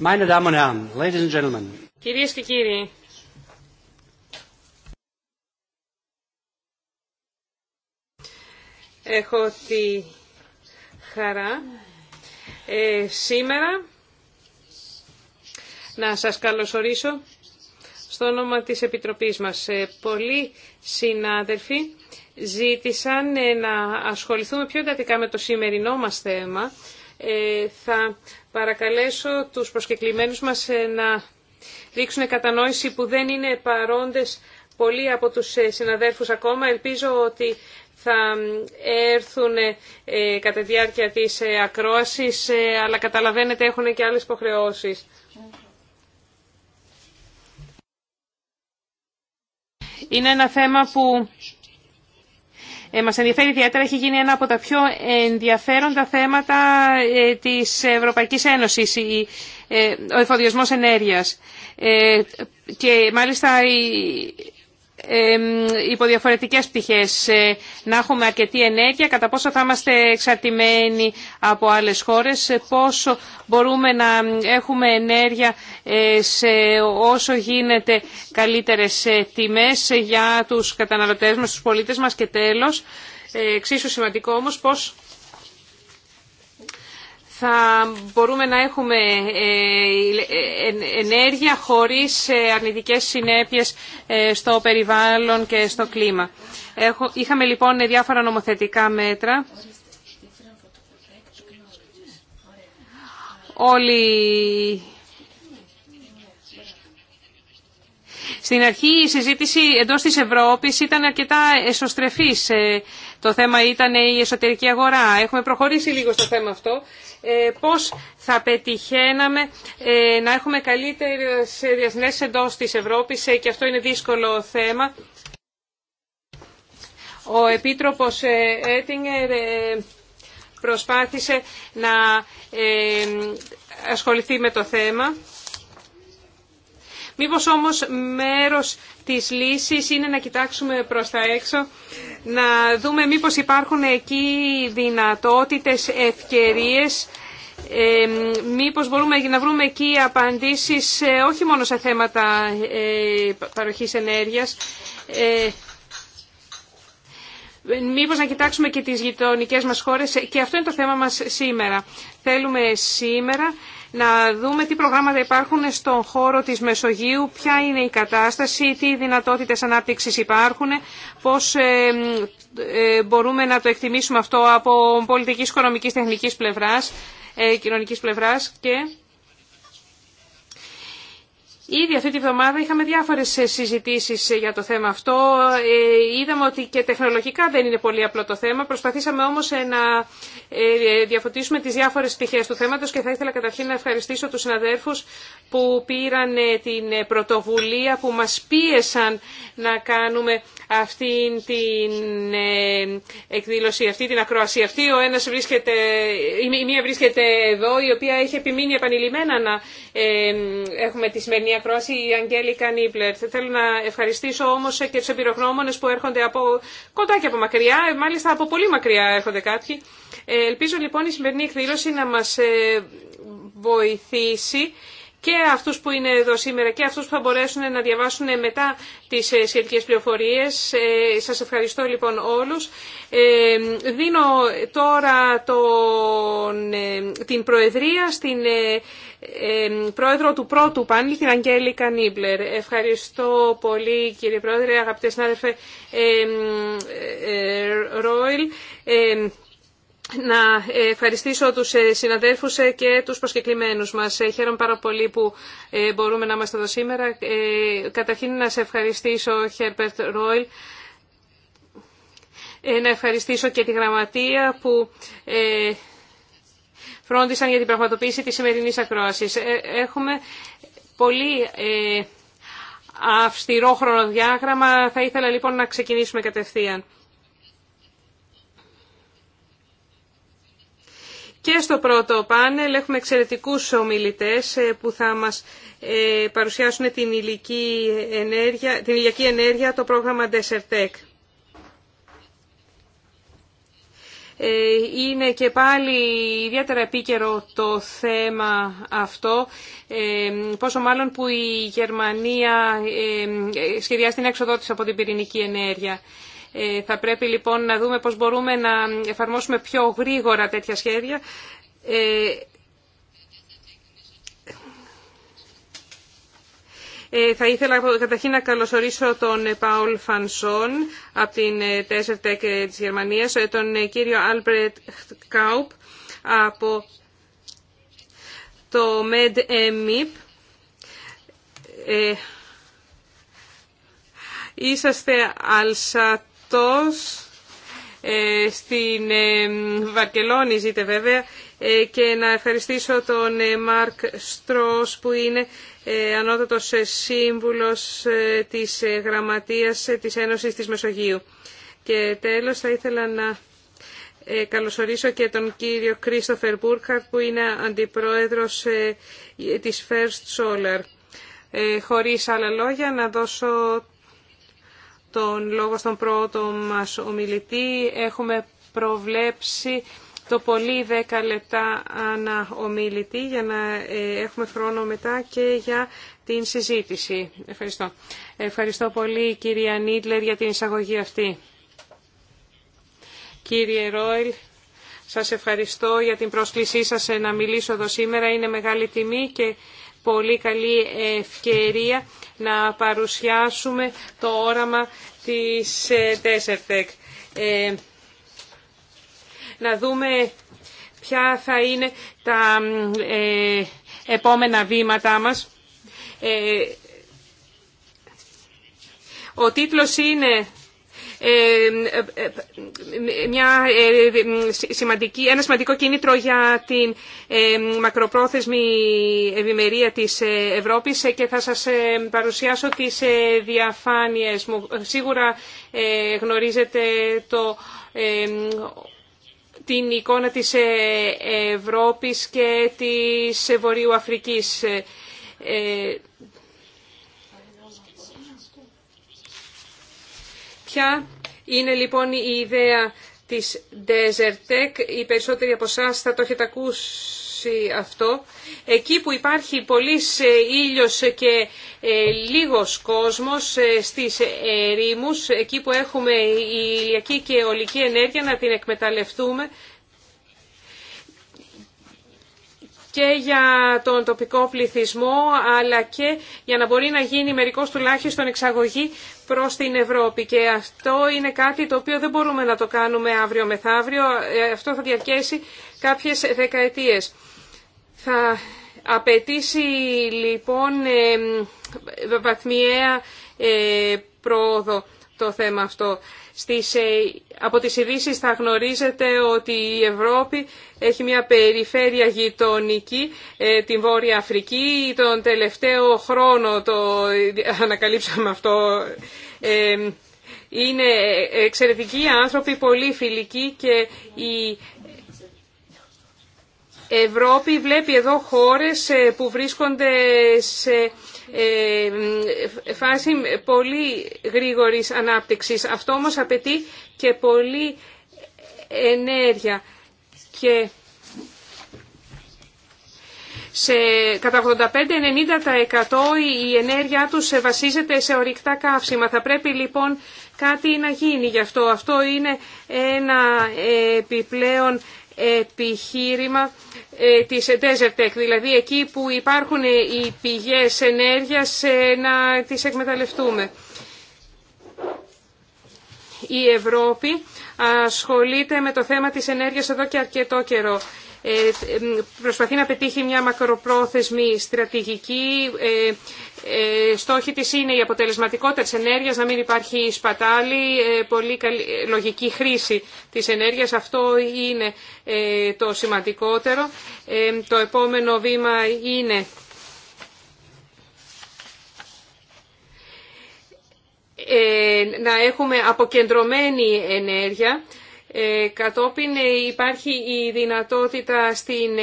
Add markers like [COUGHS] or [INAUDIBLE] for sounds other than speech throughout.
Meine Damen und Herren, Ladies and Gentlemen. Κυρίες και κύριοι. Έχω τη χαρά ε, σήμερα να σας καλωσορίσω στο όνομα της Επιτροπής μας. Ε, πολλοί συνάδελφοι ζήτησαν ε, να ασχοληθούμε πιο εντατικά με το σημερινό μας θέμα ε, θα παρακαλέσω τους προσκεκλημένους μας ε, να δείξουν κατανόηση που δεν είναι παρόντες πολλοί από τους ε, συναδέλφους ακόμα. Ελπίζω ότι θα έρθουν κατά τη διάρκεια της ακρόασης, αλλά καταλαβαίνετε έχουν και άλλες υποχρεώσει. Είναι ένα θέμα που ε, μας ενδιαφέρει ιδιαίτερα, έχει γίνει ένα από τα πιο ενδιαφέροντα θέματα ε, της Ευρωπαϊκής Ένωσης, η, ε, ο εφοδιασμός ενέργειας. Ε, και μάλιστα η, υπό διαφορετικές πτυχές ε, να έχουμε αρκετή ενέργεια, κατά πόσο θα είμαστε εξαρτημένοι από άλλες χώρες, πόσο μπορούμε να έχουμε ενέργεια ε, σε όσο γίνεται καλύτερες ε, τιμές για τους καταναλωτές μας, τους πολίτες μας και τέλος, εξίσου σημαντικό όμως πώς θα μπορούμε να έχουμε ε, ε, ενέργεια χωρίς ε, αρνητικές συνέπειες στο περιβάλλον και στο κλίμα. Είχαμε λοιπόν διάφορα νομοθετικά μέτρα. Όλοι Στην αρχή η συζήτηση εντό τη Ευρώπη, ήταν αρκετά εσωστρεφής. Ε, το θέμα ήταν η εσωτερική αγορά. Έχουμε προχωρήσει λίγο στο θέμα αυτό. Ε, πώς θα πετυχαίναμε ε, να έχουμε καλύτερες εντό εντός της Ευρώπης και αυτό είναι δύσκολο θέμα. Ο Επίτροπος Έτιγκερ προσπάθησε να ασχοληθεί με το θέμα. Μήπως όμως μέρος της λύσης είναι να κοιτάξουμε προς τα έξω, να δούμε μήπως υπάρχουν εκεί δυνατότητες, ευκαιρίες, ε, μήπως μπορούμε να βρούμε εκεί απαντήσεις ε, όχι μόνο σε θέματα ε, παροχής ενέργειας, ε, μήπως να κοιτάξουμε και τις γειτονικές μας χώρες και αυτό είναι το θέμα μας σήμερα. Θέλουμε σήμερα να δούμε τι προγράμματα υπάρχουν στον χώρο της Μεσογείου, ποια είναι η κατάσταση, τι δυνατότητες ανάπτυξης υπάρχουν, πώς ε, ε, μπορούμε να το εκτιμήσουμε αυτό από πολιτικής, οικονομικής, τεχνικής πλευράς, ε, κοινωνικής πλευράς και... Ήδη αυτή τη βδομάδα είχαμε διάφορες ε, συζητήσει ε, για το θέμα αυτό. Ε, είδαμε ότι και τεχνολογικά δεν είναι πολύ απλό το θέμα. Προσπαθήσαμε όμως να διαφωτίσουμε τις διάφορες πτυχέ του θέματος και θα ήθελα καταρχήν να ευχαριστήσω τους συναδέρφους που πήραν ε, την ε, πρωτοβουλία, που μας πίεσαν να κάνουμε αυτή την ε, εκδήλωση, αυτή την ακροασία. Αυτή ο ένας βρίσκεται, η μία βρίσκεται εδώ, η οποία έχει επιμείνει επανειλημμένα να έχουμε τη σημερινή ακρόαση, η Αγγέλικα Νίπλερ. Θέλω να ευχαριστήσω όμως και τους εμπειρογνώμονες που έρχονται από κοντά και από μακριά, μάλιστα από πολύ μακριά έρχονται κάποιοι. Ελπίζω λοιπόν η σημερινή εκδήλωση να μας βοηθήσει και αυτούς που είναι εδώ σήμερα και αυτούς που θα μπορέσουν να διαβάσουν μετά τις ε, σχετικές πληροφορίες. Ε, σας ευχαριστώ λοιπόν όλους. Ε, δίνω τώρα την Προεδρία στην Πρόεδρο του πρώτου πάνελ, την Αγγέλη Κανίμπλερ. Ευχαριστώ πολύ κύριε Πρόεδρε, αγαπητέ συνάδελφε Ρόιλ να ευχαριστήσω τους ε, συναδέλφους ε, και τους προσκεκλημένους μας. Ε, χαίρομαι πάρα πολύ που μπορούμε να είμαστε εδώ σήμερα. Καταρχήν να σε ευχαριστήσω, Χέρπερτ Ρόιλ, να ευχαριστήσω και τη γραμματεία που φρόντισαν για την πραγματοποίηση της σημερινής ακρόασης. Έχουμε πολύ αυστηρό χρονοδιάγραμμα. Θα ήθελα λοιπόν να ξεκινήσουμε κατευθείαν. Και στο πρώτο πάνελ έχουμε εξαιρετικούς ομιλητές ε, που θα μας ε, παρουσιάσουν την, ηλική ενέργεια, την ηλιακή ενέργεια, το πρόγραμμα Desertec. Ε, είναι και πάλι ιδιαίτερα επίκαιρο το θέμα αυτό, πόσο μάλλον που η Γερμανία σχεδιάζει την έξοδό της από την πυρηνική ενέργεια. Ε, θα πρέπει λοιπόν να δούμε πώς μπορούμε να εφαρμόσουμε πιο γρήγορα τέτοια σχέδια. Ε, ε, θα ήθελα καταρχήν να καλωσορίσω τον Παουλ Φανσόν από την Τέσσερτεκ της Γερμανίας, τον κύριο Άλμπρετ Κάουπ από το med Είσαστε αλσα αυτός ε, στην ε, Βαρκελόνη ζείτε βέβαια ε, και να ευχαριστήσω τον Μάρκ Στρός που είναι ανώτατος σύμβουλος της Γραμματείας της Ένωσης της Μεσογείου. Και τέλος θα ήθελα να καλωσορίσω και τον κύριο Κρίστοφερ Μπούρχαρτ που είναι αντιπρόεδρος της First Solar. Χωρίς άλλα λόγια να δώσω τον λόγο στον πρώτο μας ομιλητή. Έχουμε προβλέψει το πολύ 10 λεπτά ανά ομιλητή για να ε, έχουμε χρόνο μετά και για την συζήτηση. Ευχαριστώ. Ευχαριστώ πολύ κυρία Νίτλερ για την εισαγωγή αυτή. Κύριε Ρόιλ, σας ευχαριστώ για την πρόσκλησή σας ε, να μιλήσω εδώ σήμερα. Είναι μεγάλη τιμή και πολύ καλή ευκαιρία να παρουσιάσουμε το όραμα της ε, ΤΕΣΕΡΤΕΚ. Ε, να δούμε ποια θα είναι τα ε, επόμενα βήματά μας. Ο τίτλος είναι μια ε, σημαντική, ένα σημαντικό κίνητρο για την ε, μακροπρόθεσμη ευημερία της ε, Ευρώπης και θα σας παρουσιάσω τις διαφάνειες μου. Σίγουρα γνωρίζετε το την εικόνα της Ευρώπης και της Βορείου είναι λοιπόν η ιδέα της Desert Tech, οι περισσότεροι από εσά θα το έχετε ακούσει αυτό. Εκεί που υπάρχει πολύς ε, ήλιος και ε, λίγος κόσμος ε, στις ρήμους, εκεί που έχουμε η ηλιακή και ολική ενέργεια να την εκμεταλλευτούμε και για τον τοπικό πληθυσμό αλλά και για να μπορεί να γίνει μερικός τουλάχιστον εξαγωγή προς την Ευρώπη και αυτό είναι κάτι το οποίο δεν μπορούμε να το κάνουμε αύριο μεθαύριο. Ε, αυτό θα διαρκέσει κάποιες δεκαετίες. Θα απαιτήσει λοιπόν ε, βαθμιαία ε, πρόοδο το θέμα αυτό. Ε, από τις ειδήσει θα γνωρίζετε ότι η Ευρώπη έχει μια περιφέρεια γειτονική, ε, την Βόρεια Αφρική. Τον τελευταίο χρόνο το [LAUGHS] ανακαλύψαμε αυτό. Ε, είναι εξαιρετικοί άνθρωποι, πολύ φιλικοί και η Ευρώπη βλέπει εδώ χώρες ε, που βρίσκονται σε ε, φάση πολύ γρήγορης ανάπτυξης. Αυτό όμως απαιτεί και πολύ ενέργεια. Και σε κατά 85-90% η ενέργειά τους βασίζεται σε ορυκτά καύσιμα. Θα πρέπει λοιπόν κάτι να γίνει γι' αυτό. Αυτό είναι ένα επιπλέον επιχείρημα ε, της Tech, δηλαδή εκεί που υπάρχουν οι πηγές ενέργειας ε, να τις εκμεταλλευτούμε. Η Ευρώπη ασχολείται με το θέμα της ενέργειας εδώ και αρκετό καιρό. Ε, προσπαθεί να πετύχει μια μακροπρόθεσμη στρατηγική ε, στόχοι της είναι η αποτελεσματικότητα της ενέργειας, να μην υπάρχει σπατάλη, ε, πολύ καλή, ε, λογική χρήση της ενέργειας. Αυτό είναι το σημαντικότερο. Το επόμενο βήμα είναι... να έχουμε αποκεντρωμένη ενέργεια. Κατόπιν υπάρχει η δυνατότητα στην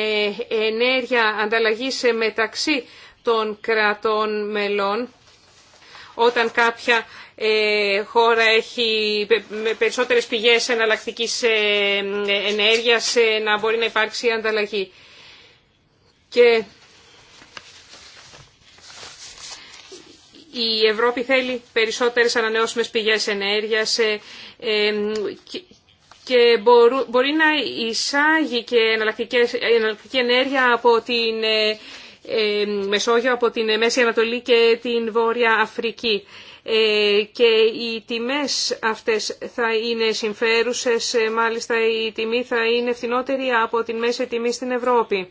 ενέργεια ανταλλαγής μεταξύ των κρατών μελών όταν κάποια ε, χώρα έχει περισσότερες πηγές εναλλακτικής ε, ενέργειας ε, να μπορεί να υπάρξει ανταλλαγή. Και η Ευρώπη θέλει περισσότερες ανανεώσιμες πηγές ενέργειας και μπορεί να εισάγει και εναλλακτική ενέργεια από την ε, Μεσόγειο, από την Μέση Ανατολή και την Βόρεια Αφρική. Ε, και οι τιμές αυτές θα είναι συμφέρουσες, ε, μάλιστα η τιμή θα είναι φθηνότερη από την μέση τιμή στην Ευρώπη.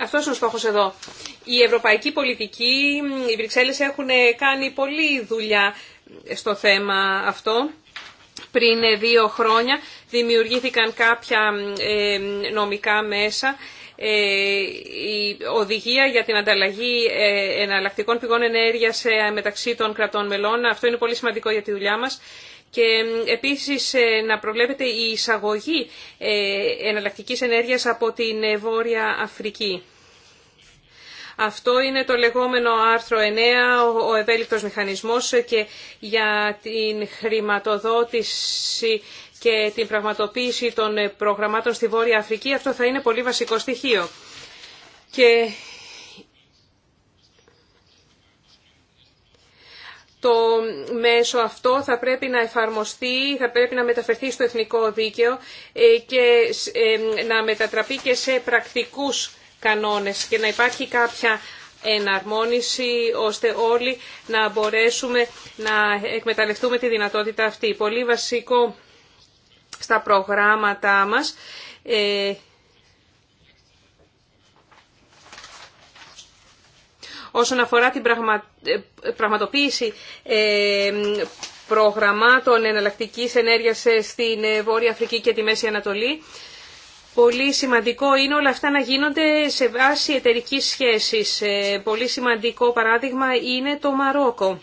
Αυτός είναι ο στόχος εδώ. Η ευρωπαϊκή πολιτική, οι Βρυξέλλες έχουν κάνει πολλή δουλειά στο θέμα αυτό πριν ε, δύο χρόνια δημιουργήθηκαν κάποια ε, νομικά μέσα ε, η οδηγία για την ανταλλαγή εναλλακτικών πηγών ενέργειας μεταξύ των κρατών μελών. Αυτό είναι πολύ σημαντικό για τη δουλειά μας. Και επίσης να προβλέπεται η εισαγωγή εναλλακτικής ενέργειας από την Βόρεια Αφρική. Αυτό είναι το λεγόμενο άρθρο 9, ο ευέλικτος μηχανισμός και για την χρηματοδότηση και την πραγματοποίηση των προγραμμάτων στη Βόρεια Αφρική. Αυτό θα είναι πολύ βασικό στοιχείο. Και το μέσο αυτό θα πρέπει να εφαρμοστεί, θα πρέπει να μεταφερθεί στο εθνικό δίκαιο ε, και ε, να μετατραπεί και σε πρακτικούς κανόνες και να υπάρχει κάποια εναρμόνιση ώστε όλοι να μπορέσουμε να εκμεταλλευτούμε τη δυνατότητα αυτή. Πολύ βασικό στα προγράμματά μας ε, όσον αφορά την πραγμα... Ε, πραγματοποίηση ε, προγραμμάτων εναλλακτικής ενέργειας στην Βόρεια Αφρική και τη Μέση Ανατολή Πολύ σημαντικό είναι όλα αυτά να γίνονται σε βάση εταιρικής σχέσης. Ε, πολύ σημαντικό παράδειγμα είναι το Μαρόκο.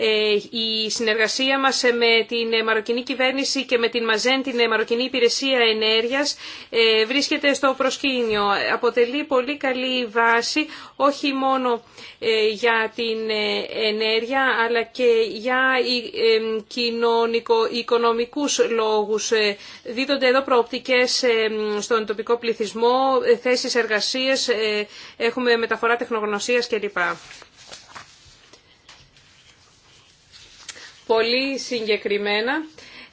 Ε, η συνεργασία μας με την μαροκινή κυβέρνηση και με την Μαζέν, την μαροκινή υπηρεσία ενέργειας, ε, βρίσκεται στο προσκήνιο. Αποτελεί πολύ καλή βάση όχι μόνο ε, για την ενέργεια αλλά και για κοινωνικο-οικονομικούς λόγους. Δίδονται εδώ προοπτικές στον τοπικό πληθυσμό, θέσεις εργασίας, έχουμε μεταφορά τεχνογνωσίας κλπ. πολύ συγκεκριμένα.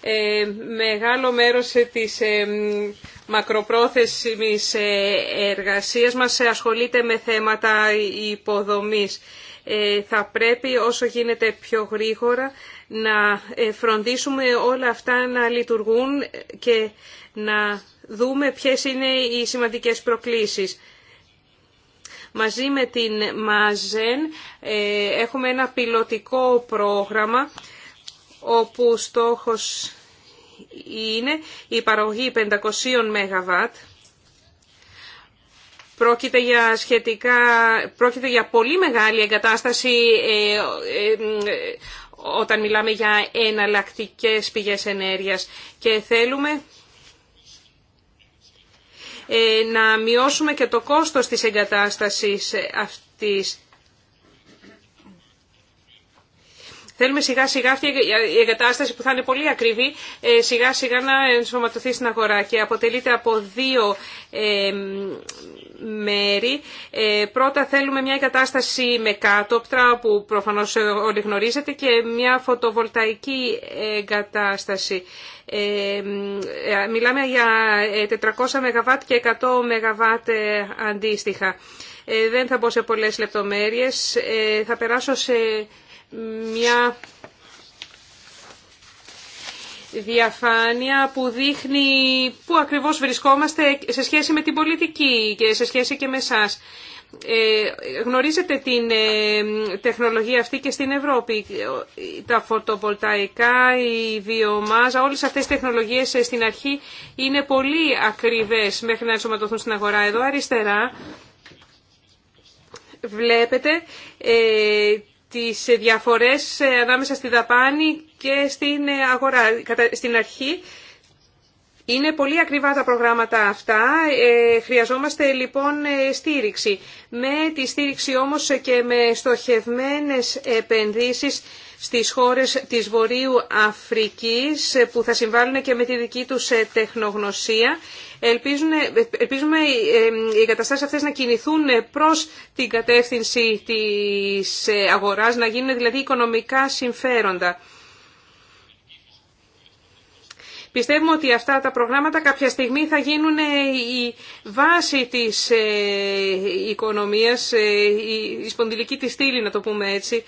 Ε, μεγάλο μέρος της ε, μακροπρόθεσμης ε, εργασίας μας ασχολείται με θέματα υποδομής. Ε, θα πρέπει όσο γίνεται πιο γρήγορα να ε, φροντίσουμε όλα αυτά να λειτουργούν και να δούμε ποιες είναι οι σημαντικές προκλήσεις. Μαζί με την ΜΑΖΕΝ έχουμε ένα πιλωτικό πρόγραμμα όπου στόχος είναι η παραγωγή 500 ΜΒ. Πρόκειται για, σχετικά, πρόκειται για πολύ μεγάλη εγκατάσταση ε, ε, ε, όταν μιλάμε για εναλλακτικέ πηγές ενέργειας και θέλουμε να μειώσουμε και το κόστος της εγκατάστασης αυτής. Θέλουμε σιγά σιγά αυτή η εγκατάσταση που θα είναι πολύ ακριβή ε, σιγά σιγά να ενσωματωθεί στην αγορά και αποτελείται από δύο ε, μέρη. Ε, πρώτα θέλουμε μια εγκατάσταση με κάτωπτρα που προφανώς όλοι γνωρίζετε και μια φωτοβολταϊκή εγκατάσταση. μιλάμε για 400 ΜΒ και 100 ΜΒ αντίστοιχα. δεν θα μπω σε πολλές λεπτομέρειες. θα περάσω σε μια διαφάνεια που δείχνει πού ακριβώς βρισκόμαστε σε σχέση με την πολιτική και σε σχέση και με εσά. Ε, γνωρίζετε την ε, τεχνολογία αυτή και στην Ευρώπη, τα φωτοβολταϊκά, η βιομάζα, όλες αυτές οι τεχνολογίες ε, στην αρχή είναι πολύ ακριβές μέχρι να ενσωματωθούν στην αγορά. Εδώ αριστερά βλέπετε τις διαφορές ε, ανάμεσα στη δαπάνη και στην ε, αγορά. Στην αρχή είναι πολύ ακριβά τα προγράμματα αυτά, ε, χρειαζόμαστε λοιπόν στήριξη. Με τη στήριξη όμως και με στοχευμένες επενδύσεις στις χώρες της Βορείου Αφρικής που θα συμβάλλουν και με τη δική τους τεχνογνωσία Ελπίζουμε, ελπίζουμε οι εγκαταστάσεις αυτές να κινηθούν προς την κατεύθυνση της ε, αγοράς, να γίνουν δηλαδή οικονομικά συμφέροντα. Πιστεύουμε ότι αυτά τα προγράμματα κάποια στιγμή θα γίνουν ε, η βάση της ε, οικονομίας, η σπονδυλική της στήλη να το πούμε έτσι,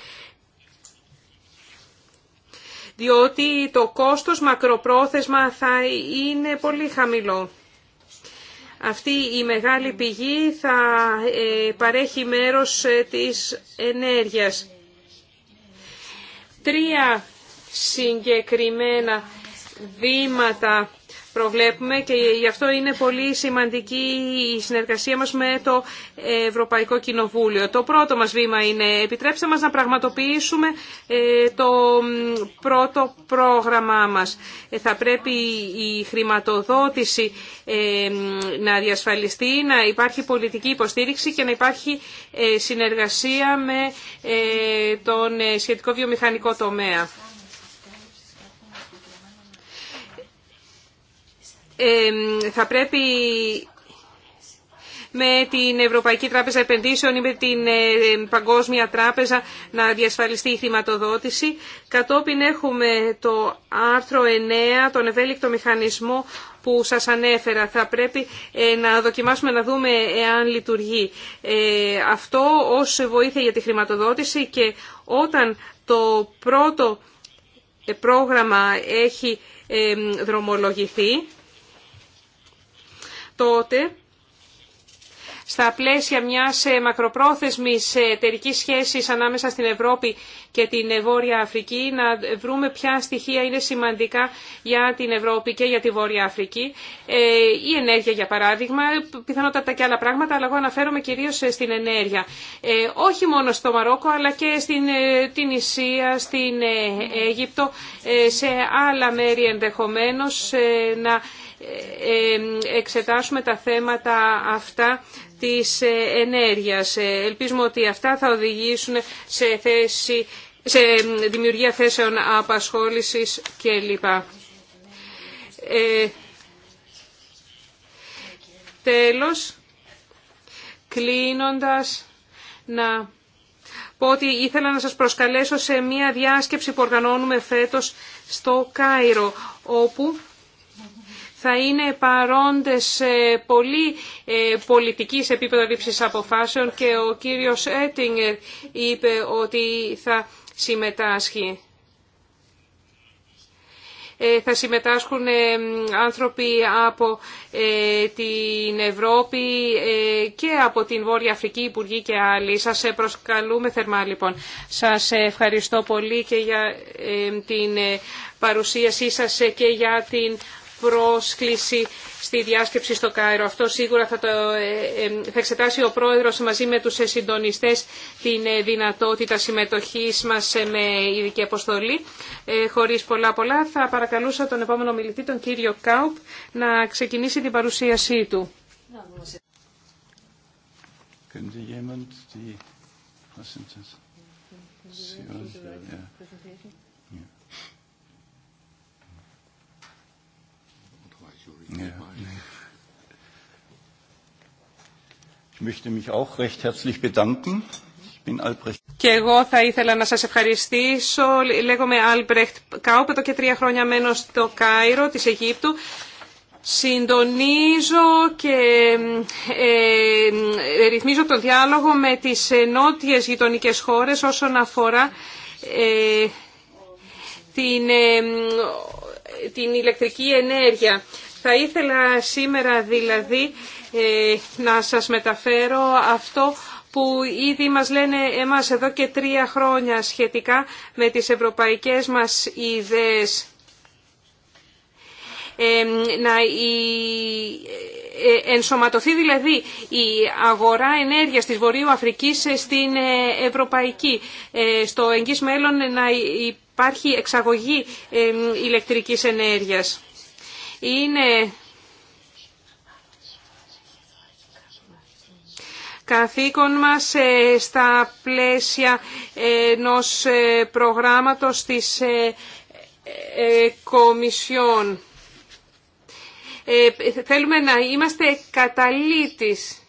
διότι το κόστος μακροπρόθεσμα θα είναι πολύ χαμηλό. Αυτή η μεγάλη πηγή θα ε, παρέχει μέρος ε, της ενέργειας. Τρία συγκεκριμένα βήματα προβλέπουμε και γι' αυτό είναι πολύ σημαντική η συνεργασία μας με το Ευρωπαϊκό Κοινοβούλιο. Το πρώτο μας βήμα είναι επιτρέψτε μας να πραγματοποιήσουμε ε, το πρώτο πρόγραμμά μας. Ε, θα πρέπει η χρηματοδότηση ε, να διασφαλιστεί, να υπάρχει πολιτική υποστήριξη και να υπάρχει συνεργασία με τον σχετικό βιομηχανικό τομέα. θα πρέπει με την Ευρωπαϊκή Τράπεζα Επενδύσεων ή με την ε, Παγκόσμια Τράπεζα να διασφαλιστεί η χρηματοδότηση. Κατόπιν έχουμε το άρθρο 9, τον ευέλικτο μηχανισμό που σας ανέφερα. Θα πρέπει ε, να δοκιμάσουμε να δούμε εάν λειτουργεί. Ε, αυτό ως βοήθεια για τη χρηματοδότηση και όταν το πρώτο πρόγραμμα έχει δρομολογηθεί, τότε στα πλαίσια μιας ε, μακροπρόθεσμης ε, εταιρική σχέσης ανάμεσα στην Ευρώπη και την ε, Βόρεια Αφρική, να βρούμε ποια στοιχεία είναι σημαντικά για την Ευρώπη και για τη Βόρεια Αφρική. η ενέργεια, για παράδειγμα, πιθανότατα και άλλα πράγματα, αλλά εγώ αναφέρομαι κυρίως στην ενέργεια. όχι μόνο στο Μαρόκο, αλλά και στην την Ισία, στην Αίγυπτο, σε άλλα μέρη ενδεχομένως ε, εξετάσουμε τα θέματα αυτά της ε, ενέργειας. Ε, ελπίζουμε ότι αυτά θα οδηγήσουν σε, θέση, σε δημιουργία θέσεων απασχόλησης κλπ. Ε, τέλος, κλείνοντας να πω ότι ήθελα να σας προσκαλέσω σε μια διάσκεψη που οργανώνουμε φέτος στο Κάιρο, όπου θα είναι παρόντες πολύ πολύ ε, πολιτικής επίπεδο λήψη αποφάσεων και ο κύριος Έτιγκερ είπε ότι θα συμμετάσχει. Ε, θα συμμετάσχουν ε, άνθρωποι από την Ευρώπη και από την Βόρεια Αφρική, Υπουργοί και άλλοι. Σας προσκαλούμε θερμά λοιπόν. Σας ευχαριστώ πολύ και για την παρουσίασή σας και για την πρόσκληση στη διάσκεψη στο Κάιρο. Αυτό σίγουρα θα, το, ε, ε, θα εξετάσει ο πρόεδρος μαζί με τους ε, συντονιστές την δυνατότητα συμμετοχής μας με ειδική αποστολή. Χωρίς πολλά πολλά θα παρακαλούσα τον επόμενο μιλητή, τον κύριο Κάουπ, να ξεκινήσει την παρουσίασή του. Και εγώ θα ήθελα να σας ευχαριστήσω. Λέγομαι Άλμπρεχτ Κάουπ, και τρία χρόνια μένω στο Κάιρο της Αιγύπτου. Συντονίζω και ε, ε, ρυθμίζω τον διάλογο με τις νότιες γειτονικές χώρες όσον αφορά ε, την, ε, την ηλεκτρική ενέργεια. Θα ήθελα σήμερα δηλαδή ε, να σας μεταφέρω αυτό που ήδη μας λένε εμάς εδώ και τρία χρόνια σχετικά με τις ευρωπαϊκές μας ιδέες. Ε, να ε, ενσωματωθεί δηλαδή η αγορά ενέργειας της Βορείου Αφρικής στην Ευρωπαϊκή. στο εγγύς μέλλον να υπάρχει εξαγωγή ηλεκτρικής ενέργειας είναι καθήκον μας ε, στα πλαίσια ενός ε, προγράμματος της ε, Κομισιόν. Θέλουμε να είμαστε καταλήτης.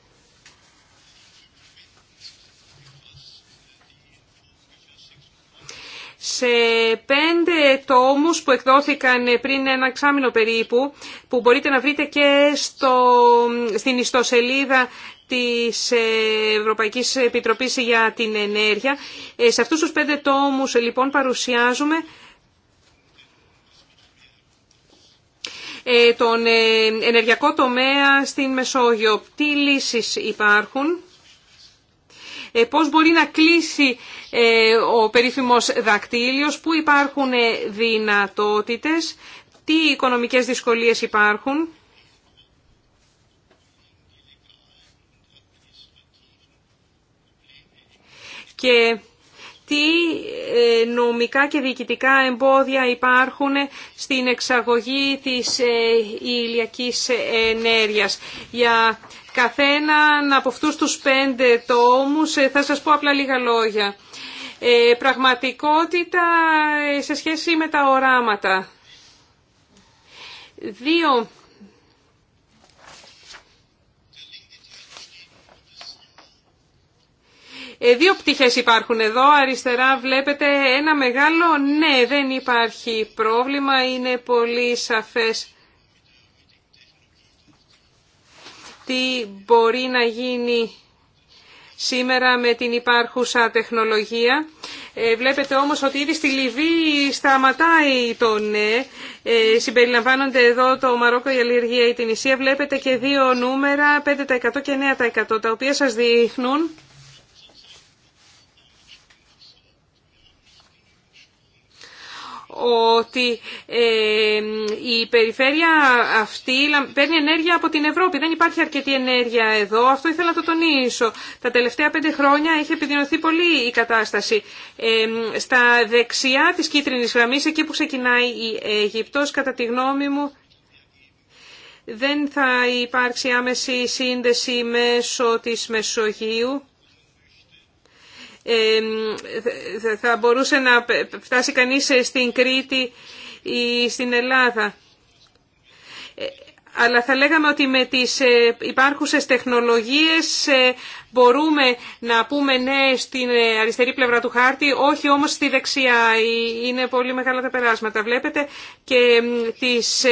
σε πέντε τόμους που εκδόθηκαν πριν ένα εξάμεινο περίπου, που μπορείτε να βρείτε και στο, στην ιστοσελίδα της Ευρωπαϊκής Επιτροπής για την Ενέργεια. Ε, σε αυτούς τους πέντε τόμους λοιπόν παρουσιάζουμε ε, τον ε, ενεργειακό τομέα στην Μεσόγειο. Τι λύσεις υπάρχουν, πώς μπορεί να κλείσει ε, ο περίφημος δακτύλιος, πού υπάρχουν ε, δυνατότητες, τι οικονομικές δυσκολίες υπάρχουν. Και τι ε, νομικά και διοικητικά εμπόδια υπάρχουν στην εξαγωγή της ηλιακής ενέργειας. Για καθέναν από αυτούς τους πέντε τόμους θα σας πω απλά λίγα λόγια. Ε, πραγματικότητα ε, σε σχέση με τα οράματα. Δύο ε, Δύο πτυχές υπάρχουν εδώ. Αριστερά βλέπετε ένα μεγάλο ναι, δεν υπάρχει πρόβλημα, είναι πολύ σαφές τι μπορεί να γίνει Σήμερα με την υπάρχουσα τεχνολογία ε, βλέπετε όμως ότι ήδη στη Λιβύη σταματάει το ναι. Ε, συμπεριλαμβάνονται εδώ το Μαρόκο, η Αλληλεργία, η Ισία. Βλέπετε και δύο νούμερα, 5% και 9% τα οποία σας δείχνουν ότι ε, η περιφέρεια αυτή παίρνει ενέργεια από την Ευρώπη. Δεν υπάρχει αρκετή ενέργεια εδώ. Αυτό ήθελα να το τονίσω. Τα τελευταία πέντε χρόνια έχει επιδεινωθεί πολύ η κατάσταση. Στα δεξιά της κίτρινης γραμμής, εκεί που ξεκινάει η Αιγυπτός, κατά τη γνώμη μου, δεν θα υπάρξει άμεση σύνδεση μέσω της Μεσογείου θα μπορούσε να φτάσει κανείς στην Κρήτη ή στην Ελλάδα. Ε, αλλά θα λέγαμε ότι με τις ε, υπάρχουσες τεχνολογίες ε, μπορούμε να πούμε ναι στην αριστερή πλευρά του χάρτη, όχι όμως στη δεξιά. Είναι πολύ μεγάλα τα περάσματα. Βλέπετε και τις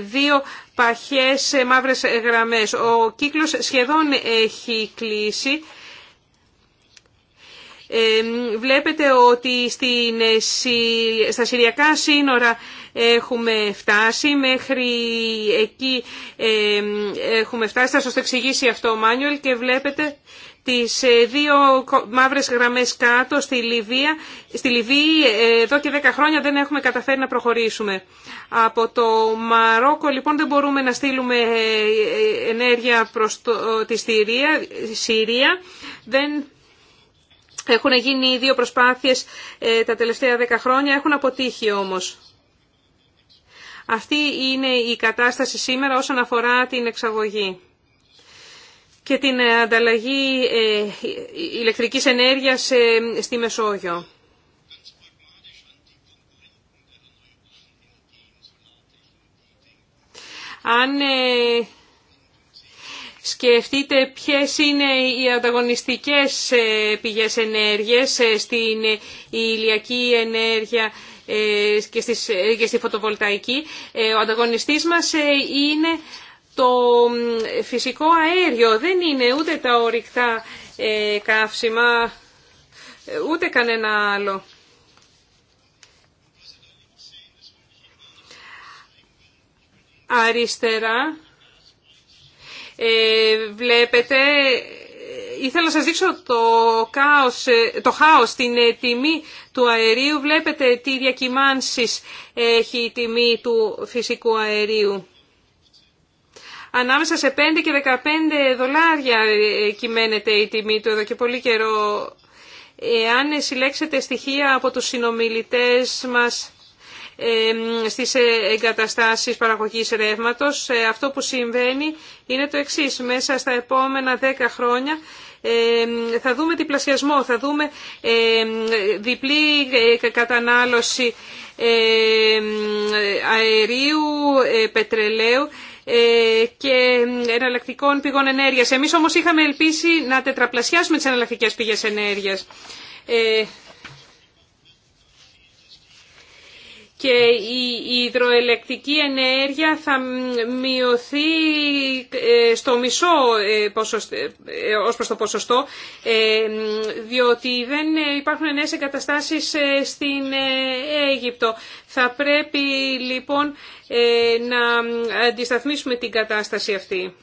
δύο παχές μαύρες γραμμές. Ο κύκλος σχεδόν έχει κλείσει βλέπετε ότι στην, ε, στα Συριακά σύνορα έχουμε φτάσει μέχρι εκεί έχουμε φτάσει θα σας το εξηγήσει αυτό ο Μάνιουελ και βλέπετε τις ε, δύο μαύρες γραμμές κάτω στη Λιβύη, στη Λιβύη ε, εδώ και 10 χρόνια δεν έχουμε καταφέρει να προχωρήσουμε. Από το Μαρόκο λοιπόν δεν μπορούμε να στείλουμε ενέργεια προς τη Συρία, Συρία. Δεν έχουν γίνει δύο προσπάθειες ε, τα τελευταία δέκα χρόνια, έχουν αποτύχει όμως. Αυτή είναι η κατάσταση σήμερα όσον αφορά την εξαγωγή και την ε, ανταλλαγή ε, ηλεκτρικής ενέργειας στη Μεσόγειο. Αν Σκεφτείτε ποιες είναι οι ανταγωνιστικές ε, πηγές ενέργειας ε, στην ηλιακή ενέργεια ε, και στη φωτοβολταϊκή. Ο ανταγωνιστής μας είναι το φυσικό αέριο. Δεν είναι ούτε τα ορυκτά καύσιμα, ούτε κανένα άλλο. Αριστερά ε, βλέπετε, ήθελα να σας δείξω το, κάος, ε, το χάος στην ε, τιμή του αερίου. Βλέπετε τι διακυμάνσεις έχει η τιμή του φυσικού αερίου. Ανάμεσα σε 5 και 15 δολάρια κυμαίνεται η τιμή του εδώ και πολύ καιρό. Εάν συλλέξετε στοιχεία από τους συνομιλητές μας στις ε, εγκαταστάσεις παραγωγής ρεύματος. Ε, αυτό που συμβαίνει είναι το εξής. Μέσα στα επόμενα 10 χρόνια θα δούμε διπλασιασμό, θα δούμε διπλή ε, κατανάλωση αερίου, πετρελαίου και εναλλακτικών πηγών ενέργειας. Εμείς όμως είχαμε ελπίσει να τετραπλασιάσουμε τις εναλλακτικές πηγές ενέργειας. και η υδροελεκτική ενέργεια θα μειωθεί ε, στο μισό ε, ε, ως προς το ποσοστό διότι δεν υπάρχουν νέες εγκαταστάσεις στην Αίγυπτο. Θα πρέπει λοιπόν να αντισταθμίσουμε την κατάσταση αυτή.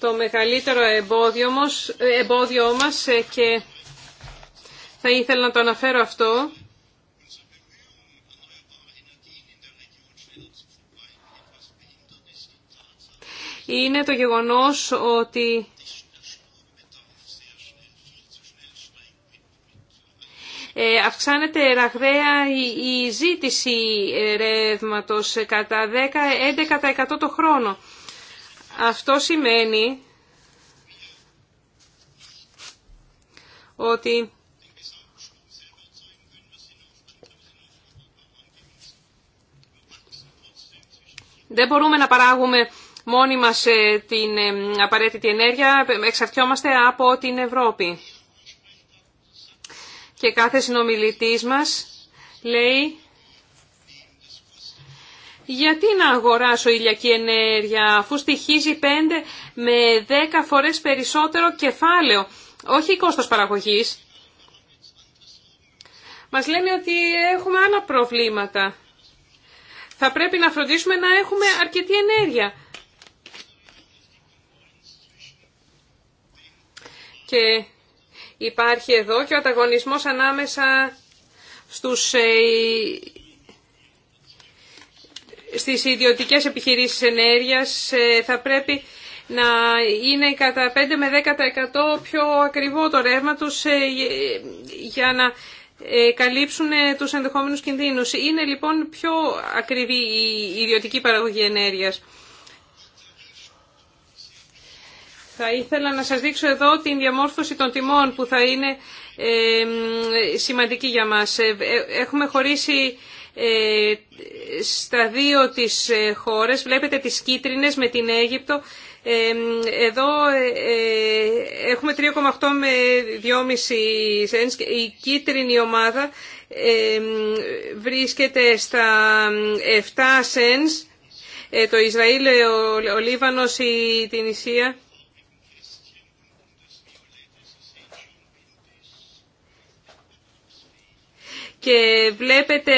το μεγαλύτερο εμπόδιο, όμως, ε, εμπόδιο μας ε, και θα ήθελα να το αναφέρω αυτό. Είναι το γεγονός ότι ε, αυξάνεται ραγδαία η, ζήτηση ρεύματος κατά 10-11% το χρόνο. Αυτό σημαίνει ότι δεν μπορούμε να παράγουμε μόνοι μας ε, την ε, απαραίτητη ενέργεια, εξαρτιόμαστε από την Ευρώπη. Και κάθε συνομιλητής μας λέει γιατί να αγοράσω ηλιακή ενέργεια αφού στοιχίζει 5 με 10 φορές περισσότερο κεφάλαιο, όχι κόστος παραγωγής. Μας λένε ότι έχουμε άλλα προβλήματα. Θα πρέπει να φροντίσουμε να έχουμε αρκετή ενέργεια. Και υπάρχει εδώ και ο ανταγωνισμός ανάμεσα στους ε, στις ιδιωτικές επιχειρήσεις ενέργειας ε, θα πρέπει να είναι κατά 5 με 10% πιο ακριβό το ρεύμα τους ε, για να ε, καλύψουν τους ενδεχόμενους κινδύνους. Είναι λοιπόν πιο ακριβή η ιδιωτική παραγωγή ενέργειας. Θα ήθελα να σας δείξω εδώ την διαμόρφωση των τιμών που θα είναι σημαντική για μας. Έχουμε χωρίσει ε, στα δύο τις ε, χώρες. Βλέπετε τις κίτρινες με την Αίγυπτο. Ε, εδώ έχουμε 3,8 με 2,5 Η κίτρινη ομάδα βρίσκεται στα 7 cents. Το Ισραήλ, ο Λίβανος, η Τινησία και βλέπετε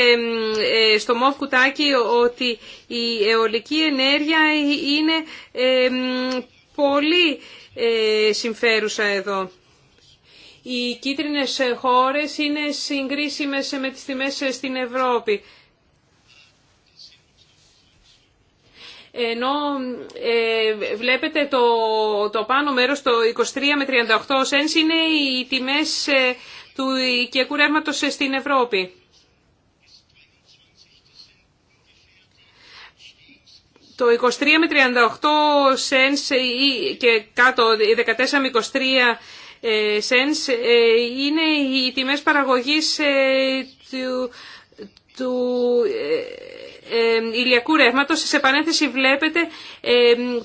ε, στο ΜΟΦ κουτάκι ότι η αιωλική ενέργεια είναι ε, πολύ ε, συμφέρουσα εδώ. Οι κίτρινες χώρες είναι συγκρίσιμες με τις τιμές στην Ευρώπη. ενώ βλέπετε το, το πάνω μέρος, το 23 με 38 cents, είναι οι τιμές του οικιακού ρεύματο στην Ευρώπη. Το 23 με 38 cents και κάτω 14 με 23 ε, cents ε, είναι οι τιμές παραγωγής ε, του, του ηλιακού ρεύματο, Σε παρένθεση βλέπετε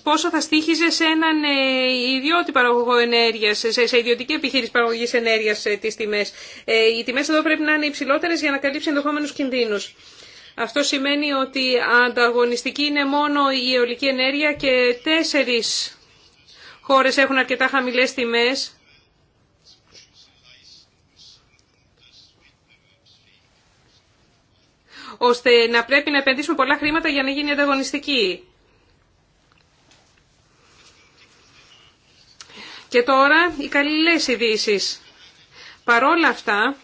πόσο θα στήχιζε σε έναν ε, ιδιώτη παραγωγό ενέργειας, σε ιδιωτική επιχείρηση παραγωγής ενέργειας ε, τις τιμές. Ε, οι τιμέ εδώ πρέπει να είναι υψηλότερε για να καλύψει ενδεχόμενου κινδύνους. Αυτό σημαίνει ότι ανταγωνιστική είναι μόνο η αιωλική ενέργεια και τέσσερις χώρε έχουν αρκετά χαμηλέ τιμές ώστε να πρέπει να επενδύσουμε πολλά χρήματα για να γίνει ανταγωνιστική. Και τώρα οι καλές ειδήσει. Παρόλα αυτά,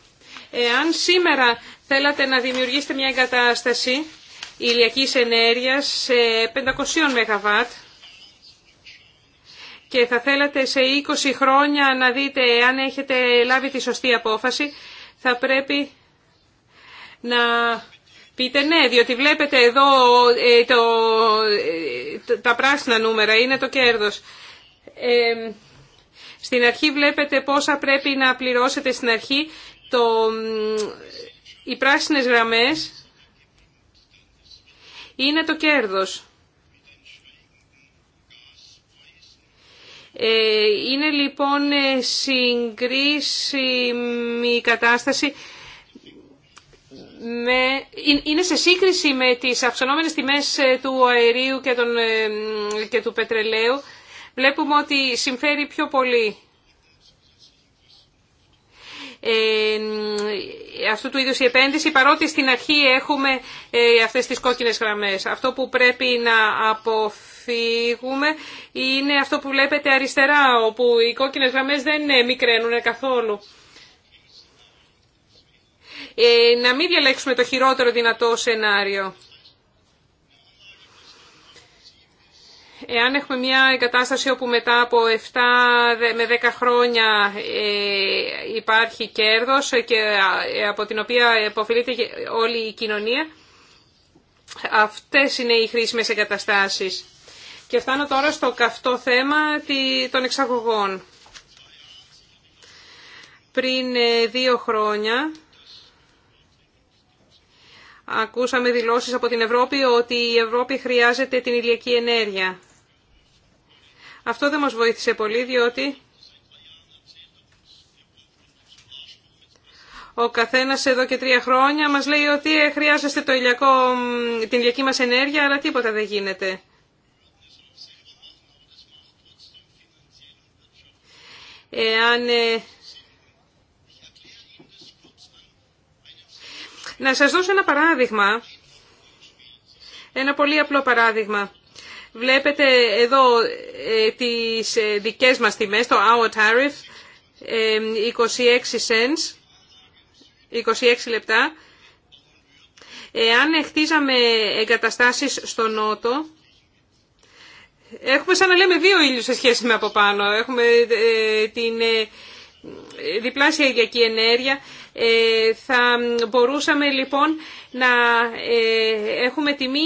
εάν σήμερα θέλατε να δημιουργήσετε μια εγκατάσταση ηλιακής ενέργειας σε 500 ΜΒ και θα θέλατε σε 20 χρόνια να δείτε αν έχετε λάβει τη σωστή απόφαση, θα πρέπει να Πείτε ναι, διότι βλέπετε εδώ ε, το, ε, τα πράσινα νούμερα, είναι το κέρδος. Ε, στην αρχή βλέπετε πόσα πρέπει να πληρώσετε στην αρχή. Το, οι πράσινες γραμμές είναι το κέρδος. είναι λοιπόν συγκρίσιμη η κατάσταση με, είναι σε σύγκριση με τις αυξανόμενες τιμές ε, του αερίου και, ε, και του πετρελαίου. Βλέπουμε ότι συμφέρει πιο πολύ ε, αυτού του είδους η επένδυση, παρότι στην αρχή έχουμε ε, αυτές τις κόκκινες γραμμές. Αυτό που πρέπει να αποφύγουμε είναι αυτό που βλέπετε αριστερά, όπου οι κόκκινες γραμμές δεν ε, μικραίνουν καθόλου. Ε, να μην διαλέξουμε το χειρότερο δυνατό σενάριο. Εάν έχουμε μια εγκατάσταση όπου μετά από 7 με 10 χρόνια ε, υπάρχει κέρδος και ε, από την οποία υποφιλείται όλη η κοινωνία, αυτές είναι οι χρήσιμες εγκαταστάσεις. Και φτάνω τώρα στο καυτό θέμα των εξαγωγών. Πριν δύο χρόνια Ακούσαμε δηλώσεις από την Ευρώπη ότι η Ευρώπη χρειάζεται την ηλιακή ενέργεια. Αυτό δεν μας βοήθησε πολύ διότι ο καθένας εδώ και τρία χρόνια μας λέει ότι «Ε, χρειάζεστε το ηλιακό, την ηλιακή μας ενέργεια αλλά τίποτα δεν γίνεται. Εάν ε, Να σας δώσω ένα παράδειγμα, ένα πολύ απλό παράδειγμα. Βλέπετε εδώ ε, τις ε, δικές μας τιμές, το hour tariff, 26 ε, cents, 26 λεπτά. Εάν χτίζαμε εγκαταστάσεις στο νότο, έχουμε σαν να λέμε δύο ήλιους σε σχέση με από πάνω. Έχουμε την διπλάσια ηλιακή ενέργεια, ε, θα μπορούσαμε λοιπόν να ε, έχουμε τιμή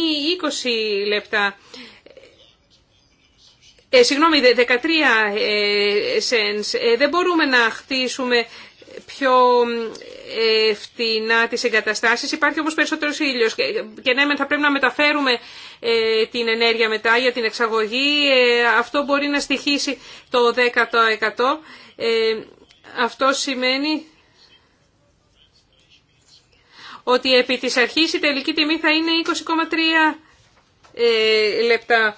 20 λεπτά. Ε, συγγνώμη, 13 ε, cents. Ε, δεν μπορούμε να χτίσουμε πιο φτηνά τις εγκαταστάσεις. Υπάρχει όμως περισσότερος ήλιος και ναι, θα πρέπει να μεταφέρουμε την ενέργεια μετά για την εξαγωγή. Αυτό μπορεί να στοιχήσει το 10%. Αυτό σημαίνει ότι επί της αρχής η τελική τιμή θα είναι 20,3 ε, λεπτά.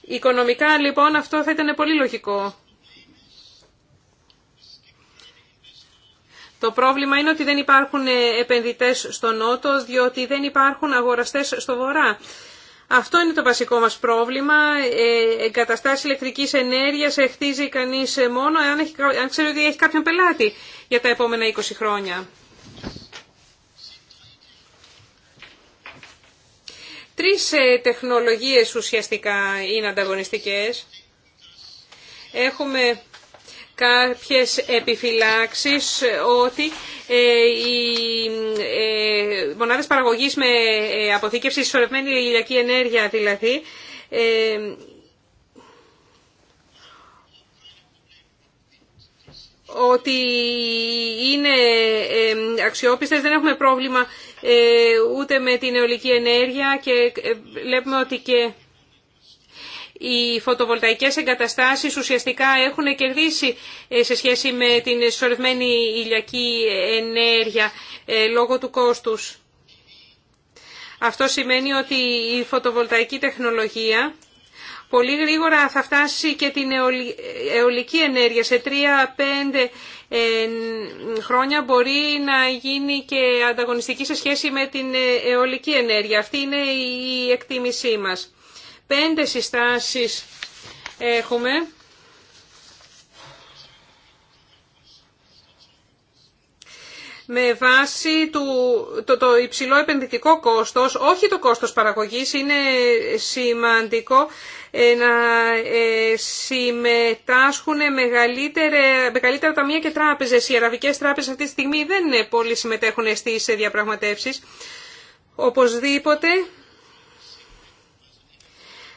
Οικονομικά λοιπόν αυτό θα ήταν πολύ λογικό. Το πρόβλημα είναι ότι δεν υπάρχουν ε, επενδυτές στο Νότο, διότι δεν υπάρχουν αγοραστές στο Βορρά. Αυτό είναι το βασικό μας πρόβλημα. Ε, εγκαταστάσεις ηλεκτρικής ενέργειας χτίζει κανείς μόνο αν, έχει, αν ξέρει ότι έχει κάποιον πελάτη για τα επόμενα 20 χρόνια. Τρεις ε, τεχνολογίες ουσιαστικά είναι ανταγωνιστικές. Έχουμε κάποιες επιφυλάξεις ότι ε, οι ε, μονάδες παραγωγής με αποθήκευση συσσωρευμένη ηλιακή ενέργεια δηλαδή ότι είναι αξιόπιστες, δεν έχουμε πρόβλημα ε, ούτε με την αιωλική ενέργεια και ε, βλέπουμε ότι και οι φωτοβολταϊκές εγκαταστάσεις ουσιαστικά έχουν κερδίσει ε, σε σχέση με την συσσωρευμένη ηλιακή ενέργεια λόγω του κόστους. Αυτό σημαίνει ότι η φωτοβολταϊκή τεχνολογία πολύ γρήγορα θα φτάσει και την αιωλική ενέργεια. Σε τρία-πέντε ε, χρόνια μπορεί να γίνει και ανταγωνιστική σε σχέση με την ε, αιωλική ενέργεια. Αυτή είναι η εκτίμησή μας. Πέντε συστάσεις έχουμε. με βάση του, το, το υψηλό επενδυτικό κόστος, όχι το κόστος παραγωγής, είναι σημαντικό ε, να ε, συμμετάσχουν μεγαλύτερα ταμεία και τράπεζες. Οι αραβικές τράπεζες αυτή τη στιγμή δεν ε, πολύ συμμετέχουν στις διαπραγματεύσεις. Οπωσδήποτε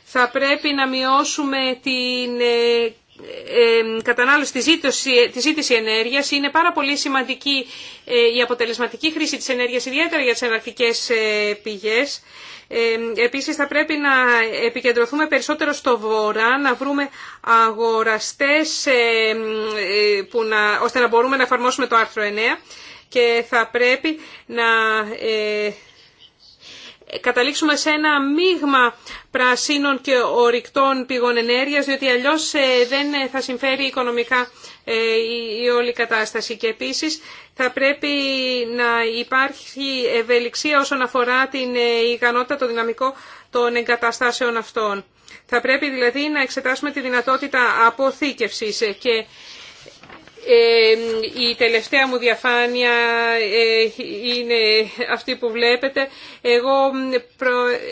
θα πρέπει να μειώσουμε την κατανάλωση, τη ζήτηση, τη ενέργειας είναι πάρα πολύ σημαντική ε, η αποτελεσματική χρήση της ενέργειας, ιδιαίτερα για τις ε, πηγές. Επίσης θα πρέπει να επικεντρωθούμε περισσότερο στο βορρά, να βρούμε αγοραστές ε, που να, ώστε να μπορούμε να εφαρμόσουμε το άρθρο 9 και θα πρέπει να ε, καταλήξουμε σε ένα μείγμα πρασίνων και ορυκτών πηγών ενέργειας, διότι αλλιώς ε, δεν ε, θα συμφέρει οικονομικά ε, η όλη κατάσταση. Και επίσης θα πρέπει να υπάρχει ευελιξία όσον αφορά την ικανότητα, το δυναμικό των εγκαταστάσεων αυτών. Θα πρέπει δηλαδή να εξετάσουμε τη δυνατότητα αποθήκευσης και η τελευταία μου διαφάνεια ε, είναι αυτή που βλέπετε. Εγώ,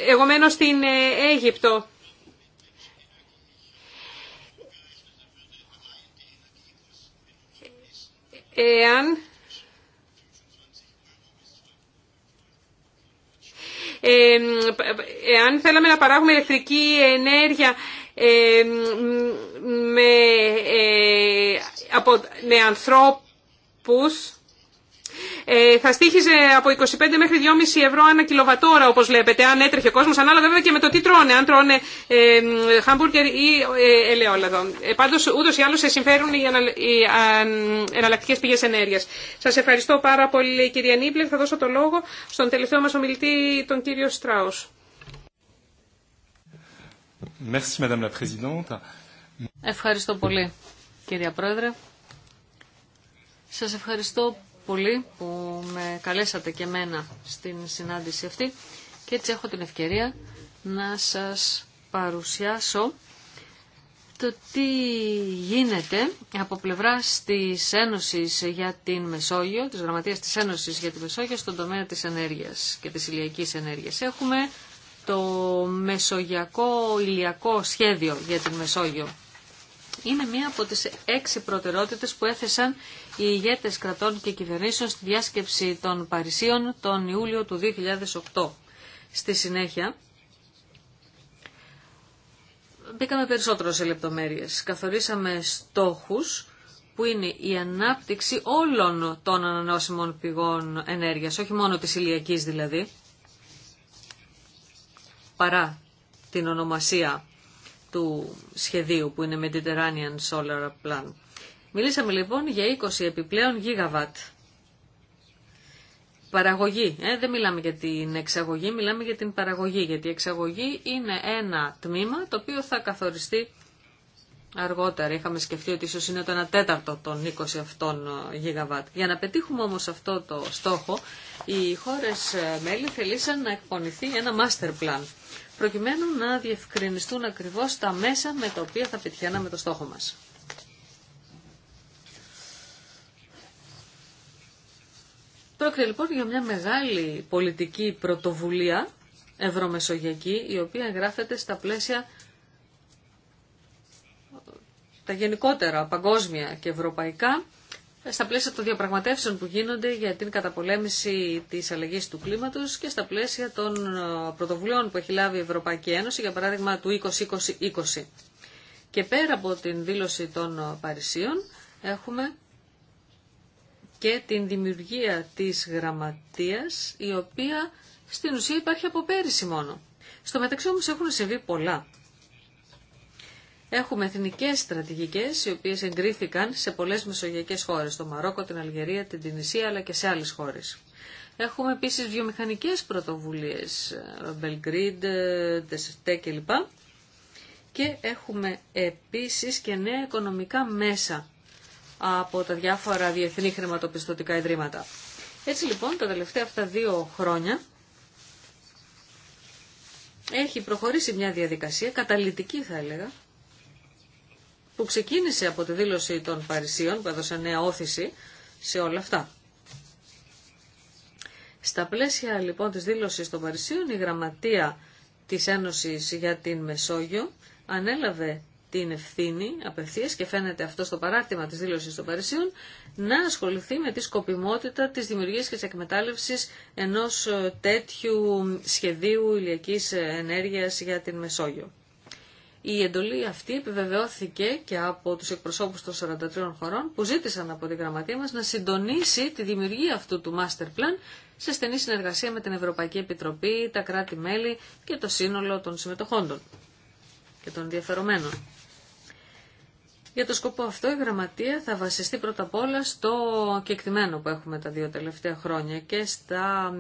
Εγώ μένω στην ε, Αίγυπτο. Εάν εάν θέλαμε να παράγουμε ηλεκτρική ενέργεια με ε, με ανθρώπους ε, θα στήχιζε από 25 μέχρι 2,5 ευρώ ανά κιλοβατόρα όπως βλέπετε αν έτρεχε ο κόσμος ανάλογα βέβαια και με το τι τρώνε αν τρώνε ε, χαμπουργκερ ή ε, ελαιόλαδο. Ε, πάντως ούτως ή άλλως σε συμφέρουν οι, ανα, εναλλακτικέ πηγές ενέργειας. Σας ευχαριστώ πάρα πολύ κυρία Νίπλερ. Θα δώσω το λόγο στον τελευταίο μας ομιλητή τον κύριο Στράου. Ευχαριστώ πολύ κυρία Πρόεδρε. Σας ευχαριστώ πολύ που με καλέσατε και μένα στην συνάντηση αυτή και έτσι έχω την ευκαιρία να σας παρουσιάσω το τι γίνεται από πλευρά της Ένωση για την Μεσόγειο, της Γραμματείας της Ένωσης για τη Μεσόγειο στον τομέα της ενέργειας και τη ηλιακή ενέργεια. Έχουμε το Μεσογειακό Ηλιακό Σχέδιο για την Μεσόγειο είναι μία από τις έξι προτεραιότητες που έθεσαν οι ηγέτες κρατών και κυβερνήσεων στη διάσκεψη των Παρισίων τον Ιούλιο του 2008. Στη συνέχεια, μπήκαμε περισσότερο σε λεπτομέρειες. Καθορίσαμε στόχους που είναι η ανάπτυξη όλων των ανανεώσιμων πηγών ενέργειας, όχι μόνο της ηλιακής δηλαδή, παρά την ονομασία του σχεδίου που είναι Mediterranean Solar Plan. Μιλήσαμε λοιπόν για 20 επιπλέον γίγαβατ. Παραγωγή. Ε, δεν μιλάμε για την εξαγωγή, μιλάμε για την παραγωγή. Γιατί η εξαγωγή είναι ένα τμήμα το οποίο θα καθοριστεί αργότερα. Είχαμε σκεφτεί ότι ίσως είναι το 1 τέταρτο των 20 αυτών ε, γιγαβάτ. Για να πετύχουμε όμως αυτό το στόχο, οι χώρες ε, μέλη θελήσαν να εκπονηθεί ένα master plan προκειμένου να διευκρινιστούν ακριβώς τα μέσα με τα οποία θα πετυχαίναμε το στόχο μας. Πρόκειται λοιπόν για μια μεγάλη πολιτική πρωτοβουλία ευρωμεσογειακή, η οποία εγγράφεται στα πλαίσια τα γενικότερα παγκόσμια και ευρωπαϊκά στα πλαίσια των διαπραγματεύσεων που γίνονται για την καταπολέμηση της αλλαγή του κλίματος και στα πλαίσια των ε, πρωτοβουλειών που έχει λάβει η Ευρωπαϊκή Ένωση, για παράδειγμα του 2020 Και πέρα από την δήλωση των Παρισίων έχουμε και την δημιουργία της γραμματείας, η οποία στην ουσία υπάρχει από πέρυσι μόνο. Στο μεταξύ όμως έχουν συμβεί πολλά. Έχουμε εθνικές στρατηγικές οι οποίες εγκρίθηκαν σε πολλές μεσογειακές χώρες, το Μαρόκο, την Αλγερία, την Τινησία αλλά και σε άλλες χώρες. Έχουμε επίσης βιομηχανικές πρωτοβουλίες, Belgrid, Τεσσευτέ κλπ. Και έχουμε επίσης και νέα οικονομικά μέσα από τα διάφορα διεθνή χρηματοπιστωτικά ιδρύματα. Έτσι λοιπόν τα τελευταία αυτά δύο χρόνια έχει προχωρήσει μια διαδικασία, καταλητική θα έλεγα, που ξεκίνησε από τη δήλωση των Παρισίων, που έδωσε νέα όθηση σε όλα αυτά. Στα πλαίσια λοιπόν της δήλωσης των Παρισίων, η Γραμματεία της Ένωσης για την Μεσόγειο ανέλαβε την ευθύνη απευθείας και φαίνεται αυτό στο παράρτημα της δήλωσης των Παρισίων να ασχοληθεί με τη σκοπιμότητα της δημιουργίας και της εκμετάλλευσης ενός ε, τέτοιου σχεδίου ηλιακής ενέργειας για την Μεσόγειο. Η εντολή αυτή επιβεβαιώθηκε και από τους εκπροσώπους των 43 χωρών που ζήτησαν από την γραμματεία μας να συντονίσει τη δημιουργία αυτού του master plan σε στενή συνεργασία με την Ευρωπαϊκή Επιτροπή, τα κράτη-μέλη και το σύνολο των συμμετοχόντων και των ενδιαφερομένων. Για το σκοπό αυτό η γραμματεία θα βασιστεί πρώτα απ' όλα στο κεκτημένο που έχουμε τα δύο τελευταία χρόνια και στα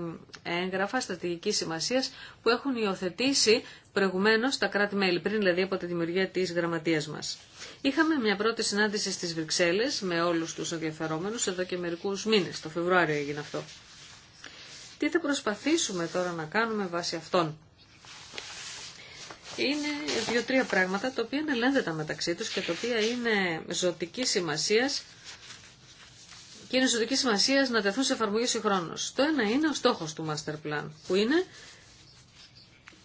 έγγραφα στρατηγικής σημασίας που έχουν υιοθετήσει προηγουμένως τα κράτη-μέλη, πριν δηλαδή από τη δημιουργία της γραμματείας μας. Είχαμε μια πρώτη συνάντηση στις Βρυξέλλες με όλους τους ενδιαφερόμενους εδώ και μερικούς μήνες, το Φεβρουάριο έγινε αυτό. Τι θα προσπαθήσουμε τώρα να κάνουμε βάσει αυτών είναι δύο-τρία πράγματα τα οποία είναι τα μεταξύ τους και τα οποία είναι ζωτική σημασία και είναι ζωτική σημασία να τεθούν σε εφαρμογή συγχρόνω. Το ένα είναι ο στόχο του master plan, που είναι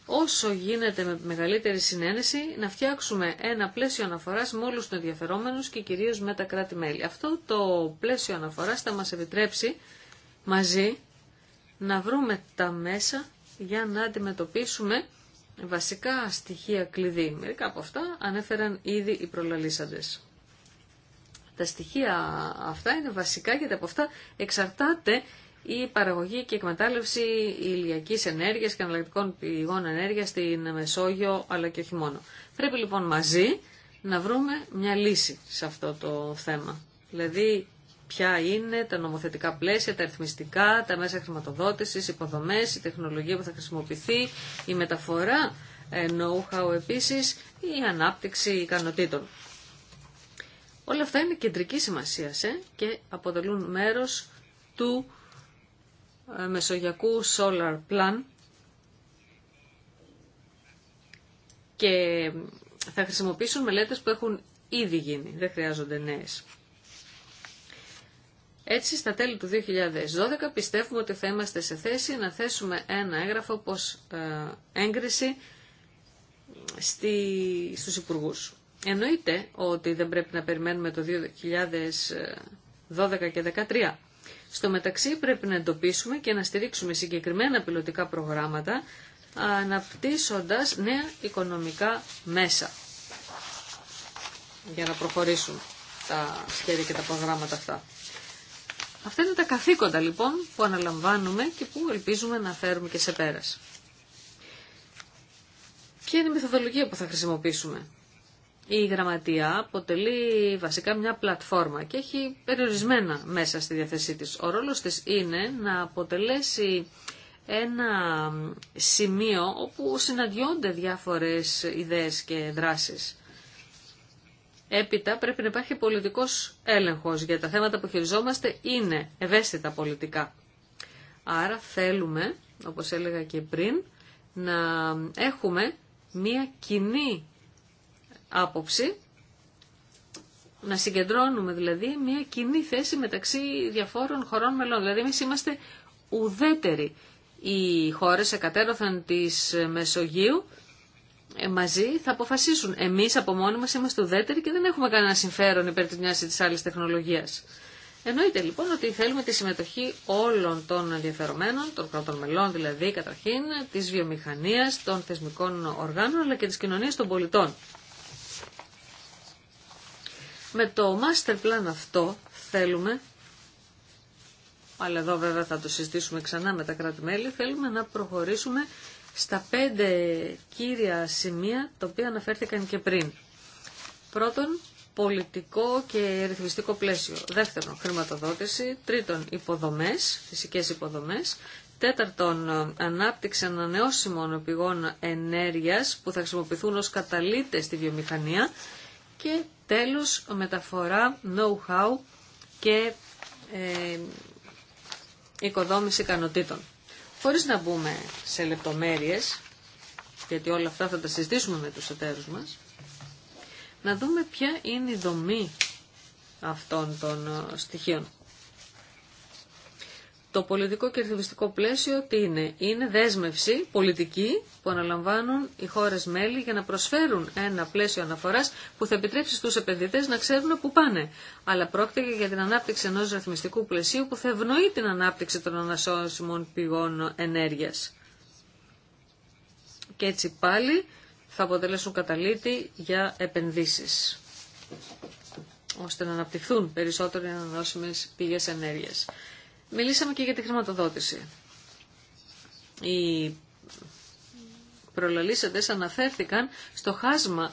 όσο γίνεται με μεγαλύτερη συνένεση να φτιάξουμε ένα πλαίσιο αναφορά με όλου του ενδιαφερόμενου και κυρίω με τα κράτη-μέλη. Αυτό το πλαίσιο αναφορά θα μα επιτρέψει μαζί να βρούμε τα μέσα για να αντιμετωπίσουμε βασικά στοιχεία κλειδί. Μερικά από αυτά ανέφεραν ήδη οι προλαλήσαντες. Τα στοιχεία αυτά είναι βασικά γιατί από αυτά εξαρτάται η παραγωγή και εκμετάλλευση ηλιακής ενέργειας και αναλλακτικών πηγών ενέργειας στην Μεσόγειο αλλά και όχι μόνο. Πρέπει λοιπόν μαζί να βρούμε μια λύση σε αυτό το θέμα. Δηλαδή ποια είναι τα νομοθετικά πλαίσια, τα αριθμιστικά, τα μέσα χρηματοδότησης, υποδομές, η τεχνολογία που θα χρησιμοποιηθεί, η μεταφορά ε, know-how επίσης, η ανάπτυξη ικανοτήτων. Όλα αυτά είναι κεντρική σημασία ε, και αποτελούν μέρος του ε, Μεσογειακού Solar Plan και θα χρησιμοποιήσουν μελέτες που έχουν ήδη γίνει, δεν χρειάζονται νέες. Έτσι, στα τέλη του 2012 πιστεύουμε ότι θα είμαστε σε θέση να θέσουμε ένα έγγραφο πως ε, έγκριση στη, στους υπουργούς. Εννοείται ότι δεν πρέπει να περιμένουμε το 2012 και 2013. Στο μεταξύ πρέπει να εντοπίσουμε και να στηρίξουμε συγκεκριμένα πιλωτικά προγράμματα αναπτύσσοντας νέα οικονομικά μέσα για να προχωρήσουν τα σχέδια και τα προγράμματα αυτά. Αυτά είναι τα καθήκοντα λοιπόν που αναλαμβάνουμε και που ελπίζουμε να φέρουμε και σε πέρας. Ποια είναι η μεθοδολογία που θα χρησιμοποιήσουμε. Η γραμματεία αποτελεί βασικά μια πλατφόρμα και έχει περιορισμένα μέσα στη διαθεσή της. Ο ρόλος της είναι να αποτελέσει ένα σημείο όπου συναντιόνται διάφορες ιδέες και δράσεις. Έπειτα πρέπει να υπάρχει πολιτικός έλεγχος για τα θέματα που χειριζόμαστε είναι ευαίσθητα πολιτικά. Άρα θέλουμε, όπως έλεγα και πριν, να έχουμε μία κοινή άποψη, να συγκεντρώνουμε δηλαδή μία κοινή θέση μεταξύ διαφόρων χωρών μελών. Δηλαδή εμείς είμαστε ουδέτεροι. Οι χώρες εκατέρωθαν της Μεσογείου ε, μαζί θα αποφασίσουν. Εμεί από μόνοι μα είμαστε ουδέτεροι και δεν έχουμε κανένα συμφέρον υπέρ τη μια ή της άλλης τεχνολογίας. Εννοείται λοιπόν ότι θέλουμε τη συμμετοχή όλων των ενδιαφερομένων, των πρώτων μελών δηλαδή καταρχήν, τη βιομηχανία, των θεσμικών οργάνων αλλά και τη κοινωνία των πολιτών. Με το master plan αυτό θέλουμε, αλλά εδώ βέβαια θα το συζητήσουμε ξανά με τα κράτη-μέλη, θέλουμε να προχωρήσουμε στα πέντε κύρια σημεία τα οποία αναφέρθηκαν και πριν. Πρώτον, πολιτικό και ρυθμιστικό πλαίσιο. Δεύτερον, χρηματοδότηση. Τρίτον, υποδομές, φυσικές υποδομές. Τέταρτον, ανάπτυξη ανανεώσιμων πηγών ενέργειας που θα χρησιμοποιηθούν ως καταλύτες στη βιομηχανία. Και τέλος, μεταφορά know-how και ε, οικοδόμηση ικανοτήτων. Χωρίς να μπούμε σε λεπτομέρειες, γιατί όλα αυτά θα τα συζητήσουμε με τους εταίρους μας, να δούμε ποια είναι η δομή αυτών των ε, στοιχείων. Το πολιτικό και ρυθμιστικό πλαίσιο τι είναι. Είναι δέσμευση πολιτική που αναλαμβάνουν οι χώρες μέλη για να προσφέρουν ένα πλαίσιο αναφοράς που θα επιτρέψει στους επενδυτές να ξέρουν που πάνε. Αλλά πρόκειται για την ανάπτυξη ενός ρυθμιστικού πλαισίου που θα ευνοεί την ανάπτυξη των ανασώσιμων πηγών ενέργειας. Και έτσι πάλι θα αποτελέσουν καταλήτη για επενδύσεις ώστε να αναπτυχθούν περισσότερο οι ανανώσιμες πηγές ενέργειας. Μιλήσαμε και για τη χρηματοδότηση. Οι προλαλήσαντες αναφέρθηκαν στο χάσμα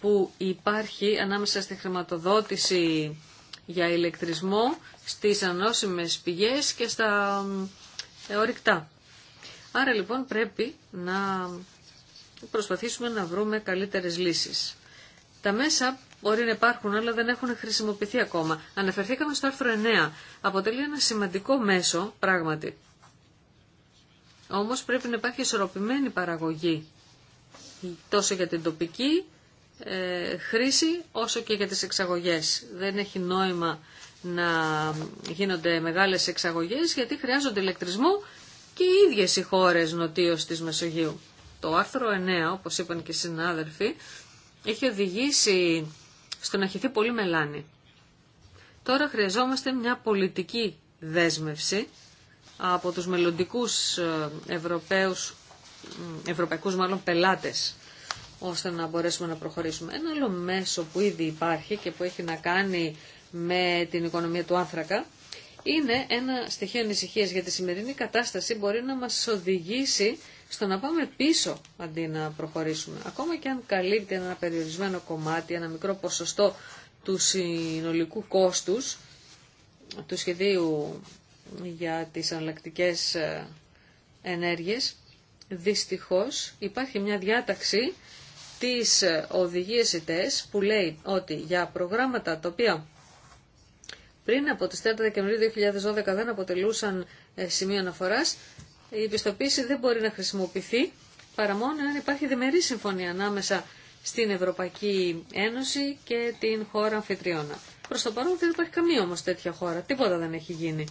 που υπάρχει ανάμεσα στη χρηματοδότηση για ηλεκτρισμό, στις ανώσιμες πηγές και στα ε, ορυκτά. Άρα λοιπόν πρέπει να προσπαθήσουμε να βρούμε καλύτερες λύσεις. Τα μέσα Μπορεί να υπάρχουν, αλλά δεν έχουν χρησιμοποιηθεί ακόμα. Αναφερθήκαμε στο άρθρο 9. Αποτελεί ένα σημαντικό μέσο, πράγματι. Όμως πρέπει να υπάρχει ισορροπημένη παραγωγή, τόσο για την τοπική ε, χρήση, όσο και για τις εξαγωγές. Δεν έχει νόημα να γίνονται μεγάλες εξαγωγές, γιατί χρειάζονται ηλεκτρισμό και οι ίδιες οι χώρες νοτίως της Μεσογείου. Το άρθρο 9, όπως είπαν και οι συνάδελφοι, έχει οδηγήσει στο να χυθεί πολύ μελάνι. Τώρα χρειαζόμαστε μια πολιτική δέσμευση από τους μελλοντικού ε, Ευρωπαίους, ευρωπαϊκούς μάλλον πελάτες, ώστε να μπορέσουμε να προχωρήσουμε. Ένα άλλο μέσο που ήδη υπάρχει και που έχει να κάνει με την οικονομία του άνθρακα, είναι ένα στοιχείο ανησυχία για τη σημερινή κατάσταση μπορεί να μας οδηγήσει στο να πάμε πίσω αντί να προχωρήσουμε. Ακόμα και αν καλύπτει ένα περιορισμένο κομμάτι, ένα μικρό ποσοστό του συνολικού κόστους του σχεδίου για τις αναλλακτικέ ε, ενέργειες, δυστυχώς υπάρχει μια διάταξη της ε, οδηγίας ΙΤΕΣ που λέει ότι για προγράμματα τα οποία πριν από τις 4 Δεκεμβρίου 2012 δεν αποτελούσαν ε, σημείο αναφοράς, η πιστοποίηση δεν μπορεί να χρησιμοποιηθεί παρά μόνο αν υπάρχει διμερή συμφωνία ανάμεσα στην Ευρωπαϊκή Ένωση και την χώρα αμφιτριώνα. Προ το παρόν δεν υπάρχει καμία όμω τέτοια χώρα, τίποτα δεν έχει γίνει.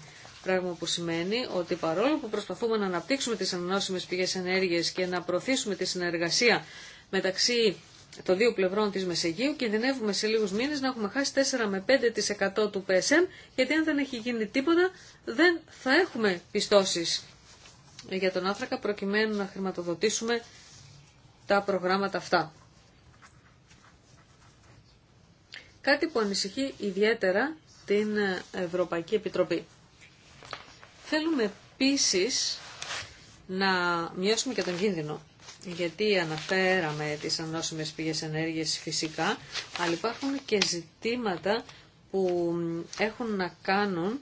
Πράγμα που σημαίνει ότι παρόλο που προσπαθούμε να αναπτύξουμε τι ανανεώσιμε πηγέ ενέργεια και να προωθήσουμε τη συνεργασία μεταξύ των δύο πλευρών της Μεσαιγείου, κινδυνεύουμε σε λίγου μήνε να έχουμε χάσει 4 με 5% του PSM, γιατί αν δεν έχει γίνει τίποτα δεν θα έχουμε πιστώσει για τον άνθρακα προκειμένου να χρηματοδοτήσουμε τα προγράμματα αυτά. Κάτι που ανησυχεί ιδιαίτερα την Ευρωπαϊκή Επιτροπή. Θέλουμε επίσης να μειώσουμε και τον κίνδυνο. Γιατί αναφέραμε τις ανώσιμες πηγές ενέργειας φυσικά, αλλά υπάρχουν και ζητήματα που έχουν να κάνουν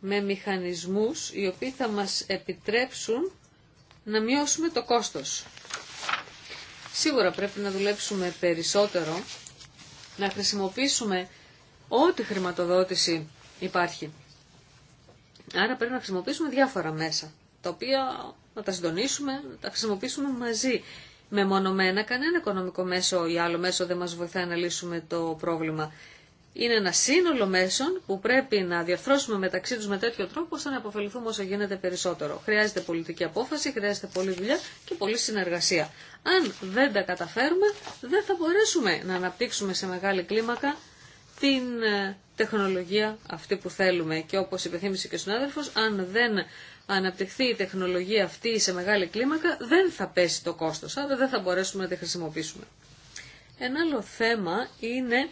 με μηχανισμούς οι οποίοι θα μας επιτρέψουν να μειώσουμε το κόστος. Σίγουρα πρέπει να δουλέψουμε περισσότερο, να χρησιμοποιήσουμε ό,τι χρηματοδότηση υπάρχει. Άρα πρέπει να χρησιμοποιήσουμε διάφορα μέσα, τα οποία να τα συντονίσουμε, να τα χρησιμοποιήσουμε μαζί. μονομένα, κανένα οικονομικό μέσο ή άλλο μέσο δεν μας βοηθάει να λύσουμε το πρόβλημα είναι ένα σύνολο μέσων που πρέπει να διαρθρώσουμε μεταξύ του με τέτοιο τρόπο ώστε να αποφεληθούμε όσο γίνεται περισσότερο. Χρειάζεται πολιτική απόφαση, χρειάζεται πολλή δουλειά και πολλή συνεργασία. Αν δεν τα καταφέρουμε, δεν θα μπορέσουμε να αναπτύξουμε σε μεγάλη κλίμακα την ε, τεχνολογία αυτή που θέλουμε. Και όπως υπενθύμησε και ο συνάδελφο, αν δεν αναπτυχθεί η τεχνολογία αυτή σε μεγάλη κλίμακα, δεν θα πέσει το κόστο, άρα δεν θα μπορέσουμε να τη χρησιμοποιήσουμε. Ένα θέμα είναι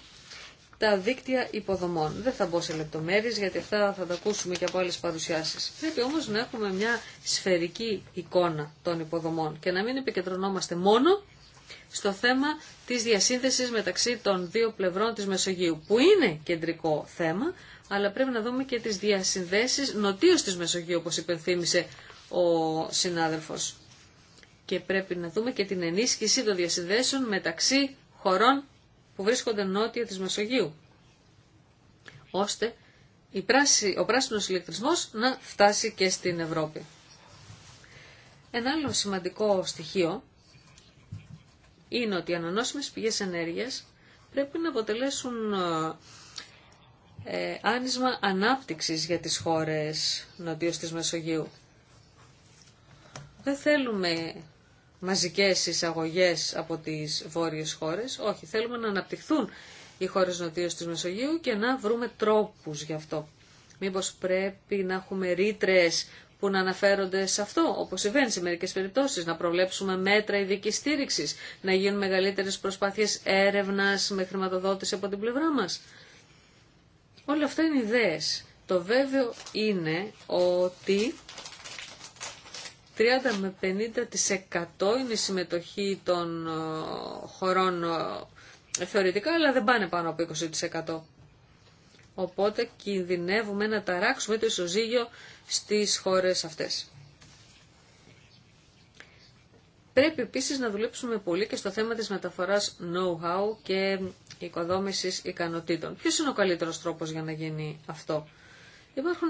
τα δίκτυα υποδομών. Δεν θα μπω σε λεπτομέρειες γιατί αυτά θα τα ακούσουμε και από άλλες παρουσιάσεις. Πρέπει όμως να έχουμε μια σφαιρική εικόνα των υποδομών και να μην επικεντρωνόμαστε μόνο στο θέμα της διασύνδεση μεταξύ των δύο πλευρών της Μεσογείου, που είναι κεντρικό θέμα, αλλά πρέπει να δούμε και τις διασυνδέσεις νοτίως της Μεσογείου, όπως υπενθύμησε ο συνάδελφος. Και πρέπει να δούμε και την ενίσχυση των διασυνδέσεων μεταξύ χωρών που βρίσκονται νότια της Μεσογείου, ώστε ο πράσινος ηλεκτρισμός να φτάσει και στην Ευρώπη. Ένα άλλο σημαντικό στοιχείο είναι ότι οι ανανόσιμες πηγές ενέργειας πρέπει να αποτελέσουν ε, ε άνισμα ανάπτυξης για τις χώρες νοτίως της Μεσογείου. Δεν θέλουμε μαζικές εισαγωγές από τις βόρειες χώρες. Όχι, θέλουμε να αναπτυχθούν οι χώρες νοτίως της Μεσογείου και να βρούμε τρόπους γι' αυτό. Μήπως πρέπει να έχουμε ρήτρε που να αναφέρονται σε αυτό, όπως συμβαίνει σε μερικές περιπτώσεις, να προβλέψουμε μέτρα ειδική στήριξης, να γίνουν μεγαλύτερες προσπάθειες έρευνας με χρηματοδότηση από την πλευρά μας. Όλα αυτά είναι ιδέες. Το βέβαιο είναι ότι 30 με 50% είναι η συμμετοχή των ε, χωρών ε, θεωρητικά, αλλά δεν πάνε πάνω από 20%. Οπότε κινδυνεύουμε να ταράξουμε το ισοζύγιο στις χώρες αυτές. Πρέπει επίσης να δουλέψουμε πολύ και στο θέμα της μεταφοράς know-how και οικοδόμησης ικανοτήτων. Ποιος είναι ο καλύτερος τρόπος για να γίνει αυτό. Υπάρχουν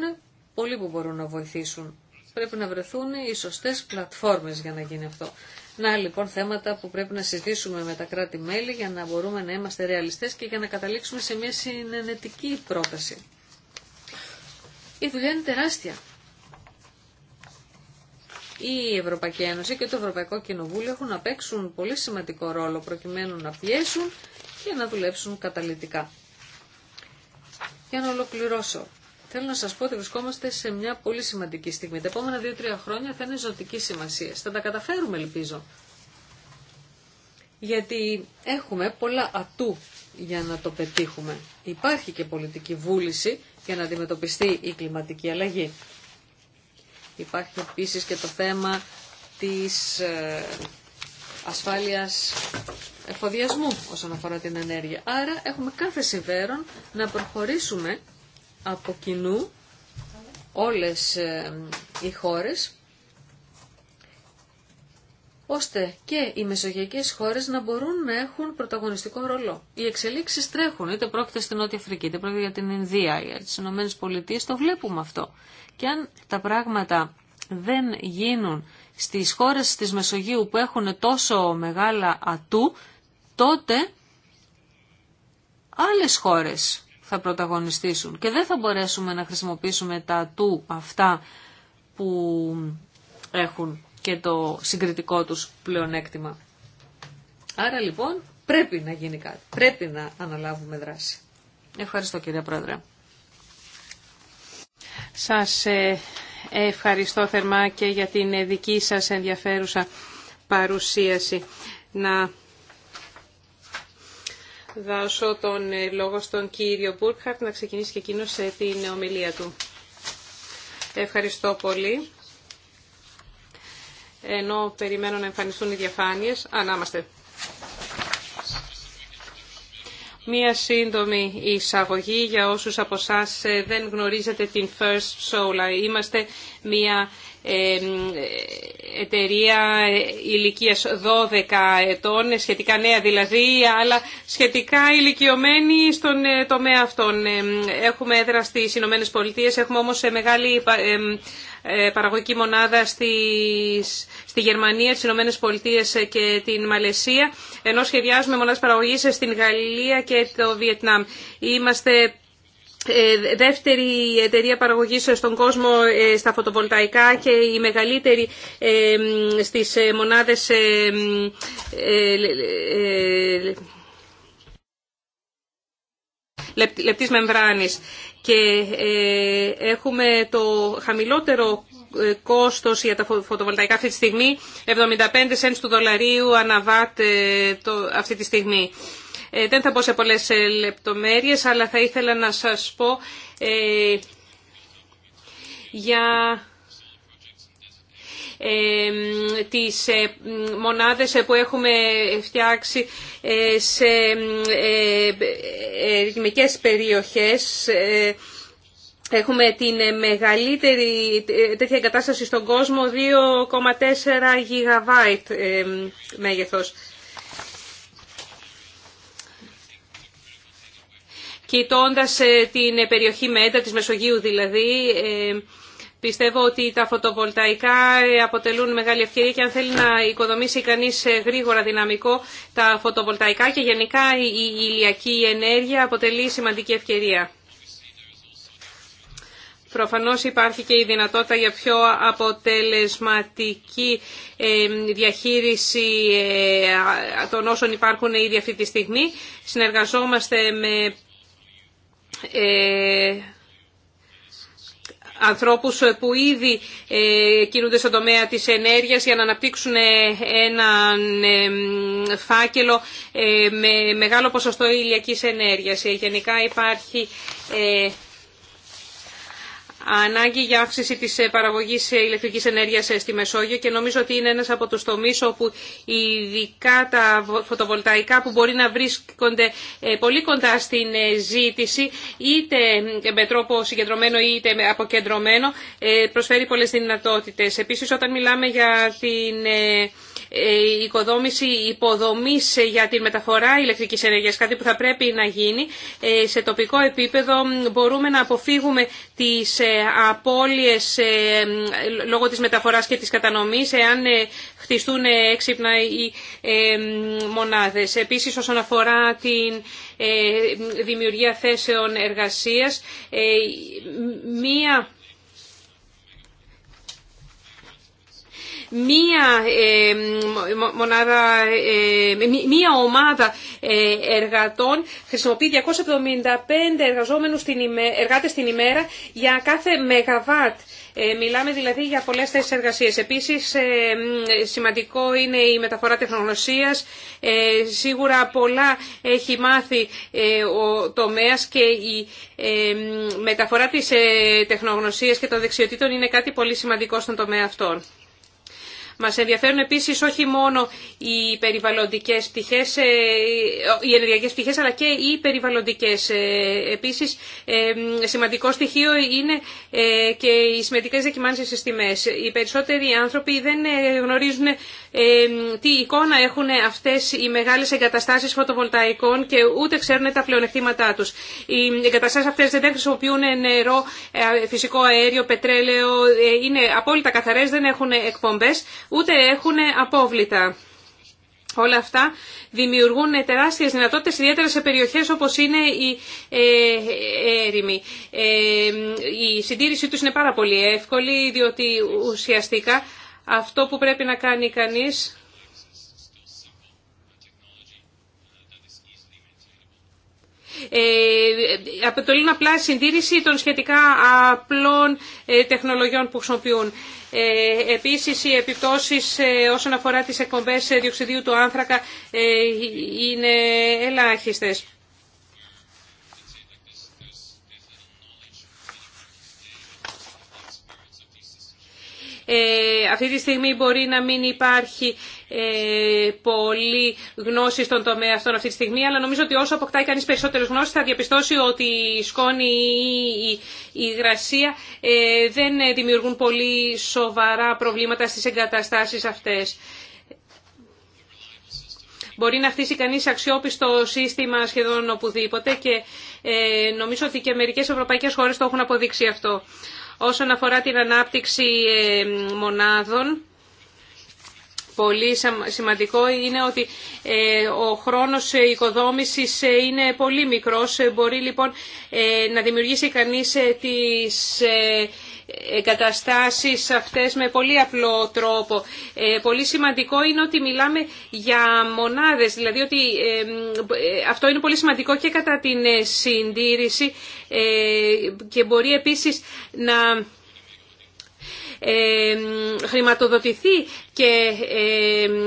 πολλοί που μπορούν να βοηθήσουν. Πρέπει να βρεθούν οι σωστές πλατφόρμες για να γίνει αυτό. Να λοιπόν θέματα που πρέπει να συζητήσουμε με τα κράτη-μέλη για να μπορούμε να είμαστε ρεαλιστές και για να καταλήξουμε σε μια συνενετική πρόταση. Η δουλειά είναι τεράστια. Η Ευρωπαϊκή Ένωση και το Ευρωπαϊκό Κοινοβούλιο έχουν να παίξουν πολύ σημαντικό ρόλο προκειμένου να πιέσουν και να δουλέψουν καταλητικά. Για να ολοκληρώσω, Θέλω να σας πω ότι βρισκόμαστε σε μια πολύ σημαντική στιγμή. Τα επόμενα δύο-τρία χρόνια θα είναι ζωτική σημασία. Θα τα καταφέρουμε, ελπίζω. Γιατί έχουμε πολλά ατού για να το πετύχουμε. Υπάρχει και πολιτική βούληση για να αντιμετωπιστεί η κλιματική αλλαγή. Υπάρχει επίσης και το θέμα της ε, ασφάλειας εφοδιασμού όσον αφορά την ενέργεια. Άρα έχουμε κάθε συμφέρον να προχωρήσουμε από κοινού όλες ε, οι χώρες ώστε και οι μεσογειακές χώρες να μπορούν να έχουν πρωταγωνιστικό ρόλο. Οι εξελίξεις τρέχουν, είτε πρόκειται στην Νότια Αφρική, είτε πρόκειται για την Ινδία, για τις Ηνωμένες Πολιτείες, το βλέπουμε αυτό. Και αν τα πράγματα δεν γίνουν στις χώρες της Μεσογείου που έχουν τόσο μεγάλα ατού, τότε άλλες χώρες θα πρωταγωνιστήσουν και δεν θα μπορέσουμε να χρησιμοποιήσουμε τα του αυτά που έχουν και το συγκριτικό τους πλεονέκτημα. Άρα λοιπόν πρέπει να γίνει κάτι, πρέπει να αναλάβουμε δράση. Ευχαριστώ κυρία Πρόεδρε. Σας ε, ευχαριστώ θερμά και για την ε, δική σας ενδιαφέρουσα παρουσίαση. Να δώσω τον ε, λόγο στον κύριο Μπούρκχαρτ να ξεκινήσει και εκείνο ε, την ομιλία του. Ευχαριστώ πολύ. Ενώ περιμένω να εμφανιστούν οι διαφάνειες. Ανάμαστε. Μία σύντομη εισαγωγή για όσους από εσά ε, δεν γνωρίζετε την First Solar. Είμαστε μία εταιρεία ηλικίας 12 ετών, σχετικά νέα δηλαδή, αλλά σχετικά ηλικιωμένη στον ε, τομέα αυτών. Έχουμε έδρα στις Ηνωμένες Πολιτείες, έχουμε όμως ε, μεγάλη ε, παραγωγική μονάδα στις, στη Γερμανία, τις Ηνωμένε Πολιτείε και την Μαλαισία, ενώ σχεδιάζουμε μονάδες παραγωγής στην Γαλλία και το Βιετνάμ. Είμαστε ε, δεύτερη εταιρεία παραγωγής στον κόσμο ε, στα φωτοβολταϊκά και η μεγαλύτερη ε, στις μονάδες λεπτής μεμβράνης. Και έχουμε το χαμηλότερο κόστος για τα φωτοβολταϊκά αυτή τη στιγμή, 75 cents του δολαρίου αναβάτ αυτή τη στιγμή. Ε, δεν θα πω σε πολλές ε, λεπτομέρειες, αλλά θα ήθελα να σας πω ε, για τις μονάδες που έχουμε φτιάξει σε ρυθμικέ περιοχές. Έχουμε την μεγαλύτερη τέτοια εγκατάσταση στον κόσμο, 2,4 γιγαβάιτ μέγεθος. κοιτώντας ε, την ε, περιοχή ΜΕΝΤΑ, της Μεσογείου δηλαδή, ε, Πιστεύω ότι τα φωτοβολταϊκά αποτελούν μεγάλη ευκαιρία και αν θέλει να οικοδομήσει κανεί γρήγορα δυναμικό τα φωτοβολταϊκά και γενικά η ηλιακή ενέργεια αποτελεί σημαντική ευκαιρία. Προφανώς υπάρχει και η δυνατότητα για πιο αποτελεσματική διαχείριση των όσων υπάρχουν ήδη αυτή τη στιγμή. Συνεργαζόμαστε με ε, ανθρώπους που ήδη ε, κινούνται στον τομέα της ενέργειας για να αναπτύξουν ε, έναν φάκελο με μεγάλο ποσοστό ηλιακής ενέργειας. Γενικά υπάρχει ανάγκη για αύξηση της ε, παραγωγής ε, ηλεκτρικής ενέργειας ε, στη Μεσόγειο και νομίζω ότι είναι ένας από τους τομείς όπου ειδικά τα φωτοβολταϊκά που μπορεί να βρίσκονται πολύ κοντά στην ζήτηση είτε με τρόπο συγκεντρωμένο είτε αποκεντρωμένο προσφέρει πολλές δυνατότητες. Επίσης όταν μιλάμε για την ε, η οικοδόμηση υποδομής για τη μεταφορά ηλεκτρικής ενέργειας, κάτι που θα πρέπει να γίνει ε, σε τοπικό επίπεδο. Μπορούμε να αποφύγουμε τις ε, απώλειες λόγω της μεταφοράς και της κατανομής εάν χτιστούν έξυπνα οι μονάδες. Επίσης, όσον αφορά την δημιουργία θέσεων εργασίας, μία μία ε, μονάδα, ε, μία ομάδα ε, εργατών χρησιμοποιεί 275 εργαζόμενους την ημέρα, εργάτες την ημέρα για κάθε μεγαβάτ. μιλάμε δηλαδή για πολλές θέσεις εργασίες. Επίσης σημαντικό είναι η μεταφορά τεχνογνωσίας. σίγουρα πολλά έχει μάθει ο τομέας και η μεταφορά της τεχνογνωσίας και των δεξιοτήτων είναι κάτι πολύ σημαντικό στον τομέα αυτόν. Μας ενδιαφέρουν επίσης όχι μόνο οι περιβαλλοντικές πτυχές, ε, οι ενεργειακές πτυχές, αλλά και οι περιβαλλοντικές. Ε, επίσης, ε, σημαντικό στοιχείο είναι και οι σημαντικές δεκιμάνσεις στι τιμέ. Οι περισσότεροι άνθρωποι δεν γνωρίζουν τι εικόνα έχουν αυτές οι μεγάλες εγκαταστάσεις φωτοβολταϊκών και ούτε ξέρουν τα πλεονεκτήματά τους. Οι εγκαταστάσεις αυτές δεν χρησιμοποιούν νερό, φυσικό αέριο, πετρέλαιο, είναι απόλυτα καθαρές, δεν έχουν εκπομπέ ούτε έχουν απόβλητα. Όλα αυτά δημιουργούν τεράστιες δυνατότητες, ιδιαίτερα σε περιοχές όπως είναι η ε, έρημη. Ε, η συντήρησή τους είναι πάρα πολύ εύκολη, διότι ουσιαστικά αυτό που πρέπει να κάνει κανείς Ε, αποτελούν απλά συντήρηση των σχετικά απλών ε, τεχνολογιών που χρησιμοποιούν. Ε, επίσης, οι επιπτώσεις όσον αφορά τις εκπομπές διοξιδίου του άνθρακα είναι ελάχιστες. Ε, αυτή τη στιγμή μπορεί να μην υπάρχει ε, πολύ γνώση στον τομέα αυτόν αυτή τη στιγμή, αλλά νομίζω ότι όσο αποκτάει κανείς περισσότερες γνώσεις θα διαπιστώσει ότι η σκόνη ή η υγρασία ε, δεν δημιουργούν πολύ σοβαρά προβλήματα στις εγκαταστάσεις αυτές. Μπορεί να χτίσει κανείς αξιόπιστο σύστημα σχεδόν οπουδήποτε και ε, νομίζω ότι και μερικές ευρωπαϊκές χώρες το έχουν αποδείξει αυτό όσον αφορά την ανάπτυξη ε, μονάδων πολύ σημαντικό είναι ότι ε, ο χρόνος οικοδόμησης ε, είναι πολύ μικρός. Ε, μπορεί λοιπόν να δημιουργήσει κανείς τις εγκαταστάσεις αυτές με πολύ απλό τρόπο. πολύ σημαντικό είναι ότι μιλάμε για μονάδες, δηλαδή ότι αυτό είναι πολύ σημαντικό και κατά την συντήρηση και μπορεί επίσης να χρηματοδοτηθεί και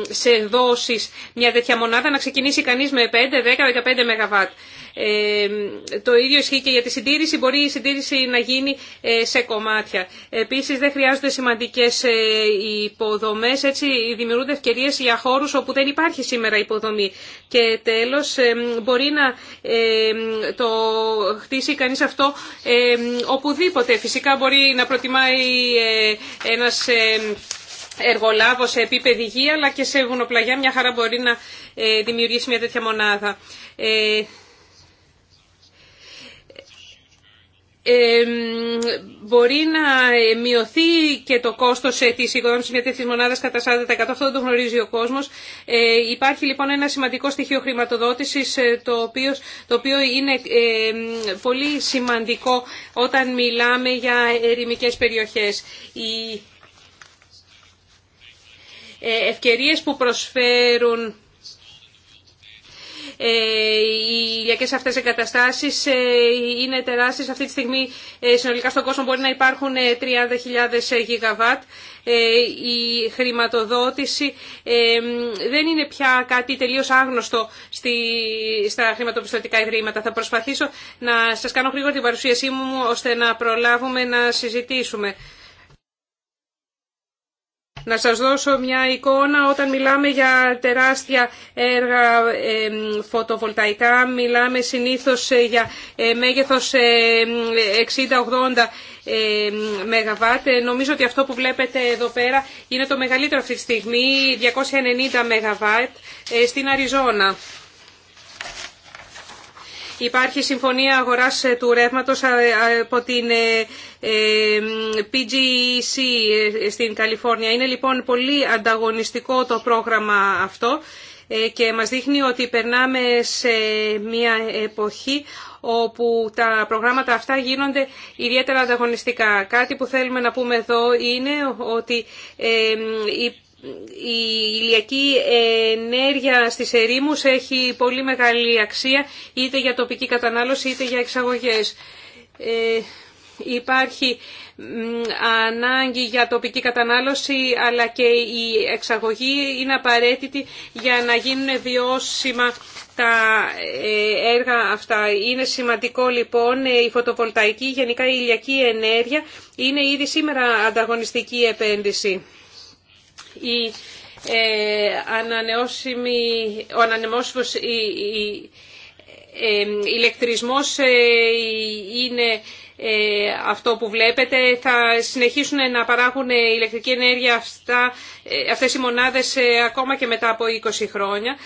σε δόσεις μια τέτοια μονάδα να ξεκινήσει κανείς με 5, 10, 15 ΜΒ το ίδιο ισχύει και για τη συντήρηση. Μπορεί η συντήρηση να γίνει ε, σε κομμάτια. Επίση, δεν χρειάζονται σημαντικές ε, υποδομέ. Έτσι δημιουργούνται ευκαιρίες για χώρου όπου δεν υπάρχει σήμερα υποδομή. Και τέλος μπορεί να το χτίσει κανεί αυτό οπουδήποτε. Φυσικά μπορεί να προτιμάει ε, ένας εργολάβο σε επίπεδη γη, αλλά και σε βουνοπλαγιά μια χαρά μπορεί να δημιουργήσει μια τέτοια μονάδα. μπορεί να μειωθεί και το κόστος ε, τη οικοδόμηση μια τέτοια μονάδα κατά 40%. Αυτό δεν το γνωρίζει ο κόσμος. Ε, υπάρχει λοιπόν ένα σημαντικό στοιχείο χρηματοδότησης ε, το οποίο, το οποίο είναι πολύ σημαντικό όταν μιλάμε για ερημικέ περιοχές. Οι ευκαιρίε που προσφέρουν ε, οι ηλιακές αυτές εγκαταστάσεις ε, είναι τεράστιες. Αυτή τη στιγμή ε, συνολικά στον κόσμο μπορεί να υπάρχουν 30.000 γιγαβάτ. Η χρηματοδότηση δεν είναι πια κάτι τελείως άγνωστο στα χρηματοπιστωτικά ιδρύματα. Θα προσπαθήσω να σας κάνω γρήγορα την παρουσίασή μου ώστε να προλάβουμε να συζητήσουμε. Να σας δώσω μια εικόνα όταν μιλάμε για τεράστια έργα ε, φωτοβολταϊκά, μιλάμε συνήθως ε, για ε, μέγεθος 60-80 ΜΒ. Νομίζω ότι αυτό που βλέπετε εδώ πέρα είναι το μεγαλύτερο αυτή τη στιγμή, 290 ΜΒ στην Αριζόνα. Υπάρχει συμφωνία αγοράς ε, του ρεύματος ε, ε, από την PGEC στην Καλιφόρνια. Είναι λοιπόν πολύ ανταγωνιστικό το πρόγραμμα αυτό και μας δείχνει ότι περνάμε σε μια εποχή όπου τα προγράμματα αυτά γίνονται ιδιαίτερα ανταγωνιστικά. Κάτι που θέλουμε να πούμε εδώ είναι ότι η ηλιακή ενέργεια στις ερήμους έχει πολύ μεγάλη αξία είτε για τοπική κατανάλωση είτε για εξαγωγές. Ε, υπάρχει ανάγκη για τοπική κατανάλωση αλλά και η εξαγωγή είναι απαραίτητη για να γίνουν βιώσιμα τα ε, έργα αυτά. Είναι σημαντικό λοιπόν ε, η φωτοβολταϊκή, γενικά η ηλιακή ενέργεια είναι ήδη σήμερα ανταγωνιστική επένδυση. Ε, ανανεώσιμη, ο ανανεώσιμος η, η, ε, ηλεκτρισμός ε, είναι ε, αυτό που βλέπετε. Θα συνεχίσουν να παράγουν ηλεκτρική ενέργεια αυτά, αυτές οι μονάδες ακόμα και μετά από 20 χρόνια.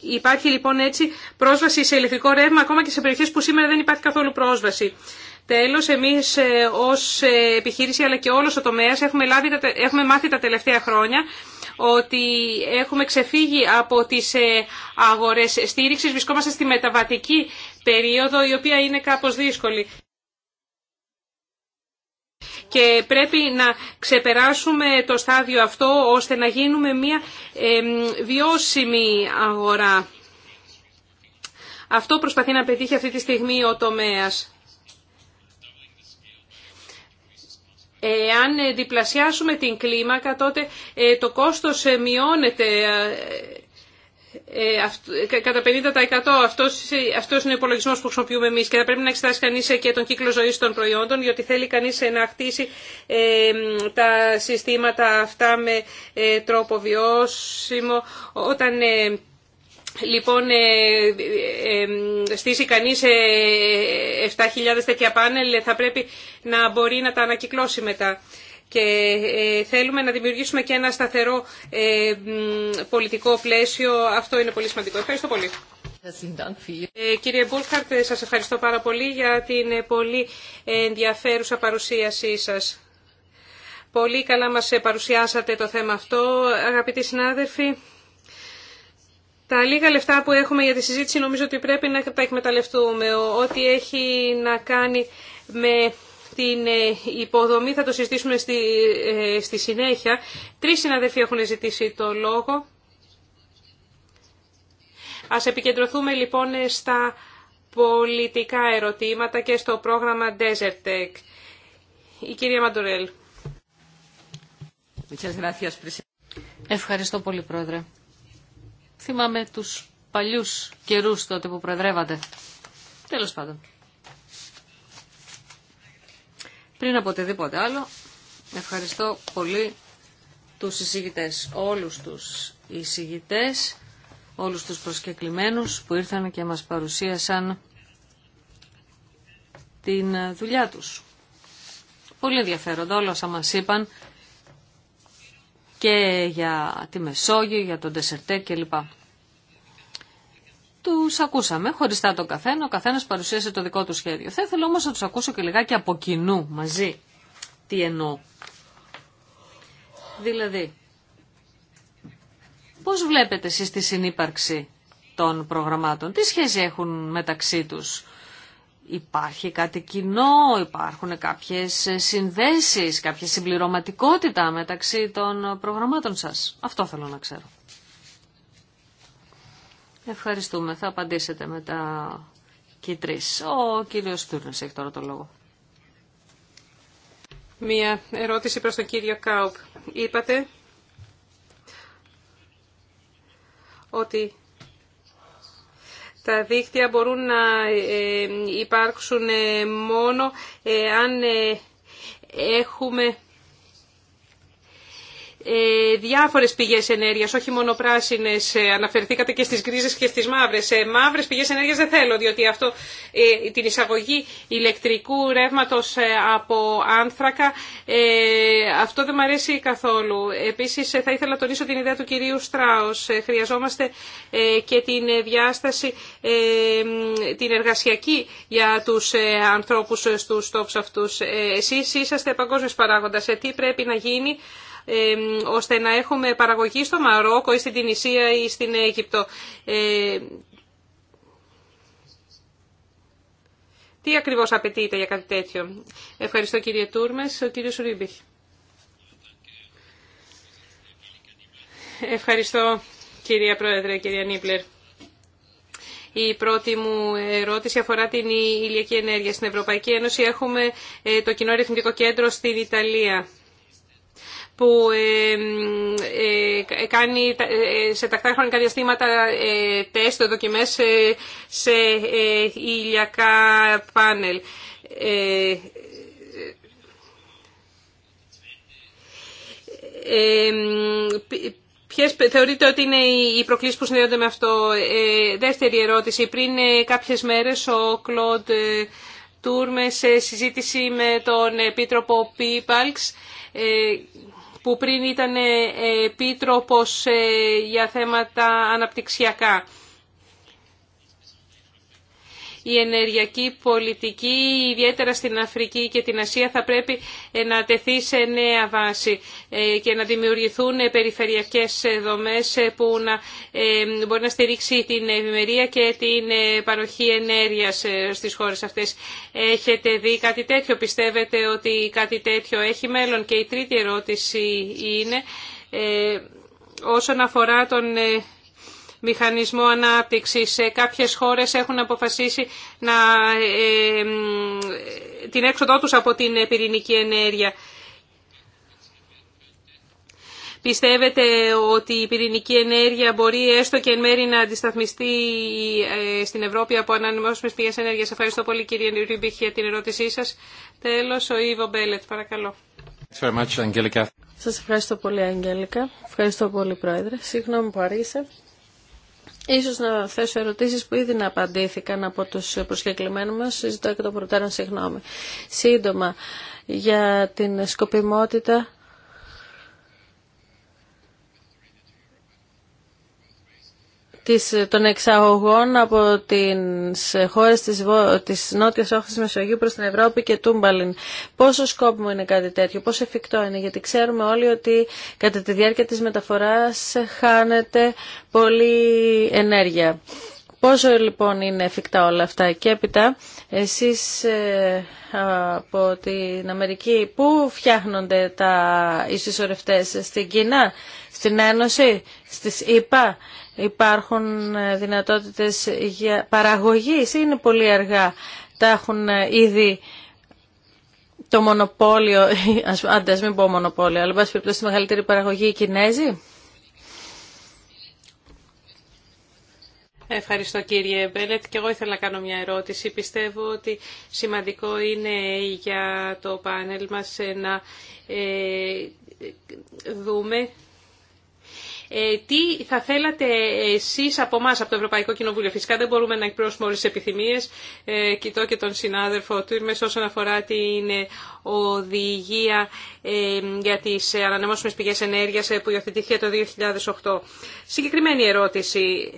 Υπάρχει λοιπόν έτσι πρόσβαση σε ηλεκτρικό ρεύμα ακόμα και σε περιοχές που σήμερα δεν υπάρχει καθόλου πρόσβαση. Τέλος, εμείς ε, ως ε, επιχείρηση αλλά και όλος ο τομέας έχουμε, λάβει, έχουμε μάθει τα τελευταία χρόνια ότι έχουμε ξεφύγει από τις ε, αγορές στήριξης, βρισκόμαστε στη μεταβατική περίοδο η οποία είναι κάπως δύσκολη. Και πρέπει να ξεπεράσουμε το στάδιο αυτό ώστε να γίνουμε μια βιώσιμη αγορά. Αυτό προσπαθεί να πετύχει αυτή τη στιγμή ο τομέας. Εάν ε, διπλασιάσουμε την κλίμακα, τότε ε, το κόστος ε, μειώνεται κατά 50%. Αυτός, αυτός είναι ο υπολογισμός που χρησιμοποιούμε εμείς και θα πρέπει να εξετάσει κανείς και τον κύκλο ζωής των προϊόντων, γιατί θέλει κανείς να χτίσει τα συστήματα αυτά με τρόπο βιώσιμο. Όταν Λοιπόν, ε, ε, ε, στήσει κανείς 7.000 τέτοια πάνελ, θα πρέπει να μπορεί να τα ανακυκλώσει μετά. Και θέλουμε να δημιουργήσουμε και ένα σταθερό πολιτικό πλαίσιο. Αυτό είναι πολύ σημαντικό. Ευχαριστώ πολύ. Κύριε Μπούλχαρτ, σας ευχαριστώ πάρα πολύ για την πολύ ενδιαφέρουσα παρουσίασή σας. Πολύ καλά μας παρουσιάσατε το θέμα αυτό. Αγαπητοί συνάδελφοι, τα λίγα λεφτά που έχουμε για τη συζήτηση νομίζω ότι πρέπει να τα εκμεταλλευτούμε. Ό,τι έχει να κάνει με την ε, υποδομή θα το συζητήσουμε στη, ε, στη συνέχεια. Τρεις συναδελφοί έχουν ζητήσει το λόγο. Ας επικεντρωθούμε λοιπόν στα πολιτικά ερωτήματα και στο πρόγραμμα Desert Tech. Η κυρία Μαντουρέλ. Ευχαριστώ πολύ, Πρόεδρε. Θυμάμαι τους παλιούς καιρού τότε που προεδρεύατε. Τέλος πάντων. Πριν από οτιδήποτε άλλο, ευχαριστώ πολύ τους εισηγητές, όλους τους εισηγητές, όλους τους προσκεκλημένους που ήρθαν και μας παρουσίασαν την δουλειά τους. Πολύ ενδιαφέροντα όλα όσα μας είπαν και για τη Μεσόγειο, για τον Τεσερτέ κλπ. Τους ακούσαμε χωριστά τον καθένα, ο καθένα παρουσίασε το δικό του σχέδιο. Θα ήθελα όμως να του ακούσω και λιγάκι από κοινού μαζί. Τι εννοώ. Δηλαδή, πώς βλέπετε εσείς τη συνύπαρξη των προγραμμάτων, τι σχέση έχουν μεταξύ τους, Υπάρχει κάτι κοινό, υπάρχουν κάποιες συνδέσεις, κάποια συμπληρωματικότητα μεταξύ των προγραμμάτων σας. Αυτό θέλω να ξέρω. Ευχαριστούμε. Θα απαντήσετε μετά και Ο κύριος Τούρνες έχει τώρα το λόγο. Μία ερώτηση προς τον κύριο Κάουπ. Είπατε ότι τα δίκτυα μπορούν να ε, ε, υπάρξουν ε, μόνο αν έχουμε ε, διάφορες πηγές ενέργειας, όχι μόνο πράσινες, ε, αναφερθήκατε και στις γκρίζες και στις μαύρες. Ε, μαύρες πηγές ενέργειας δεν θέλω, διότι αυτό την εισαγωγή ηλεκτρικού ρεύματος από άνθρακα, αυτό δεν μου αρέσει καθόλου. Επίσης θα ήθελα να τονίσω την ιδέα του κυρίου Στράους. Χρειαζόμαστε και την διάσταση, την εργασιακή για τους ανθρώπους στους τόπους αυτούς. Εσείς είσαστε παγκόσμιος παράγοντας. Τι πρέπει να γίνει ώστε να έχουμε παραγωγή στο Μαρόκο ή στην Τινησία ή στην Αίγυπτο. Ε, τι ακριβώς απαιτείται για κάτι τέτοιο. Ευχαριστώ κύριε Τούρμες. Ο κύριος Ρίμπιχ. Ευχαριστώ κυρία Πρόεδρε, κυρία Νίπλερ. Η πρώτη μου ερώτηση αφορά την ηλιακή ενέργεια. Στην Ευρωπαϊκή Ένωση έχουμε ε, το κοινό ρυθμιστικό κέντρο στην Ιταλία που ε, κάνει ε, ε, σε τακτά χρονικά διαστήματα τεστ, δοκιμές σε ηλιακά πάνελ. Ποιε θεωρείτε ότι είναι οι προκλήσει που συνδέονται με αυτό. Δεύτερη ερώτηση. Πριν κάποιες μέρες ο Κλοντ Τούρμε σε συζήτηση με τον Επίτροπο Πίπαλξ που πριν ήταν ε, επίτροπος ε, για θέματα αναπτυξιακά η ενεργειακή πολιτική, ιδιαίτερα στην Αφρική και την Ασία, θα πρέπει ε, να τεθεί σε νέα βάση ε, και να δημιουργηθούν ε, περιφερειακές δομές που να μπορεί να στηρίξει την ευημερία και την παροχή ενέργειας στις χώρες αυτές. Έχετε δει κάτι τέτοιο, πιστεύετε ότι κάτι τέτοιο έχει μέλλον και η τρίτη ερώτηση είναι όσον αφορά τον μηχανισμό ανάπτυξης. Κάποιες χώρες έχουν αποφασίσει να, ε, ε, την έξοδό τους από την πυρηνική ενέργεια. Πιστεύετε ότι η πυρηνική ενέργεια μπορεί έστω και εν μέρη να αντισταθμιστεί ε, στην Ευρώπη από ανανεώσιμες πηγές ενέργειας. Ευχαριστώ πολύ κύριε Ρίμπιχ για την ερώτησή σας. Τέλος, ο Ιβο Μπέλετ, παρακαλώ. Σας ευχαριστώ πολύ, Αγγέλικα. Ευχαριστώ πολύ, Πρόεδρε. Συγγνώμη που αργήσα. Ίσως να θέσω ερωτήσεις που ήδη να απαντήθηκαν από τους προσκεκλημένους μας, συζητώ και το προτέραν συγγνώμη. Σύντομα, για την σκοπιμότητα της, των εξαγωγών από τις χώρες της, της Νότιας Όχθης Μεσογείου προς την Ευρώπη και Τούμπαλιν. Πόσο σκόπιμο είναι κάτι τέτοιο, πόσο εφικτό είναι, γιατί ξέρουμε όλοι ότι κατά τη διάρκεια της μεταφοράς χάνεται πολύ ενέργεια. Πόσο λοιπόν είναι εφικτά όλα αυτά και έπειτα εσείς ε, από την Αμερική πού φτιάχνονται τα ισισορευτές στην Κίνα, στην Ένωση, στις ΗΠΑ υπάρχουν ε, δυνατότητες για παραγωγή είναι πολύ αργά. Τα έχουν ε, ήδη το μονοπόλιο, [LAUGHS] αντές μην πω μονοπόλιο, αλλά πάση περιπτώσει τη μεγαλύτερη παραγωγή οι Κινέζοι. Ευχαριστώ κύριε Μπέλετ. Και εγώ ήθελα να κάνω μια ερώτηση. Πιστεύω ότι σημαντικό είναι για το πάνελ μας να ε, δούμε ε, τι θα θέλατε εσείς από εμά από το Ευρωπαϊκό Κοινοβούλιο. Φυσικά δεν μπορούμε να εκπληρώσουμε όλες τις επιθυμίες. Ε, κοιτώ και τον συνάδελφο του όσον αφορά την οδηγία ε, για τις ανανεμώσιμες πηγές ενέργειας ε, που υιοθετήθηκε το 2008. Συγκεκριμένη ερώτηση.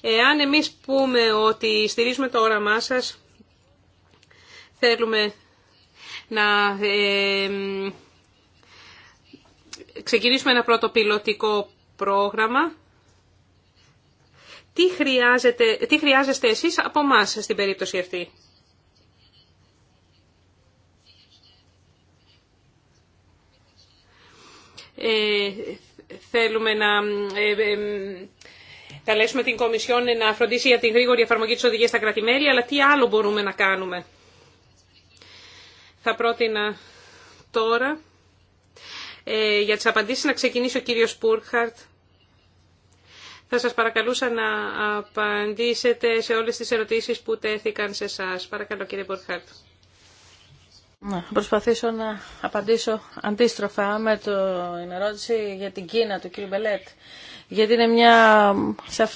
Εάν εμείς πούμε ότι στηρίζουμε το όραμά σας, θέλουμε να ξεκινήσουμε ένα πρώτο πιλωτικό πρόγραμμα. Τι, τι χρειάζεστε εσείς από εμά στην περίπτωση αυτή. Ε, θέλουμε να ε, ε, ε, καλέσουμε την Κομισιόν να φροντίσει για την γρήγορη εφαρμογή της οδηγίας στα κρατημέρια, αλλά τι άλλο μπορούμε να κάνουμε. Θα πρότεινα τώρα ε, για τις απαντήσεις να ξεκινήσει ο κύριος Πούρχαρτ. Θα σας παρακαλούσα να απαντήσετε σε όλες τις ερωτήσεις που τέθηκαν σε εσά. Παρακαλώ κύριε Πούρχαρτ. Να προσπαθήσω να απαντήσω αντίστροφα με την ερώτηση για την Κίνα του κύριου Μπελέτ. Γιατί είναι μια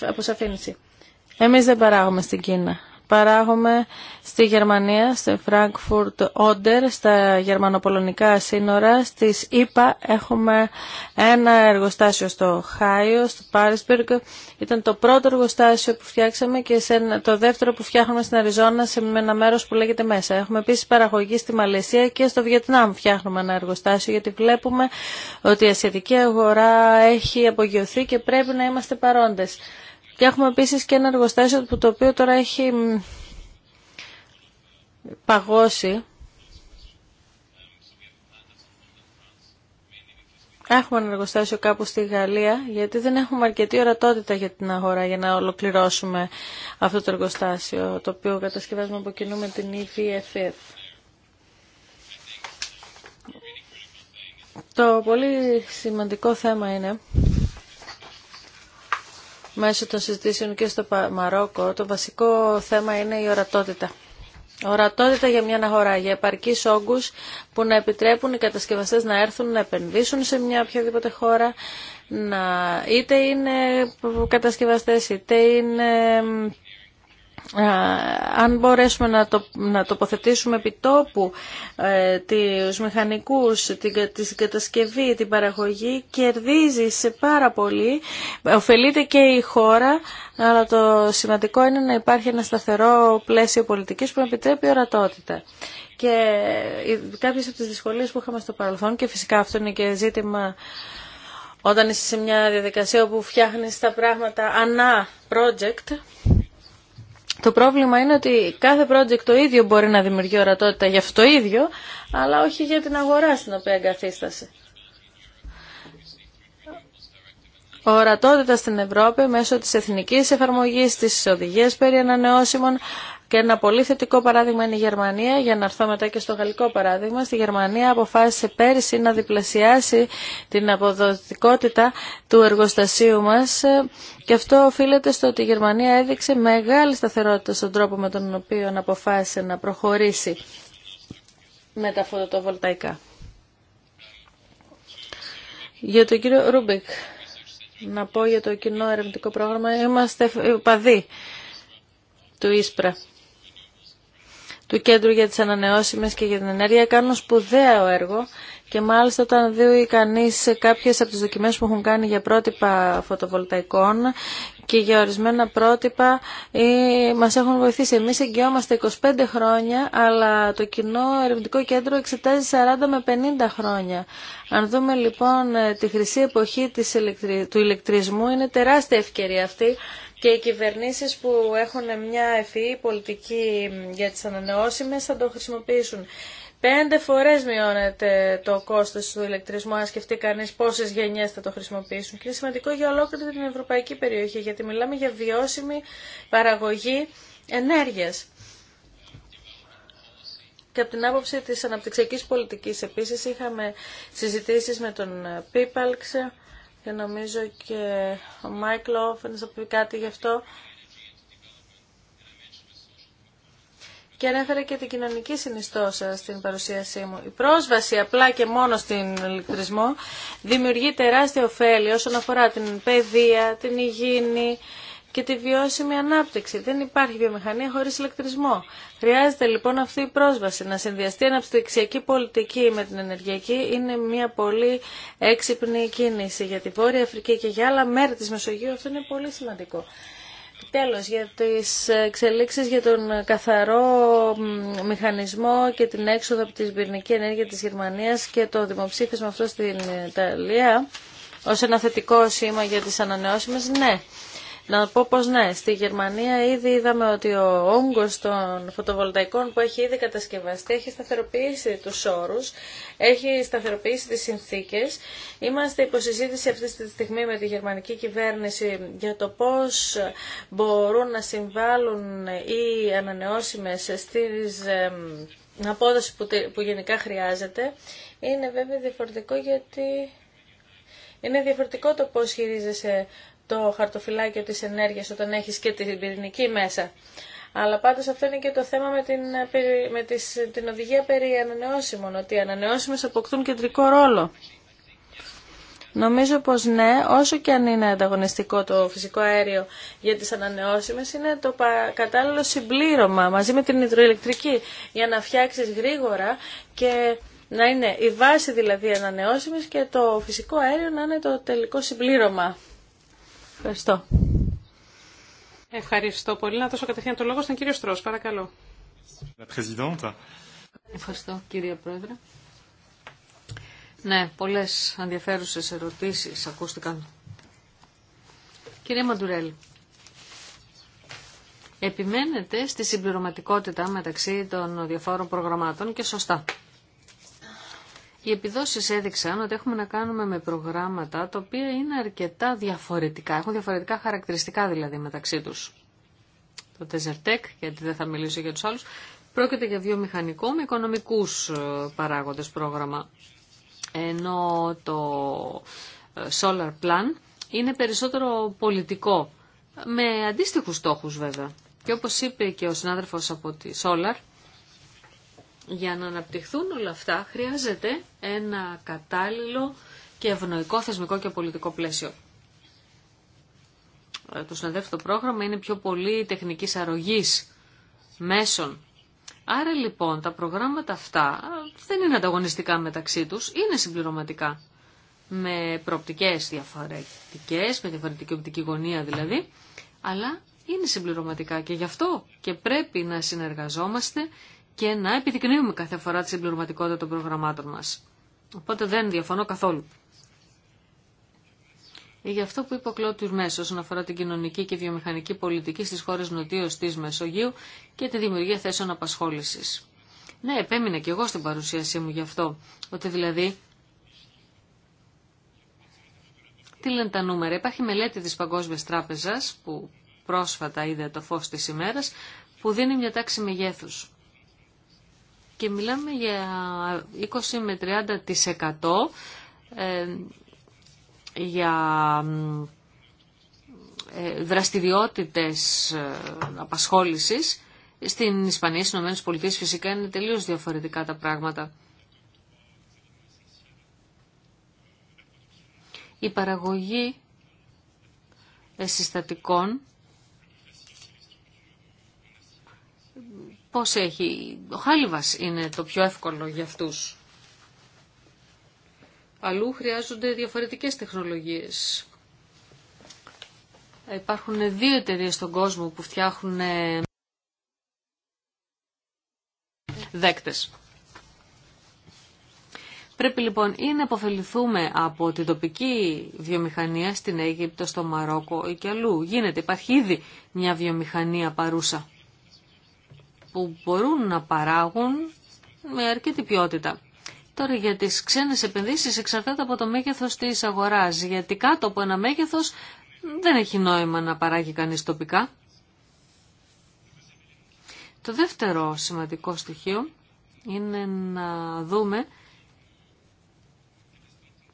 αποσαφήνιση. Εμείς δεν παράγουμε στην Κίνα παράγουμε στη Γερμανία, στη Frankfurt Oder, στα γερμανοπολωνικά σύνορα. Στις ΙΠΑ έχουμε ένα εργοστάσιο στο Χάιο, στο Πάρισμπεργκ. Ήταν το πρώτο εργοστάσιο που φτιάξαμε και το δεύτερο που φτιάχνουμε στην Αριζόνα σε ένα μέρος που λέγεται μέσα. Έχουμε επίσης παραγωγή στη Μαλαισία και στο Βιετνάμ φτιάχνουμε ένα εργοστάσιο γιατί βλέπουμε ότι η ασιατική αγορά έχει απογειωθεί και πρέπει να είμαστε παρόντες. Και έχουμε επίση και ένα εργοστάσιο που το οποίο τώρα έχει παγώσει. Έχουμε ένα εργοστάσιο κάπου στη Γαλλία, γιατί δεν έχουμε αρκετή ορατότητα για την αγορά για να ολοκληρώσουμε αυτό το εργοστάσιο, το οποίο κατασκευάζουμε από κοινού με την EVFF. Το πολύ σημαντικό θέμα είναι μέσω των συζητήσεων και στο Μαρόκο, το βασικό θέμα είναι η ορατότητα. Ορατότητα για μια αγορά, για επαρκεί όγκου που να επιτρέπουν οι κατασκευαστέ να έρθουν να επενδύσουν σε μια οποιαδήποτε χώρα, να... είτε είναι κατασκευαστέ, είτε είναι αν μπορέσουμε να, το, να τοποθετήσουμε επιτόπου ε, τους μηχανικούς, την, την κατασκευή, την παραγωγή, κερδίζει σε πάρα πολύ, ωφελείται και η χώρα, αλλά το σημαντικό είναι να υπάρχει ένα σταθερό πλαίσιο πολιτικής που επιτρέπει ορατότητα. Και ε, κάποιες από τις δυσκολίες που είχαμε στο παρελθόν, και φυσικά αυτό είναι και ζήτημα όταν είσαι σε μια διαδικασία όπου φτιάχνεις τα πράγματα ανά project, το πρόβλημα είναι ότι κάθε project το ίδιο μπορεί να δημιουργεί ορατότητα για αυτό το ίδιο, αλλά όχι για την αγορά στην οποία εγκαθίστασε. Ορατότητα στην Ευρώπη μέσω της εθνικής εφαρμογής της οδηγίας περί ανανεώσιμων και ένα πολύ θετικό παράδειγμα είναι η Γερμανία, για να έρθω μετά και στο γαλλικό παράδειγμα. Στη Γερμανία αποφάσισε πέρυσι να διπλασιάσει την αποδοτικότητα του εργοστασίου μας ε, και αυτό οφείλεται στο ότι η Γερμανία έδειξε μεγάλη σταθερότητα στον τρόπο με τον οποίο αποφάσισε να προχωρήσει με τα φωτοβολταϊκά. Για τον κύριο Ρούμπικ, να πω για το κοινό ερευνητικό πρόγραμμα, είμαστε παδί του Ίσπρα του Κέντρου για τις Ανανεώσιμες και για την Ενέργεια κάνουν σπουδαίο έργο και μάλιστα όταν δει κανεί κάποιες από τις δοκιμές που έχουν κάνει για πρότυπα φωτοβολταϊκών και για ορισμένα πρότυπα ή, ε, μας έχουν βοηθήσει. Εμείς εγγυόμαστε 25 χρόνια, αλλά το κοινό ερευνητικό κέντρο εξετάζει 40 με 50 χρόνια. Αν δούμε λοιπόν ε, τη χρυσή εποχή της του ηλεκτρισμού, είναι τεράστια ευκαιρία αυτή και οι κυβερνήσει που έχουν μια ευφυή πολιτική για τι ανανεώσιμε θα το χρησιμοποιήσουν. Πέντε φορές μειώνεται το κόστος του ηλεκτρισμού, αν σκεφτεί κανείς πόσες γενιές θα το χρησιμοποιήσουν. Και είναι σημαντικό για ολόκληρη την ευρωπαϊκή περιοχή, γιατί μιλάμε για βιώσιμη παραγωγή ενέργειας. Και από την άποψη της αναπτυξιακής πολιτικής επίσης είχαμε συζητήσεις με τον Πίπαλξ, και νομίζω και ο Μάικλ Όφεν θα πει κάτι γι' αυτό. Και ανέφερε και την κοινωνική συνιστόσα στην παρουσίασή μου. Η πρόσβαση απλά και μόνο στην ηλεκτρισμό δημιουργεί τεράστια ωφέλη όσον αφορά την παιδεία, την υγιεινή, και τη βιώσιμη ανάπτυξη. Δεν υπάρχει βιομηχανία χωρί ηλεκτρισμό. Χρειάζεται λοιπόν αυτή η πρόσβαση. Να συνδυαστεί η αναπτυξιακή πολιτική με την ενεργειακή είναι μια πολύ έξυπνη κίνηση για τη Βόρεια Αφρική και για άλλα μέρη τη Μεσογείου. Αυτό είναι πολύ σημαντικό. Τέλος, για τις εξελίξεις για τον καθαρό μηχανισμό και την έξοδο από την πυρηνική ενέργεια της Γερμανίας και το δημοψήφισμα αυτό στην Ιταλία ως ένα θετικό σήμα για τις ανανεώσιμες, ναι. Να πω πως ναι, στη Γερμανία ήδη είδαμε ότι ο όγκος των φωτοβολταϊκών που έχει ήδη κατασκευαστεί έχει σταθεροποιήσει τους όρους, έχει σταθεροποιήσει τις συνθήκες. Είμαστε υποσυζήτηση αυτή τη στιγμή με τη γερμανική κυβέρνηση για το πώς μπορούν να συμβάλλουν οι ανανεώσιμες στις απόδοση που γενικά χρειάζεται. Είναι βέβαια διαφορετικό γιατί είναι διαφορετικό το πώς χειρίζεσαι το χαρτοφυλάκιο της ενέργειας όταν έχεις και την πυρηνική μέσα. Αλλά πάντως αυτό είναι και το θέμα με την, με τις, την οδηγία περί ανανεώσιμων, ότι οι ανανεώσιμες αποκτούν κεντρικό ρόλο. Νομίζω πως ναι, όσο και αν είναι ανταγωνιστικό το φυσικό αέριο για τις ανανεώσιμες, είναι το κατάλληλο συμπλήρωμα μαζί με την υδροηλεκτρική για να φτιάξεις γρήγορα και να είναι η βάση δηλαδή ανανεώσιμες και το φυσικό αέριο να είναι το τελικό συμπλήρωμα. Ευχαριστώ. Ευχαριστώ πολύ. Να δώσω κατευθείαν το λόγο στον κύριο Στρός. Παρακαλώ. Ευχαριστώ κύριε Πρόεδρε. Ναι, πολλές ενδιαφέρουσες ερωτήσεις ακούστηκαν. Κύριε Μαντουρέλ, επιμένετε στη συμπληρωματικότητα μεταξύ των διαφόρων προγραμμάτων και σωστά. Οι επιδόσεις έδειξαν ότι έχουμε να κάνουμε με προγράμματα τα οποία είναι αρκετά διαφορετικά, έχουν διαφορετικά χαρακτηριστικά δηλαδή μεταξύ τους. Το Desertec, γιατί δεν θα μιλήσω για τους άλλους, πρόκειται για βιομηχανικό με οικονομικούς ε, παράγοντες πρόγραμμα. Ενώ το ε, Solar Plan είναι περισσότερο πολιτικό, με αντίστοιχους στόχους βέβαια. Και όπως είπε και ο συνάδελφος από τη Solar, για να αναπτυχθούν όλα αυτά χρειάζεται ένα κατάλληλο και ευνοϊκό θεσμικό και πολιτικό πλαίσιο. Ε, το συνεδεύτερο πρόγραμμα είναι πιο πολύ τεχνικής αρρωγής μέσων. Άρα λοιπόν τα προγράμματα αυτά δεν είναι ανταγωνιστικά μεταξύ τους, είναι συμπληρωματικά. Με προοπτικές διαφορετικές, με διαφορετική οπτική γωνία δηλαδή, αλλά είναι συμπληρωματικά και γι' αυτό και πρέπει να συνεργαζόμαστε και να επιδεικνύουμε κάθε φορά τη συμπληρωματικότητα των προγραμμάτων μας. Οπότε δεν διαφωνώ καθόλου. Για αυτό που είπε ο Κλώτουρ Μέσο όσον αφορά την κοινωνική και βιομηχανική πολιτική στι χώρε νοτίω τη Μεσογείου και τη δημιουργία θέσεων απασχόληση. Ναι, επέμεινα και εγώ στην παρουσίασή μου γι' αυτό. Ότι δηλαδή. Τι λένε τα νούμερα. Υπάρχει μελέτη τη Παγκόσμια Τράπεζα που πρόσφατα είδε το φω τη ημέρα που δίνει μια τάξη μεγέθου και μιλάμε για 20 με 30% ε, για ε, δραστηριότητες ε, απασχόλησης. Στην Ισπανία, στις Πολιτείες φυσικά είναι τελείως διαφορετικά τα πράγματα. Η παραγωγή συστατικών πώς έχει. Ο χάλιβας είναι το πιο εύκολο για αυτούς. Αλλού χρειάζονται διαφορετικές τεχνολογίες. Υπάρχουν δύο εταιρείε στον κόσμο που φτιάχνουν ε, δέκτες. Πρέπει λοιπόν ή να αποφεληθούμε από την τοπική βιομηχανία στην Αίγυπτο, στο Μαρόκο ή και αλλού. Γίνεται, υπάρχει ήδη μια βιομηχανία παρούσα που μπορούν να παράγουν με αρκετή ποιότητα. Τώρα για τις ξένες επενδύσεις εξαρτάται από το μέγεθος της αγοράς, γιατί κάτω από ένα μέγεθος δεν έχει νόημα να παράγει κανείς τοπικά. Το δεύτερο σημαντικό στοιχείο είναι να δούμε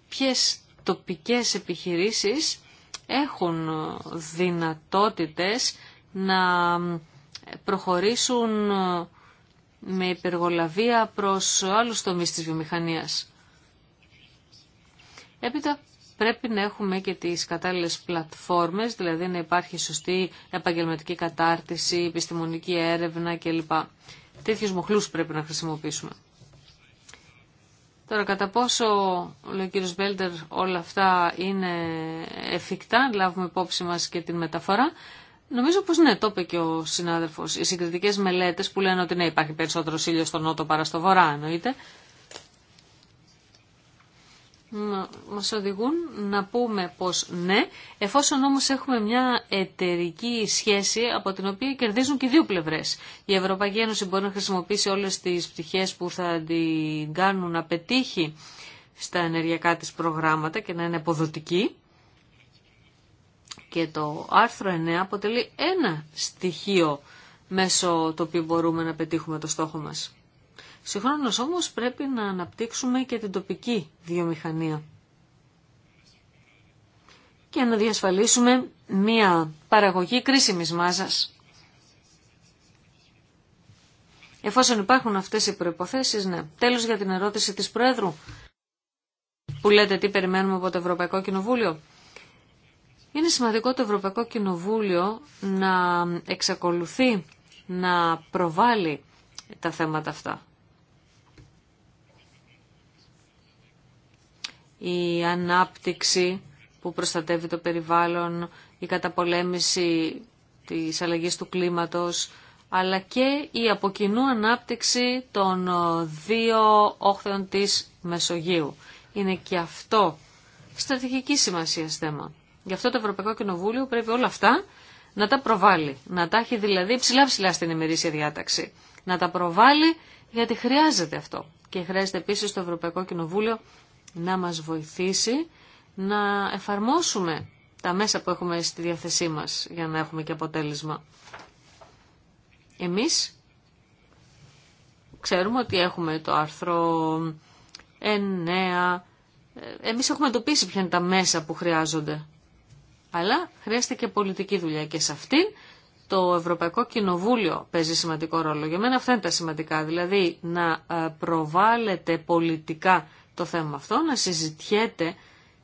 ποιες τοπικές επιχειρήσεις έχουν δυνατότητες να προχωρήσουν ε, με υπεργολαβία προς άλλους τομείς της βιομηχανίας. Έπειτα πρέπει να έχουμε και τις κατάλληλες πλατφόρμες, δηλαδή να υπάρχει σωστή επαγγελματική κατάρτιση, επιστημονική έρευνα κλπ. Τέτοιους μοχλούς πρέπει να χρησιμοποιήσουμε. Τώρα, κατά πόσο, λέει ο κύριος Μπέλτερ, όλα αυτά είναι εφικτά, λάβουμε υπόψη μας και την μεταφορά, Νομίζω πως ναι, το είπε και ο συνάδελφο. Οι συγκριτικέ μελέτες που λένε ότι ναι υπάρχει περισσότερο ήλιο στο νότο παρά στο βορρά εννοείται. Μας οδηγούν να πούμε πως ναι, εφόσον όμως έχουμε μια εταιρική σχέση από την οποία κερδίζουν και οι δύο πλευρές. Η Ευρωπαϊκή Ένωση μπορεί να χρησιμοποιήσει όλε τι πτυχέ που θα την κάνουν να πετύχει στα ενεργειακά της προγράμματα και να είναι αποδοτική και το άρθρο 9 αποτελεί ένα στοιχείο μέσω το οποίο μπορούμε να πετύχουμε το στόχο μας. Συγχρόνως όμως πρέπει να αναπτύξουμε και την τοπική βιομηχανία και να διασφαλίσουμε μία παραγωγή κρίσιμης μάζας. Εφόσον υπάρχουν αυτές οι προϋποθέσεις, ναι. Τέλος για την ερώτηση της Πρόεδρου, που λέτε τι περιμένουμε από το Ευρωπαϊκό Κοινοβούλιο. Είναι σημαντικό το Ευρωπαϊκό Κοινοβούλιο να εξακολουθεί να προβάλλει τα θέματα αυτά. Η ανάπτυξη που προστατεύει το περιβάλλον, η καταπολέμηση της αλλαγής του κλίματος, αλλά και η αποκοινού ανάπτυξη των δύο όχθεων της Μεσογείου. Είναι και αυτό στρατηγική σημασία θέμα. Γι' αυτό το Ευρωπαϊκό Κοινοβούλιο πρέπει όλα αυτά να τα προβάλλει. Να τα έχει δηλαδή ψηλά ψηλά στην ημερήσια διάταξη. Να τα προβάλλει γιατί χρειάζεται αυτό. Και χρειάζεται επίση το Ευρωπαϊκό Κοινοβούλιο να μας βοηθήσει να εφαρμόσουμε τα μέσα που έχουμε στη διάθεσή μας για να έχουμε και αποτέλεσμα. Εμεί ξέρουμε ότι έχουμε το άρθρο 9. Εμείς έχουμε εντοπίσει ποια είναι τα μέσα που χρειάζονται αλλά χρειάζεται και πολιτική δουλειά και σε αυτήν το Ευρωπαϊκό Κοινοβούλιο παίζει σημαντικό ρόλο. Για μένα αυτά είναι τα σημαντικά, δηλαδή να ε, προβάλλεται πολιτικά το θέμα αυτό, να συζητιέται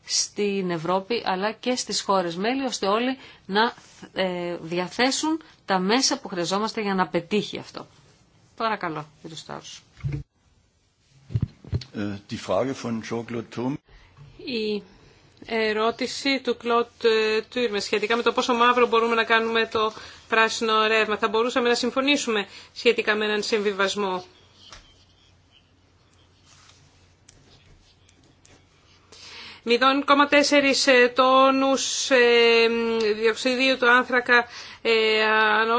στην Ευρώπη αλλά και στις χώρες μέλη, ώστε όλοι να ε, διαθέσουν τα μέσα που χρειαζόμαστε για να πετύχει αυτό. Παρακαλώ, κύριε Στάρους. Ε, Η ερώτηση του Κλωτ ε, Τούρμε σχετικά με το πόσο μαύρο μπορούμε να κάνουμε το πράσινο ρεύμα. Θα μπορούσαμε να συμφωνήσουμε σχετικά με έναν συμβιβασμό. Μηδόν ε, τόνους ε, διοξιδίου του άνθρακα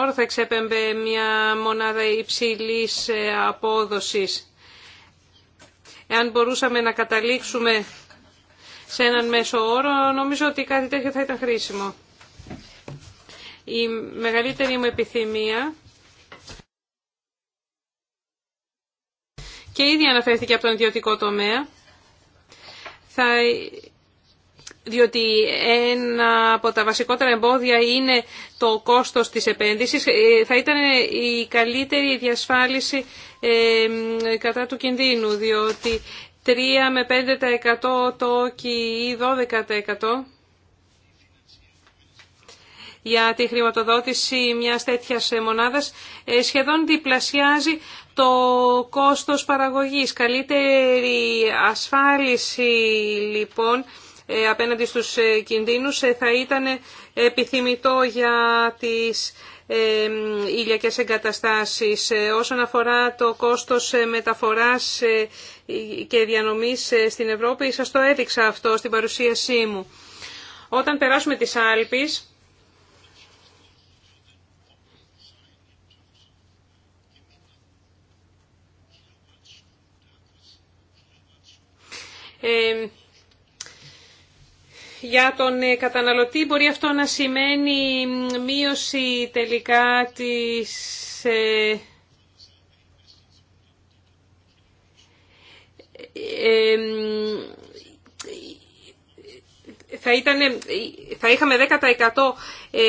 αν θα εξέπεμπε μια μονάδα υψηλής απόδοσης. Εάν μπορούσαμε να καταλήξουμε σε έναν μέσο όρο, νομίζω ότι κάτι τέτοιο θα ήταν χρήσιμο. Η μεγαλύτερη μου επιθυμία και ήδη αναφέρθηκε από τον ιδιωτικό τομέα, θα... διότι ένα από τα βασικότερα εμπόδια είναι το κόστος της επένδυσης, ε, θα ήταν η καλύτερη διασφάλιση ε, κατά του κινδύνου, διότι 3 με 5% τόκι ή 12% για τη χρηματοδότηση μιας τέτοιας μονάδας ε, σχεδόν διπλασιάζει το κόστος παραγωγής. Καλύτερη ασφάλιση λοιπόν ε, απέναντι στους ε, κινδύνους θα ήταν επιθυμητό για τις ηλιακές εγκαταστάσεις. Ε, όσον αφορά το κόστος ε, μεταφοράς ε, και διανομής στην Ευρώπη, σας το έδειξα αυτό στην παρουσίασή μου. Όταν περάσουμε τις Άλπεις, για τον ε, καταναλωτή μπορεί αυτό να σημαίνει μείωση τελικά της ε, ε, θα, ήταν, θα είχαμε 10% ε,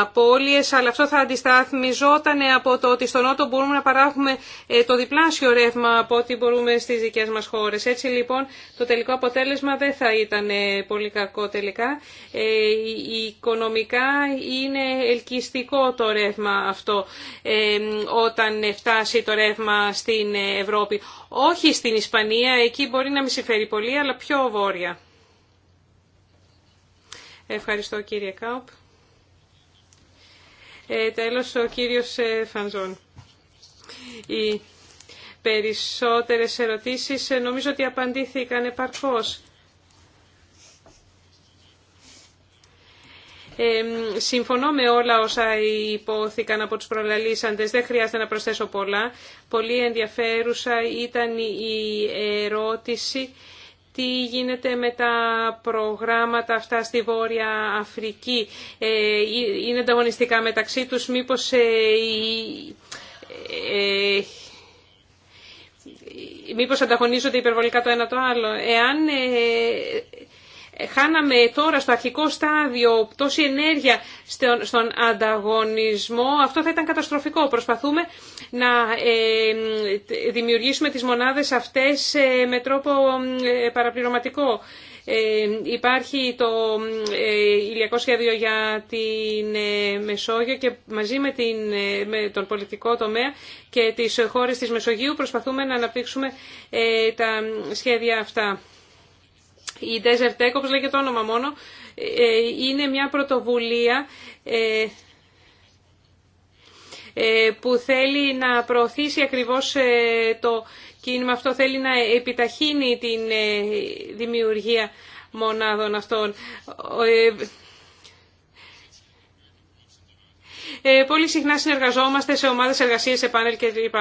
απώλειες, αλλά αυτό θα αντισταθμιζόταν από το ότι στον Νότο μπορούμε να παράγουμε ε, το διπλάσιο ρεύμα από ό,τι μπορούμε στις δικές μας χώρες. Έτσι λοιπόν το τελικό αποτέλεσμα δεν θα ήταν πολύ κακό τελικά. Ε, η οικονομικά είναι ελκυστικό το ρεύμα αυτό όταν φτάσει το ρεύμα στην Ευρώπη. Όχι στην Ισπανία, εκεί μπορεί να μην συμφέρει πολύ, αλλά πιο βόρεια. Ευχαριστώ κύριε Κάουπ. Ε, τέλος ο κύριος ε, Φανζόν. Οι περισσότερες ερωτήσεις ε, νομίζω ότι απαντήθηκαν επαρκώς. Ε, συμφωνώ με όλα όσα υπόθηκαν από τους προλαλήσαντες. Δεν χρειάζεται να προσθέσω πολλά. Πολύ ενδιαφέρουσα ήταν η ερώτηση τι γίνεται με τα προγράμματα αυτά στη Βόρεια Αφρική. Ε, είναι ανταγωνιστικά μεταξύ τους, μήπως ε, ε, μήπως ανταγωνίζονται υπερβολικά το ένα το άλλο. Εάν ε, χάναμε τώρα στο αρχικό στάδιο τόση ενέργεια στον ανταγωνισμό. Αυτό θα ήταν καταστροφικό. Προσπαθούμε να ε, δημιουργήσουμε τις μονάδες αυτές ε, με τρόπο παραπληρωματικό. Υπάρχει το ηλιακό σχέδιο για την Μεσόγειο και μαζί με, την, με τον πολιτικό τομέα και τις χώρες της Μεσογείου προσπαθούμε να αναπτύξουμε τα σχέδια αυτά. Η Desert όπως λέγεται το όνομα μόνο. Ε, είναι μια πρωτοβουλία ε, ε, που θέλει να προωθήσει ακριβώς το κίνημα αυτό, θέλει να επιταχύνει την δημιουργία μονάδων αυτών. Πολύ συχνά συνεργαζόμαστε σε ομάδες εργασίας, σε πάνελ κλπ.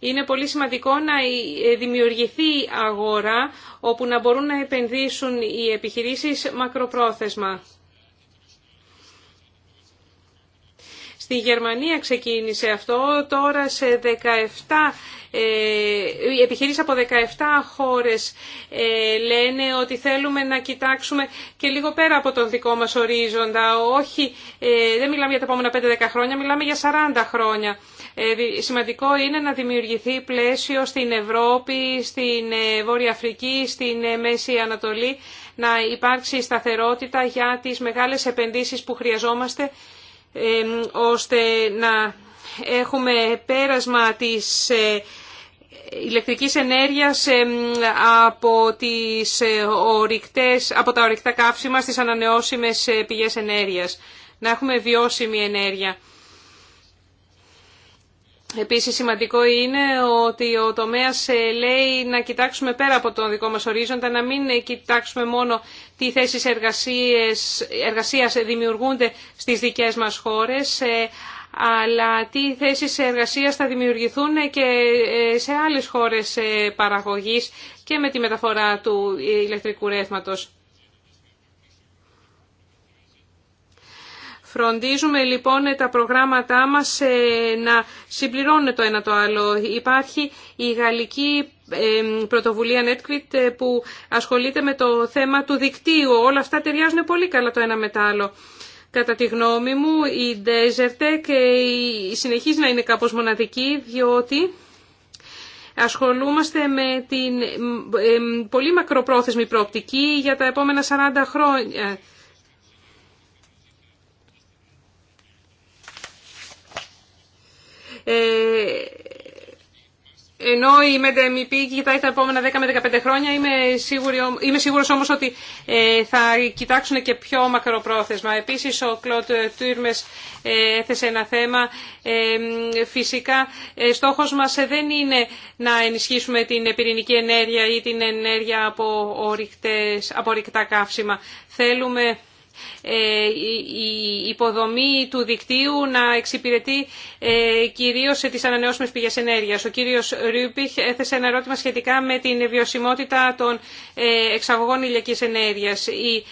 Είναι πολύ σημαντικό να ε, δημιουργηθεί αγορά όπου να μπορούν να επενδύσουν οι επιχειρήσεις μακροπρόθεσμα. Στη Γερμανία ξεκίνησε αυτό, τώρα σε 17 ε, οι επιχειρήσεις από 17 χώρες ε, λένε ότι θέλουμε να κοιτάξουμε και λίγο πέρα από τον δικό μας ορίζοντα. Όχι, δεν μιλάμε για τα επόμενα 5-10 χρόνια, μιλάμε για 40 χρόνια. Ε, σημαντικό είναι να δημιουργηθεί πλαίσιο στην Ευρώπη, στην ε, Βόρεια Αφρική, στην ε, Μέση Ανατολή, να υπάρξει σταθερότητα για τις μεγάλες επενδύσεις που χρειαζόμαστε, ώστε να έχουμε πέρασμα της ηλεκτρικής ενέργειας από, τις από τα ορυκτά καύσιμα στις ανανεώσιμες πηγές ενέργειας. Να έχουμε βιώσιμη ενέργεια. Επίσης σημαντικό είναι ότι ο τομέας ε, λέει να κοιτάξουμε πέρα από τον δικό μας ορίζοντα, να μην ε, κοιτάξουμε μόνο τι θέσεις εργασίας, εργασίας δημιουργούνται στις δικές μας χώρες, ε, αλλά τι θέσεις εργασίας θα δημιουργηθούν και σε άλλες χώρες παραγωγής και με τη μεταφορά του ηλεκτρικού ρεύματος. Φροντίζουμε λοιπόν τα προγράμματά μας ε, να συμπληρώνουν το ένα το άλλο. Υπάρχει η γαλλική πρωτοβουλία NetQuit ε, που ασχολείται με το θέμα του δικτύου. Όλα αυτά ταιριάζουν πολύ καλά το ένα με το άλλο. Κατά τη γνώμη μου η Desertec ε, συνεχίζει να είναι κάπως μοναδική διότι ασχολούμαστε με την πολύ μακροπρόθεσμη προοπτική για τα επόμενα 40 χρόνια Ε, ενώ η ΜΕΝΤΕΜΙΠ κοιτάει τα επόμενα 10 με 15 χρόνια, είμαι, σίγουρη, είμαι σίγουρος όμως ότι ε, θα κοιτάξουν και πιο μακροπρόθεσμα. Επίσης, ο Κλωτ Τούρμες ε, έθεσε ένα θέμα. φυσικά, στόχος μας δεν είναι να ενισχύσουμε την πυρηνική ενέργεια ή την ενέργεια από, ορυκτές, από ορυκτά καύσιμα. Θέλουμε ε, η υποδομή του δικτύου να εξυπηρετεί ε, κυρίως τις ανανεώσιμες πηγές ενέργειας. Ο κύριος Ρούπιχ έθεσε ένα ερώτημα σχετικά με την βιωσιμότητα των ε, εξαγωγών ηλιακής ενέργειας. Η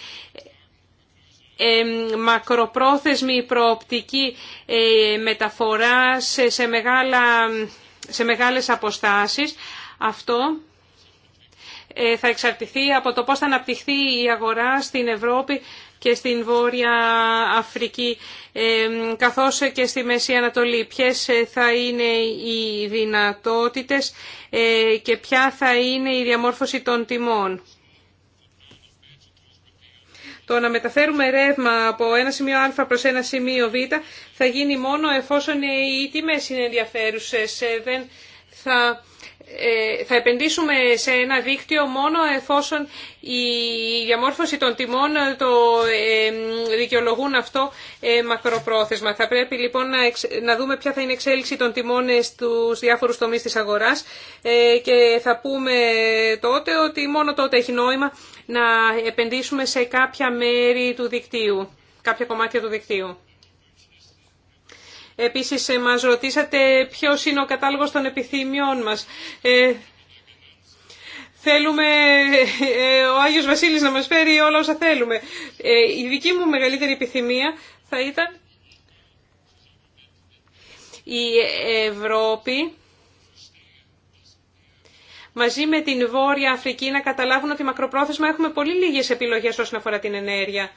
μακροπρόθεσμη προοπτική μεταφορά σε, μεγάλα, σε μεγάλες αποστάσεις. Αυτό θα εξαρτηθεί από το πώς θα αναπτυχθεί η αγορά στην Ευρώπη και στην Βόρεια Αφρική, καθώς και στη Μέση Ανατολή. Ποιες ε, θα είναι οι δυνατότητες ε, και ποια θα είναι η διαμόρφωση των τιμών. Το να μεταφέρουμε ρεύμα από ένα σημείο α προς ένα σημείο β θα γίνει μόνο εφόσον οι τιμές είναι ενδιαφέρουσες. Ε, δεν θα ε, θα επενδύσουμε σε ένα δίκτυο μόνο εφόσον η διαμόρφωση των τιμών το ε, δικαιολογούν αυτό ε, μακροπρόθεσμα. Θα πρέπει λοιπόν να δούμε ποια θα είναι η εξέλιξη των τιμών στους διάφορους τομείς της αγοράς και θα πούμε τότε ότι μόνο τότε έχει νόημα να επενδύσουμε σε κάποια μέρη του δικτύου, κάποια κομμάτια του δικτύου. Επίσης, ε, μας ρωτήσατε ποιος είναι ο κατάλογος των επιθυμιών μας. Ε, θέλουμε ε, ο Άγιος Βασίλης να μας φέρει όλα όσα θέλουμε. Η δική μου μεγαλύτερη επιθυμία θα ήταν η Ευρώπη μαζί με την Βόρεια Αφρική να καταλάβουν ότι μακροπρόθεσμα έχουμε πολύ λίγες επιλογές όσον αφορά την ενέργεια.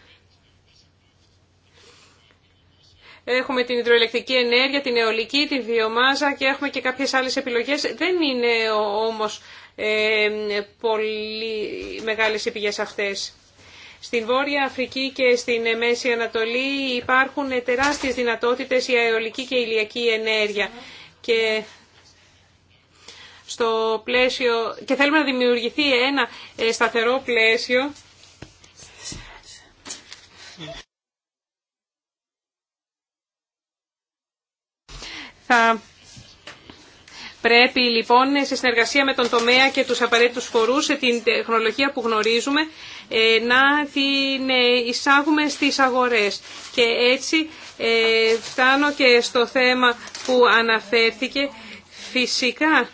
Έχουμε την υδροελεκτρική ενέργεια, την αιωλική, τη βιομάζα και έχουμε και κάποιες άλλες επιλογές. Δεν είναι όμως πολύ μεγάλες οι πηγές αυτές. Στην Βόρεια Αφρική και στην Μέση Ανατολή υπάρχουν τεράστιες δυνατότητες η αεολική και η ηλιακή ενέργεια. Και στο πλαίσιο και θέλουμε να δημιουργηθεί ένα ε, σταθερό πλαίσιο Θα πρέπει λοιπόν σε συνεργασία με τον τομέα και τους απαραίτητους φορούς την τεχνολογία που γνωρίζουμε ε, να την ε, εισάγουμε στις αγορές. Και έτσι ε, φτάνω και στο θέμα που αναφέρθηκε φυσικά.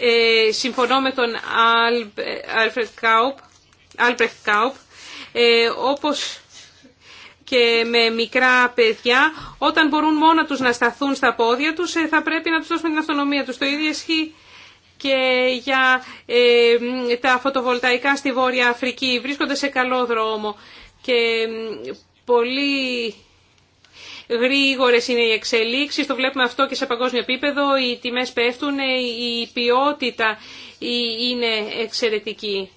Ε, συμφωνώ με τον Άλπρεχτ Κάουπ, όπως και με μικρά παιδιά, όταν μπορούν μόνα τους να σταθούν στα πόδια τους, ε, θα πρέπει να τους δώσουμε την αυτονομία τους. Το ίδιο ισχύει και για ε, τα φωτοβολταϊκά στη Βόρεια Αφρική. Βρίσκονται σε καλό δρόμο και πολύ γρήγορες είναι οι εξελίξεις. Το βλέπουμε αυτό και σε παγκόσμιο επίπεδο. Οι τιμές πέφτουν, ε, η ποιότητα είναι εξαιρετική.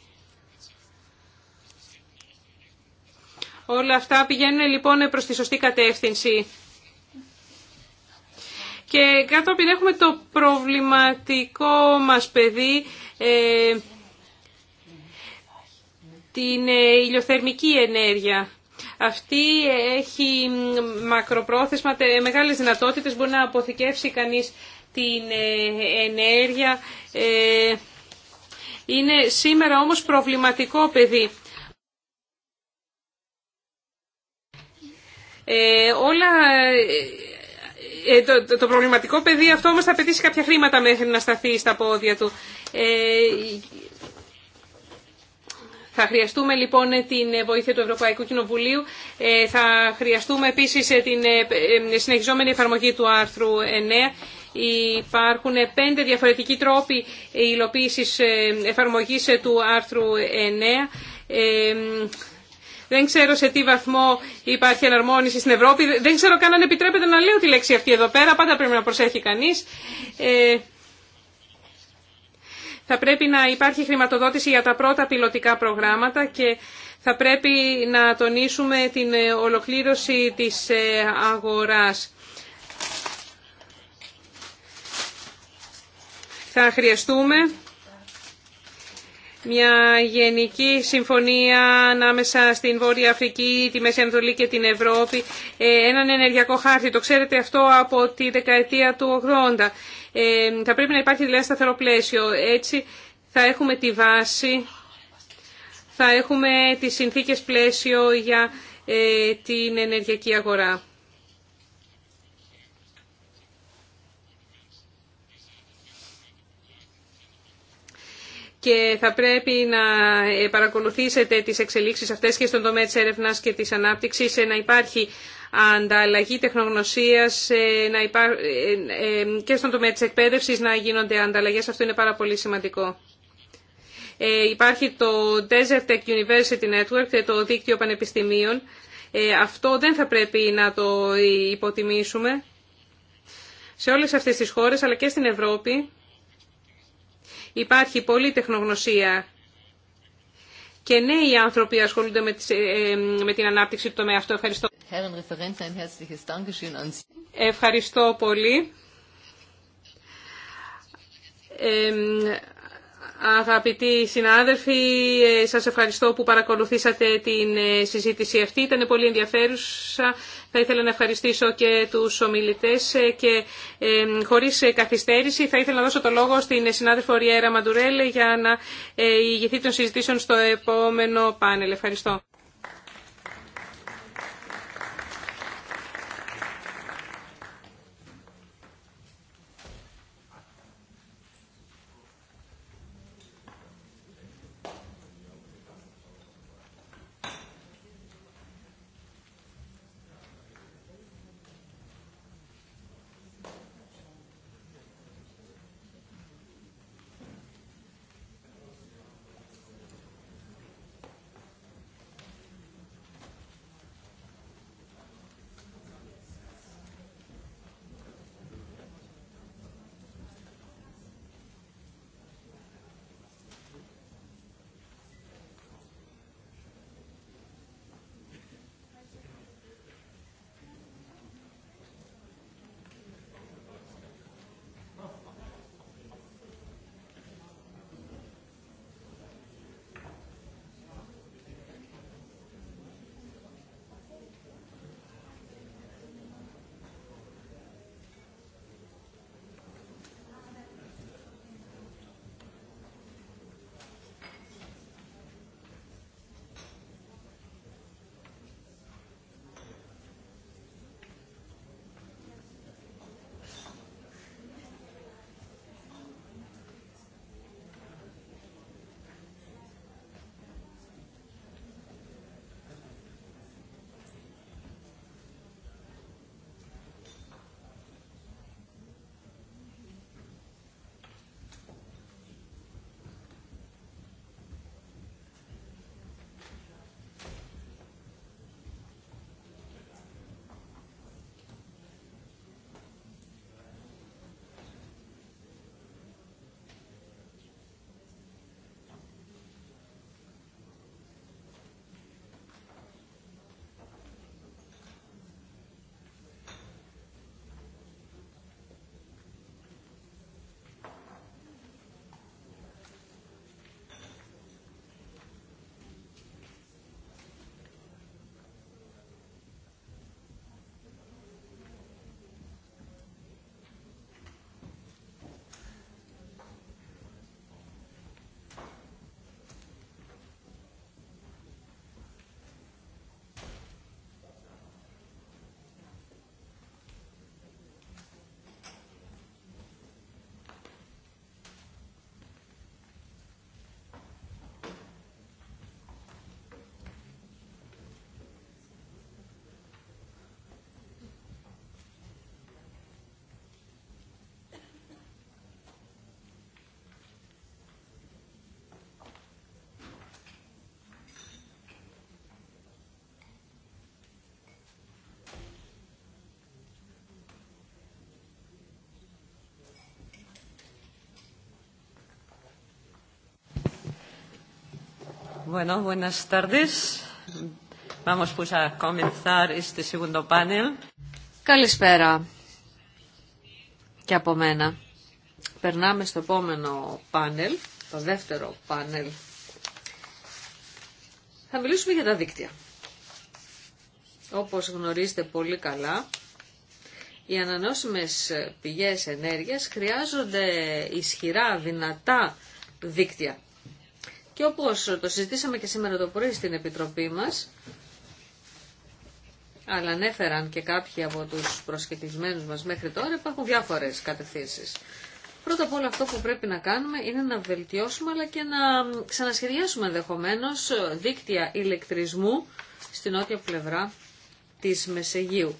Όλα αυτά πηγαίνουν λοιπόν προς τη σωστή κατεύθυνση. Και την έχουμε το προβληματικό μας παιδί, ε, την ε, ηλιοθερμική ενέργεια. Αυτή έχει μακροπρόθεσμα, μεγάλες δυνατότητες, μπορεί να αποθηκεύσει κανείς την ε, ενέργεια. Είναι σήμερα όμως προβληματικό παιδί. Ε, όλα, ε, ε, το, το, προβληματικό παιδί αυτό όμως θα απαιτήσει κάποια χρήματα μέχρι να σταθεί στα πόδια του. Θα χρειαστούμε λοιπόν την βοήθεια του Ευρωπαϊκού Κοινοβουλίου. Θα χρειαστούμε επίσης την συνεχιζόμενη εφαρμογή του άρθρου 9. Υπάρχουν πέντε διαφορετικοί τρόποι υλοποίησης εφαρμογής του άρθρου 9. Δεν ξέρω σε τι βαθμό υπάρχει εναρμόνιση στην Ευρώπη. Δεν ξέρω καν αν επιτρέπεται να λέω τη λέξη αυτή εδώ πέρα. Πάντα πρέπει να προσέχει κανείς. Ε, θα πρέπει να υπάρχει χρηματοδότηση για τα πρώτα πιλωτικά προγράμματα και θα πρέπει να τονίσουμε την ολοκλήρωση της ε, αγοράς. Θα χρειαστούμε μια γενική συμφωνία ανάμεσα στην Βόρεια Αφρική, τη Μέση Ανατολή και την Ευρώπη, ε, έναν ενεργειακό χάρτη. Το ξέρετε αυτό από τη δεκαετία του 80. Ε, θα πρέπει να υπάρχει δηλαδή σταθερό πλαίσιο. Έτσι θα έχουμε τη βάση, θα έχουμε τις συνθήκες πλαίσιο για ε, την ενεργειακή αγορά. και θα πρέπει να ε, παρακολουθήσετε τις εξελίξεις αυτές και στον τομέα της έρευνας και της ανάπτυξης, ε, να υπάρχει ανταλλαγή τεχνογνωσίας ε, να υπά... και στον τομέα της εκπαίδευσης να γίνονται ανταλλαγές. Αυτό είναι πάρα πολύ σημαντικό. Υπάρχει το Desert Tech University Network, το δίκτυο πανεπιστημίων. Αυτό δεν θα πρέπει να το υποτιμήσουμε. Σε όλες αυτές τις χώρες, αλλά και στην Ευρώπη, Υπάρχει πολλή τεχνογνωσία και νέοι άνθρωποι ασχολούνται με, ε, ε, την ανάπτυξη του τομέα αυτό. Ευχαριστώ. Ευχαριστώ πολύ. Αγαπητοί συνάδελφοι, ε, σας ευχαριστώ που παρακολουθήσατε την ε, συζήτηση αυτή. Ήταν πολύ ενδιαφέρουσα. Θα ήθελα να ευχαριστήσω και τους ομιλητές ε, και χωρίς καθυστέρηση θα ήθελα να δώσω το λόγο στην συνάδελφο Ριέρα Μαντουρέλε για να ηγηθεί των συζητήσεων στο επόμενο πάνελ. Ευχαριστώ. Bueno, buenas tardes. Vamos pues a comenzar Καλησπέρα και από μένα. Περνάμε στο επόμενο πάνελ, το δεύτερο πάνελ. Θα μιλήσουμε για τα δίκτυα. Όπως γνωρίζετε πολύ καλά, οι ανανεώσιμες πηγές ενέργειας χρειάζονται ισχυρά, δυνατά δίκτυα και όπως το συζητήσαμε και σήμερα το πρωί στην Επιτροπή μας, αλλά ανέφεραν και κάποιοι από τους προσκεκλισμένους μας μέχρι τώρα, υπάρχουν διάφορες κατευθύνσεις. Πρώτα απ' όλα αυτό που πρέπει να κάνουμε είναι να βελτιώσουμε αλλά και να ξανασχεδιάσουμε ενδεχομένω δίκτυα ηλεκτρισμού στην νότια πλευρά της Μεσεγείου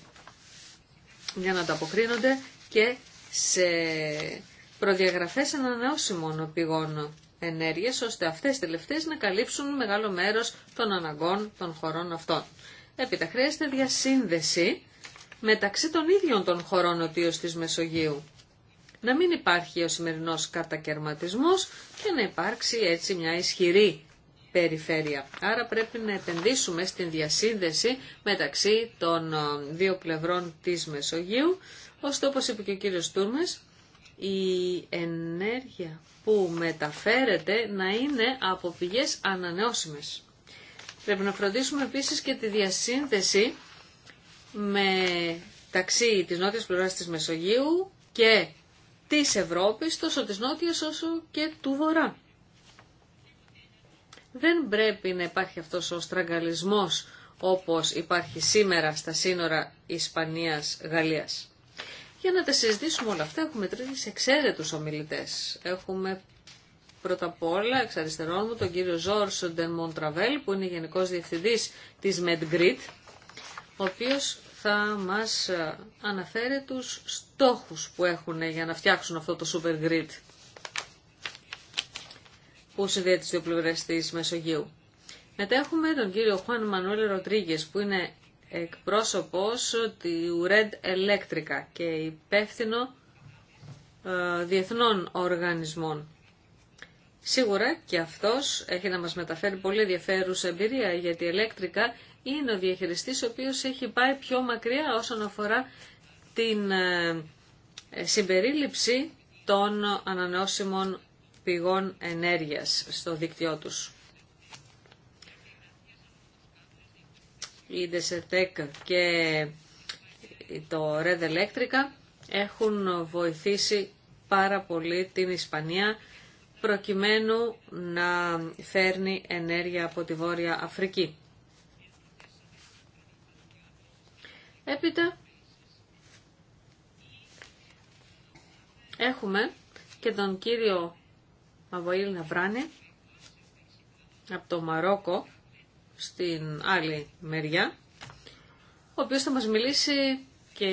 για να ανταποκρίνονται και σε προδιαγραφές ανανεώσιμων πηγών ενέργειες, ώστε αυτές οι τελευταίες να καλύψουν μεγάλο μέρος των αναγκών των χωρών αυτών. Έπειτα χρειάζεται διασύνδεση μεταξύ των ίδιων των χωρών οτίως της Μεσογείου. Να μην υπάρχει ο σημερινός κατακαιρματισμός και να υπάρξει έτσι μια ισχυρή περιφέρεια. Άρα πρέπει να επενδύσουμε στην διασύνδεση μεταξύ των ε, δύο πλευρών της Μεσογείου, ώστε όπως είπε και ο κύριος Τούρμες, η ενέργεια που μεταφέρεται να είναι από πηγές ανανεώσιμες. Πρέπει να φροντίσουμε επίσης και τη διασύνδεση με ταξί της νότιας πλευράς της Μεσογείου και της Ευρώπης, τόσο της νότιας όσο και του βορρά. Δεν πρέπει να υπάρχει αυτός ο στραγγαλισμός όπως υπάρχει σήμερα στα σύνορα Ισπανίας-Γαλλίας. Για να τα συζητήσουμε όλα αυτά έχουμε τρει εξαίρετους ομιλητές. Έχουμε πρώτα απ' όλα εξ αριστερών μου τον κύριο Ζορ Ντεμον Μοντραβέλ που είναι Γενικός διευθυντή της MedGrid ο οποίο θα μας ε, αναφέρει τους στόχους που έχουν ε, για να φτιάξουν αυτό το super grid που συνδέεται στις δύο πλευρές της Μεσογείου. Μετά έχουμε τον κύριο Χουάν Μανουέλ Ροντρίγκε, που είναι εκπρόσωπος του Red Electrica και υπεύθυνο ε, διεθνών οργανισμών. Σίγουρα και αυτός έχει να μας μεταφέρει πολύ ενδιαφέρουσα εμπειρία γιατί η Electrica είναι ο διαχειριστής ο οποίος έχει πάει πιο μακριά όσον αφορά την ε, συμπερίληψη των ανανεώσιμων πηγών ενέργειας στο δίκτυό τους. η Desertec και το Red Electrica έχουν βοηθήσει πάρα πολύ την Ισπανία προκειμένου να φέρνει ενέργεια από τη Βόρεια Αφρική. Έπειτα έχουμε και τον κύριο Μαβοήλ Ναβράνη από το Μαρόκο στην άλλη μεριά, ο οποίος θα μας μιλήσει και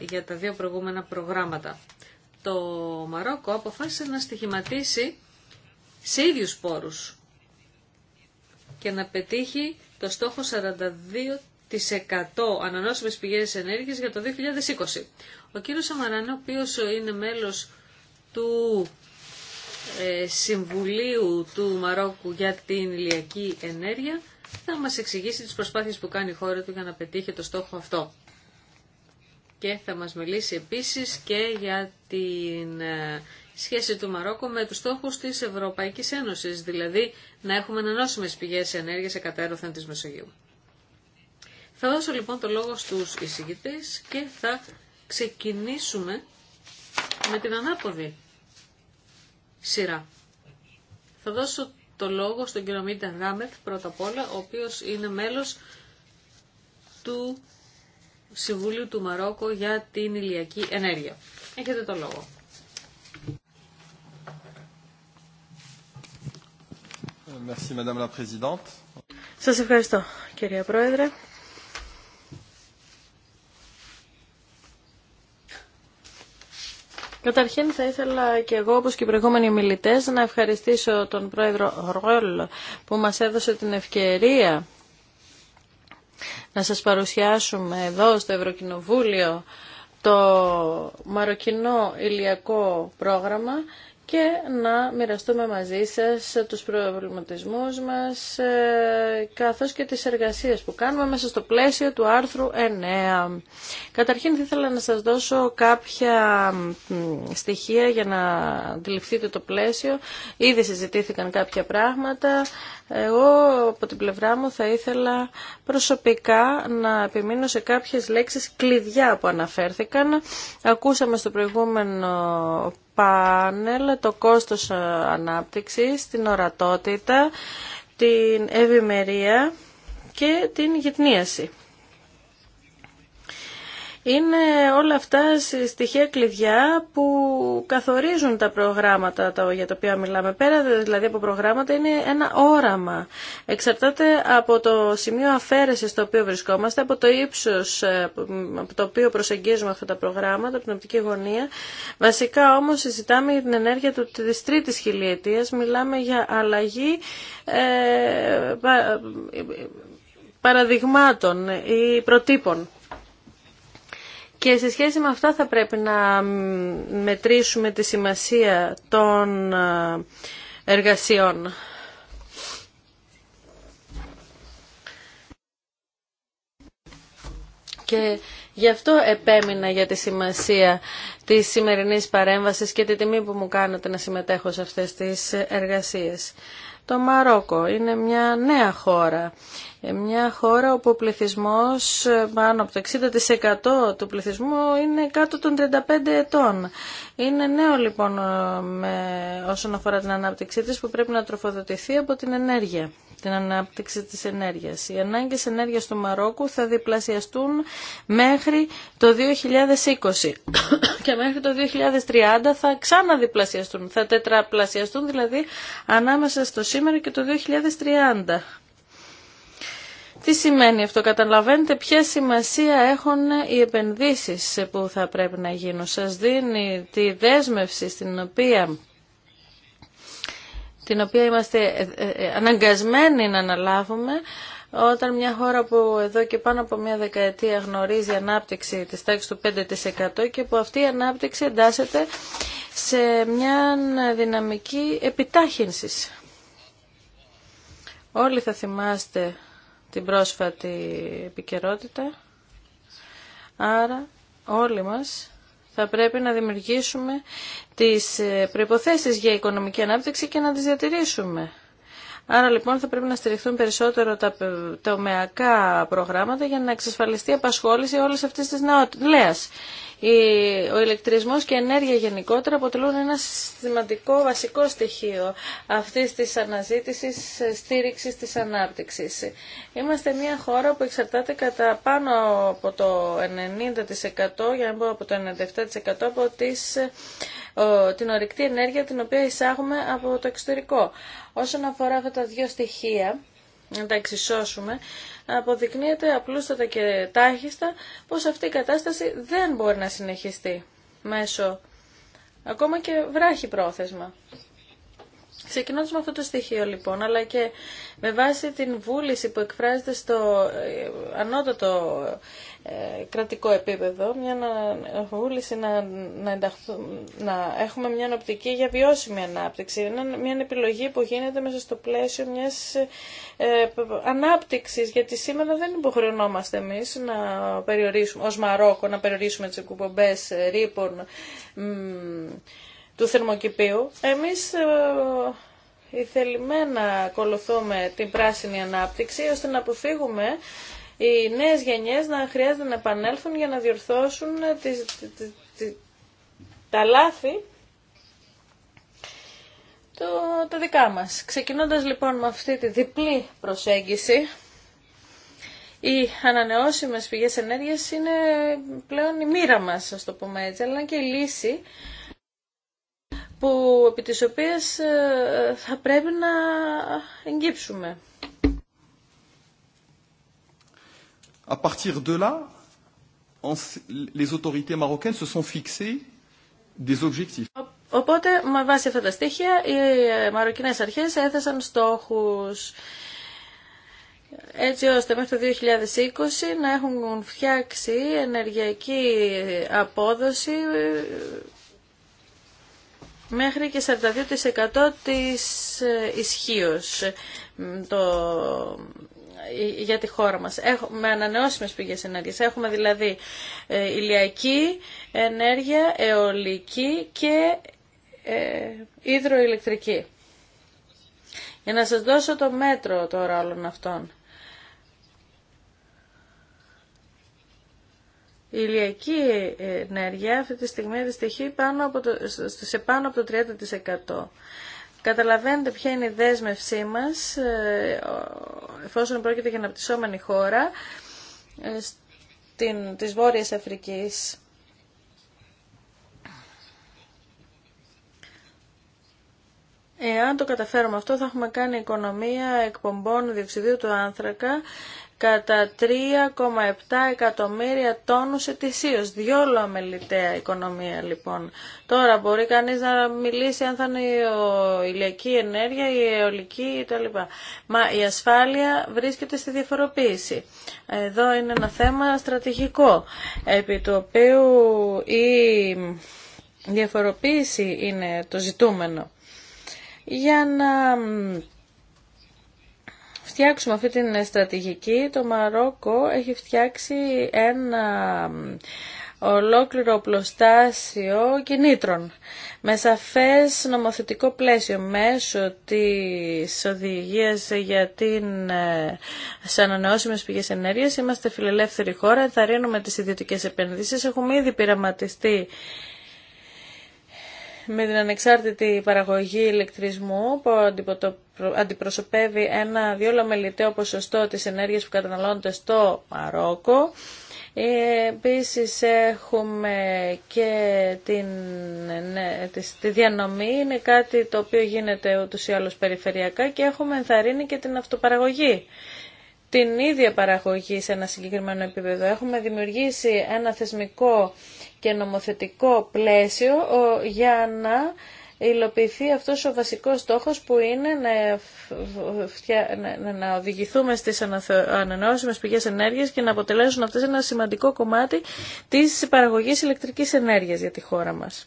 για τα δύο προηγούμενα προγράμματα. Το Μαρόκο αποφάσισε να στοιχηματίσει σε ίδιους πόρους και να πετύχει το στόχο 42% ανανόσιμες πηγές ενέργειας για το 2020. Ο κύριος Σαμαρανέ, ο οποίος είναι μέλος του ε, Συμβουλίου του Μαρόκου για την ηλιακή ενέργεια, θα μας εξηγήσει τις προσπάθειες που κάνει η χώρα του για να πετύχει το στόχο αυτό. Και θα μας μιλήσει επίσης και για την ε, σχέση του Μαρόκου με τους στόχους της Ευρωπαϊκής Ένωσης, δηλαδή να έχουμε ανανόσιμες πηγές ενέργειας εκατέρωθεν της Μεσογείου. Θα δώσω λοιπόν το λόγο στους εισηγητές και θα ξεκινήσουμε με την ανάποδη σειρά. Θα δώσω το λόγο στον κύριο Μίτα Γάμετ πρώτα απ' όλα, ο οποίος είναι μέλος του Συμβουλίου του Μαρόκο για την ηλιακή ενέργεια. Έχετε το λόγο. Merci, Σας ευχαριστώ, κυρία Πρόεδρε. Καταρχήν θα ήθελα και εγώ όπως και οι προηγούμενοι μιλητές να ευχαριστήσω τον πρόεδρο Ρόλ που μας έδωσε την ευκαιρία να σας παρουσιάσουμε εδώ στο Ευρωκοινοβούλιο το μαροκινό ηλιακό πρόγραμμα και να μοιραστούμε μαζί σας τους προβληματισμούς μας ε, καθώς και τις εργασίες που κάνουμε μέσα στο πλαίσιο του άρθρου 9. Καταρχήν θα ήθελα να σας δώσω κάποια στοιχεία για να αντιληφθείτε το πλαίσιο. Ήδη συζητήθηκαν κάποια πράγματα. Εγώ από την πλευρά μου θα ήθελα προσωπικά να επιμείνω σε κάποιες λέξεις κλειδιά που αναφέρθηκαν. Ακούσαμε στο προηγούμενο πάνελ, το κόστος ε, ανάπτυξης, την ορατότητα, την ευημερία και την γυτνίαση. Είναι όλα αυτά στοιχεία κλειδιά που καθορίζουν τα προγράμματα για τα οποία μιλάμε. Πέρα δηλαδή από προγράμματα είναι ένα όραμα. Εξαρτάται από το σημείο αφαίρεσης στο οποίο βρισκόμαστε, από το ύψος ε, από το οποίο προσεγγίζουμε αυτά τα προγράμματα, την οπτική γωνία. Βασικά όμως συζητάμε για την ενέργεια της τρίτης χιλιετίας, μιλάμε για αλλαγή ε, παραδειγμάτων ή προτύπων. Και σε σχέση με αυτά θα πρέπει να μετρήσουμε τη σημασία των ε, εργασιών. Και γι' αυτό επέμεινα για τη σημασία της σημερινής παρέμβασης και τη τιμή που μου κάνετε να συμμετέχω σε αυτές τις εργασίες το Μαρόκο. Είναι μια νέα χώρα. Ε, μια χώρα όπου ο πληθυσμός, ε, πάνω από το 60% του πληθυσμού είναι κάτω των 35 ετών. Είναι νέο λοιπόν ε, με, όσον αφορά την ανάπτυξή της που πρέπει να τροφοδοτηθεί από την ενέργεια την ανάπτυξη της ενέργειας. Οι ανάγκες ενέργειας του Μαρόκου θα διπλασιαστούν μέχρι το 2020 [COUGHS] και μέχρι το 2030 θα ξαναδιπλασιαστούν, θα τετραπλασιαστούν δηλαδή ανάμεσα στο σήμερα και το 2030. Τι σημαίνει αυτό, καταλαβαίνετε ποια σημασία έχουν οι επενδύσεις που θα πρέπει να γίνουν. Σας δίνει τη δέσμευση στην οποία την οποία είμαστε ε, ε, ε, αναγκασμένοι να αναλάβουμε όταν μια χώρα που εδώ και πάνω από μια δεκαετία γνωρίζει ανάπτυξη της τάξης του 5% και που αυτή η ανάπτυξη εντάσσεται σε μια δυναμική επιτάχυνσης. Όλοι θα θυμάστε την πρόσφατη επικαιρότητα, άρα όλοι μας θα πρέπει να δημιουργήσουμε τις ε, προϋποθέσεις για οικονομική ανάπτυξη και να τις διατηρήσουμε. Άρα λοιπόν θα πρέπει να στηριχθούν περισσότερο τα τομεακά προγράμματα για να εξασφαλιστεί η απασχόληση όλες αυτής της νεότητες ο ηλεκτρισμός και η ενέργεια γενικότερα αποτελούν ένα σημαντικό βασικό στοιχείο αυτής της αναζήτησης στήριξης της ανάπτυξης. Είμαστε μια χώρα που εξαρτάται κατά πάνω από το 90% για να πω από το 97% από τις, την ορυκτή ενέργεια την οποία εισάγουμε από το εξωτερικό. Όσον αφορά αυτά τα δύο στοιχεία, να τα εξισώσουμε, αποδεικνύεται απλούστατα και τάχιστα πως αυτή η κατάσταση δεν μπορεί να συνεχιστεί μέσω ακόμα και βράχη πρόθεσμα. Ξεκινώντας με αυτό το στοιχείο λοιπόν, αλλά και με βάση την βούληση που εκφράζεται στο ε, ανώτατο ε, κρατικό επίπεδο, μια βούληση να, να, να έχουμε μια οπτική για βιώσιμη ανάπτυξη. Είναι μια επιλογή που γίνεται μέσα στο πλαίσιο μιας ε, ανάπτυξης, γιατί σήμερα δεν υποχρεωνόμαστε εμείς να περιορίσουμε, ως Μαρόκο να περιορίσουμε τις εκπομπές ρήπων, του θερμοκηπίου, εμείς ε, ε, ηθελημένα ακολουθούμε την πράσινη ανάπτυξη ώστε να αποφύγουμε οι νέες γενιές να χρειάζεται να επανέλθουν για να διορθώσουν ε, τις, τα λάθη το, τα δικά μας. Ξεκινώντας λοιπόν με αυτή τη διπλή προσέγγιση, οι ανανεώσιμες πηγές ενέργειας είναι πλέον η μοίρα μας, ας το πούμε έτσι, αλλά και η λύση που επί της οποίας ε, θα πρέπει να εγγύψουμε. À partir de là, les autorités marocaines se sont fixées des objectifs. Οπότε, με βάση αυτά τα στοιχεία, οι ε, μαροκινές αρχές έθεσαν στόχους έτσι ώστε μέχρι το 2020 να έχουν φτιάξει ενεργειακή απόδοση ε, μέχρι και 42% της ε, ισχύω ε, το... Ε, για τη χώρα μας. Έχουμε, με ανανεώσιμες πηγές ενέργειας. Έχουμε δηλαδή ηλιακή ενέργεια, αιωλική και υδροηλεκτρική. Για να σας δώσω το μέτρο τώρα όλων αυτών. Η ηλιακή ενέργεια αυτή τη στιγμή δυστυχεί πάνω από το, σε πάνω από το 30%. Καταλαβαίνετε ποια είναι η δέσμευσή μας, ε, εφόσον πρόκειται για αναπτυσσόμενη χώρα ε, τη της Βόρειας Αφρικής. Εάν το καταφέρουμε αυτό θα έχουμε κάνει οικονομία εκπομπών διοξιδίου του άνθρακα κατά 3,7 εκατομμύρια τόνους ετησίως. Διόλου αμεληταία οικονομία λοιπόν. Τώρα μπορεί κανείς να μιλήσει αν θα είναι η ηλιακή ενέργεια, η αιωλική κτλ. Μα η ασφάλεια βρίσκεται στη διαφοροποίηση. Εδώ είναι ένα θέμα στρατηγικό, επί του οποίου η διαφοροποίηση είναι το ζητούμενο. Για να φτιάξουμε αυτή την στρατηγική, το Μαρόκο έχει φτιάξει ένα ολόκληρο πλωστάσιο κινήτρων με σαφές νομοθετικό πλαίσιο μέσω της οδηγίας για την ε, σε ανανεώσιμες πηγές ενέργειας. Είμαστε φιλελεύθερη χώρα, Θα ενθαρρύνουμε τις ιδιωτικές επενδύσεις. Έχουμε ήδη πειραματιστεί με την ανεξάρτητη παραγωγή ηλεκτρισμού που αντιπροσωπεύει ένα δύο λαμελιτέο ποσοστό της ενέργειας που καταναλώνεται στο Μαρόκο. Ε, επίσης έχουμε και την, ναι, τη, διανομή, είναι κάτι το οποίο γίνεται ούτως ή άλλως περιφερειακά και έχουμε ενθαρρύνει και την αυτοπαραγωγή. Την ίδια παραγωγή σε ένα συγκεκριμένο επίπεδο. Έχουμε δημιουργήσει ένα θεσμικό και νομοθετικό πλαίσιο για να υλοποιηθεί αυτός ο βασικός στόχος που είναι να, να οδηγηθούμε στις ανανεώσιμες πηγές ενέργειας και να αποτελέσουν αυτές ένα σημαντικό κομμάτι της παραγωγής ηλεκτρικής ενέργειας για τη χώρα μας.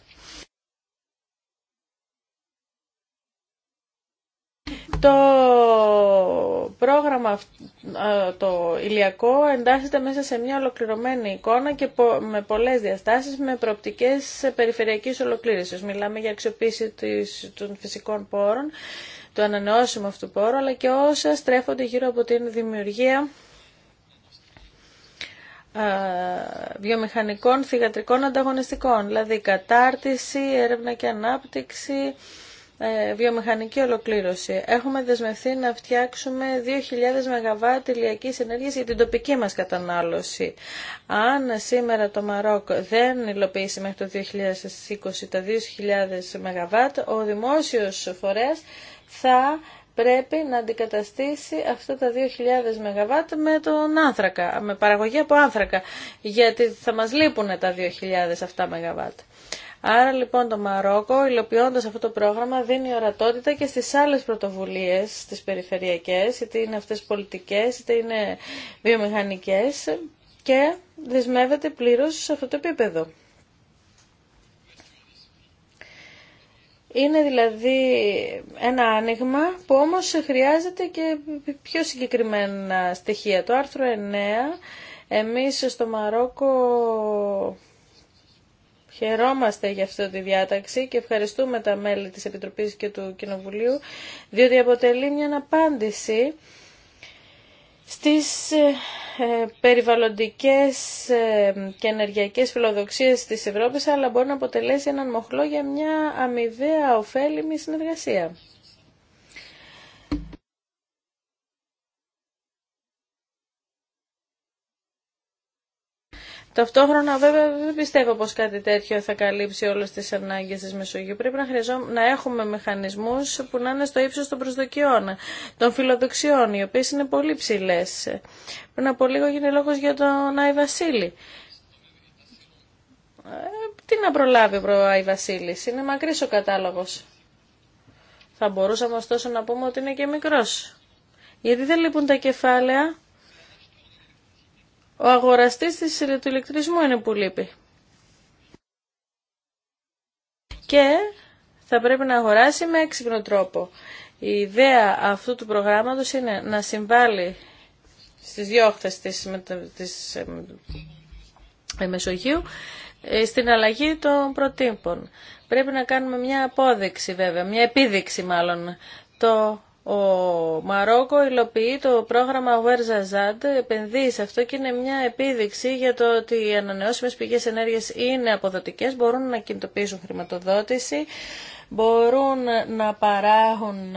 Το πρόγραμμα το ηλιακό εντάσσεται μέσα σε μια ολοκληρωμένη εικόνα και με πολλές διαστάσεις, με προοπτικές περιφερειακής ολοκλήρωσης. Μιλάμε για αξιοποίηση των φυσικών πόρων, το ανανεώσιμο αυτού πόρου, αλλά και όσα στρέφονται γύρω από την δημιουργία βιομηχανικών θυγατρικών ανταγωνιστικών, δηλαδή κατάρτιση, έρευνα και ανάπτυξη, ε, βιομηχανική ολοκλήρωση. Έχουμε δεσμευθεί να φτιάξουμε 2.000 ΜΒ ηλιακής ενέργειας για την τοπική μας κατανάλωση. Αν σήμερα το Μαρόκ δεν υλοποιήσει μέχρι το 2020 τα 2.000 ΜΒ, ο δημόσιος φορέας θα πρέπει να αντικαταστήσει αυτά τα 2.000 ΜΒ με τον άνθρακα, με παραγωγή από άνθρακα, γιατί θα μας λείπουν τα 2.000 αυτά ΜΒ. Άρα λοιπόν το Μαρόκο υλοποιώντας αυτό το πρόγραμμα δίνει ορατότητα και στις άλλες πρωτοβουλίες, στις περιφερειακές, είτε είναι αυτές πολιτικές, είτε είναι βιομηχανικές και δεσμεύεται πλήρως σε αυτό το επίπεδο. Είναι δηλαδή ένα άνοιγμα που όμως χρειάζεται και πιο συγκεκριμένα στοιχεία. Το άρθρο 9, εμείς στο Μαρόκο Χαιρόμαστε για αυτή τη διάταξη και ευχαριστούμε τα μέλη της Επιτροπής και του Κοινοβουλίου, διότι αποτελεί μια απάντηση στις ε, ε, περιβαλλοντικές ε, και ενεργειακές φιλοδοξίες της Ευρώπης, αλλά μπορεί να αποτελέσει έναν μοχλό για μια αμοιβαία ωφέλιμη συνεργασία. Ταυτόχρονα βέβαια δεν πιστεύω πως κάτι τέτοιο θα καλύψει όλες τις ανάγκες της Μεσογείου. Πρέπει να, χρειαζό... να έχουμε μηχανισμούς που να είναι στο ύψος των προσδοκιών, των φιλοδοξιών, οι οποίες είναι πολύ ψηλές. Πριν από λίγο γίνει λόγος για τον Άι Βασίλη. Ε, τι να προλάβει ο Άι Βασίλης, είναι μακρύς ο κατάλογος. Θα μπορούσαμε ωστόσο να πούμε ότι είναι και μικρός. Γιατί δεν λείπουν τα κεφάλαια ο αγοραστής της, του ηλεκτρισμού είναι που λείπει. Και θα πρέπει να αγοράσει με έξυπνο τρόπο. Η ιδέα αυτού του προγράμματος είναι να συμβάλλει στις διώχτες της, της ε, Μεσογείου ε, στην αλλαγή των προτύπων. Πρέπει να κάνουμε μια απόδειξη βέβαια, μια επίδειξη μάλλον το ο Μαρόκο υλοποιεί το πρόγραμμα WERZAZAD, επενδύει σε αυτό και είναι μια επίδειξη για το ότι οι ανανεώσιμες πηγές ενέργειας είναι αποδοτικές, μπορούν να κινητοποιήσουν χρηματοδότηση, μπορούν να παράγουν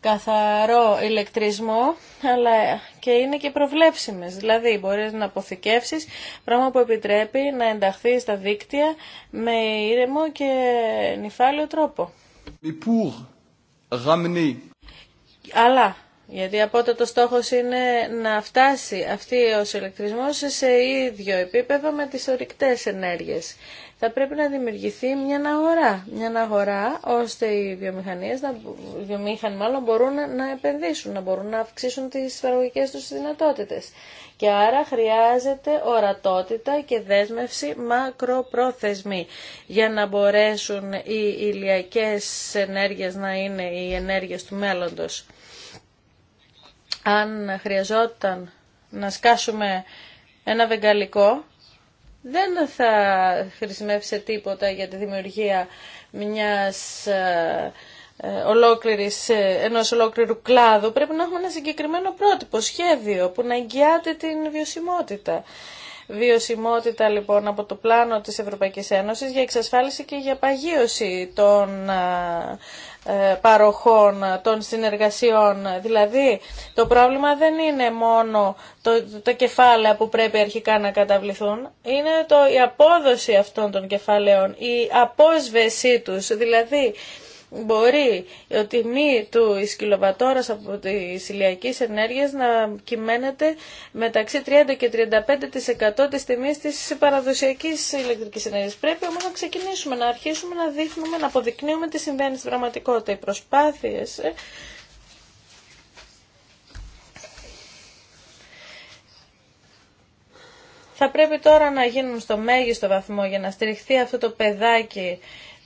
καθαρό ηλεκτρισμό, αλλά και είναι και προβλέψιμες. Δηλαδή μπορείς να αποθηκεύσεις, πράγμα που επιτρέπει να ενταχθεί στα δίκτυα με ήρεμο και νυφάλιο τρόπο. Αλλά γιατί το στόχος είναι να φτάσει αυτή ο ηλεκτρισμός σε ίδιο επίπεδο με τις ορυκτές ενέργειες. Θα πρέπει να δημιουργηθεί μια αγορά, μια αγορά ώστε οι βιομηχανίες, να, οι βιομηχανοί μάλλον μπορούν να επενδύσουν, να μπορούν να αυξήσουν τις παραγωγικές τους δυνατότητες. Και άρα χρειάζεται ορατότητα και δέσμευση μακροπρόθεσμη για να μπορέσουν οι ηλιακές ενέργειες να είναι οι ενέργειες του μέλλοντος αν χρειαζόταν να σκάσουμε ένα βεγγαλικό, δεν θα χρησιμεύσει τίποτα για τη δημιουργία μιας ε, ε, ολόκληρης, ε, ενός ολόκληρου κλάδου. Πρέπει να έχουμε ένα συγκεκριμένο πρότυπο, σχέδιο που να εγγυάται την βιωσιμότητα βιωσιμότητα λοιπόν από το πλάνο της Ευρωπαϊκής Ένωσης για εξασφάλιση και για παγίωση των ε, ε, παροχών των συνεργασιών. Δηλαδή, το πρόβλημα δεν είναι μόνο το, τα κεφάλαια που πρέπει αρχικά να καταβληθούν, είναι το, η απόδοση αυτών των κεφαλαίων, η απόσβεσή τους. Δηλαδή, μπορεί η τιμή του ισκυλοβατόρα από τις ηλιακέ ενέργειες να κυμαίνεται μεταξύ 30 και 35% τη τιμή τη παραδοσιακή ηλεκτρική ενέργεια. Πρέπει όμως να ξεκινήσουμε, να αρχίσουμε να δείχνουμε, να αποδεικνύουμε τι συμβαίνει στην πραγματικότητα. Οι προσπάθειες ε, θα πρέπει τώρα να γίνουν στο μέγιστο βαθμό για να στηριχθεί αυτό το παιδάκι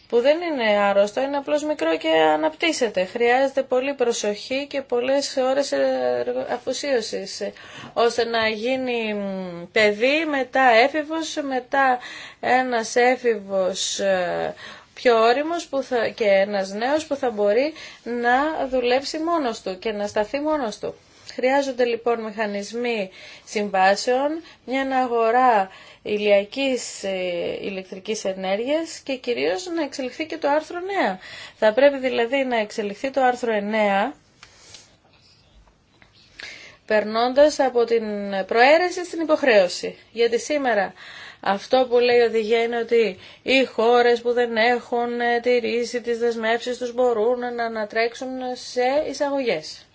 που δεν είναι άρρωστο, είναι απλώς μικρό και αναπτύσσεται. Χρειάζεται πολύ προσοχή και πολλές ώρες αφουσίωσης, ώστε να γίνει παιδί, μετά έφηβος, μετά ένας έφηβος ε, πιο όριμος που θα, και ένας νέος που θα μπορεί να δουλέψει μόνος του και να σταθεί μόνος του. Χρειάζονται λοιπόν μηχανισμοί συμβάσεων, μια αγορά ηλιακής ε, ηλεκτρικής ενέργειας και κυρίως να εξελιχθεί και το άρθρο 9. Θα πρέπει δηλαδή να εξελιχθεί το άρθρο 9 περνώντας από την προαίρεση στην υποχρέωση. Γιατί σήμερα αυτό που λέει η οδηγία είναι ότι οι χώρες που δεν έχουν ε, τηρήσει τις δεσμεύσεις τους μπορούν να ανατρέξουν σε εισαγωγές.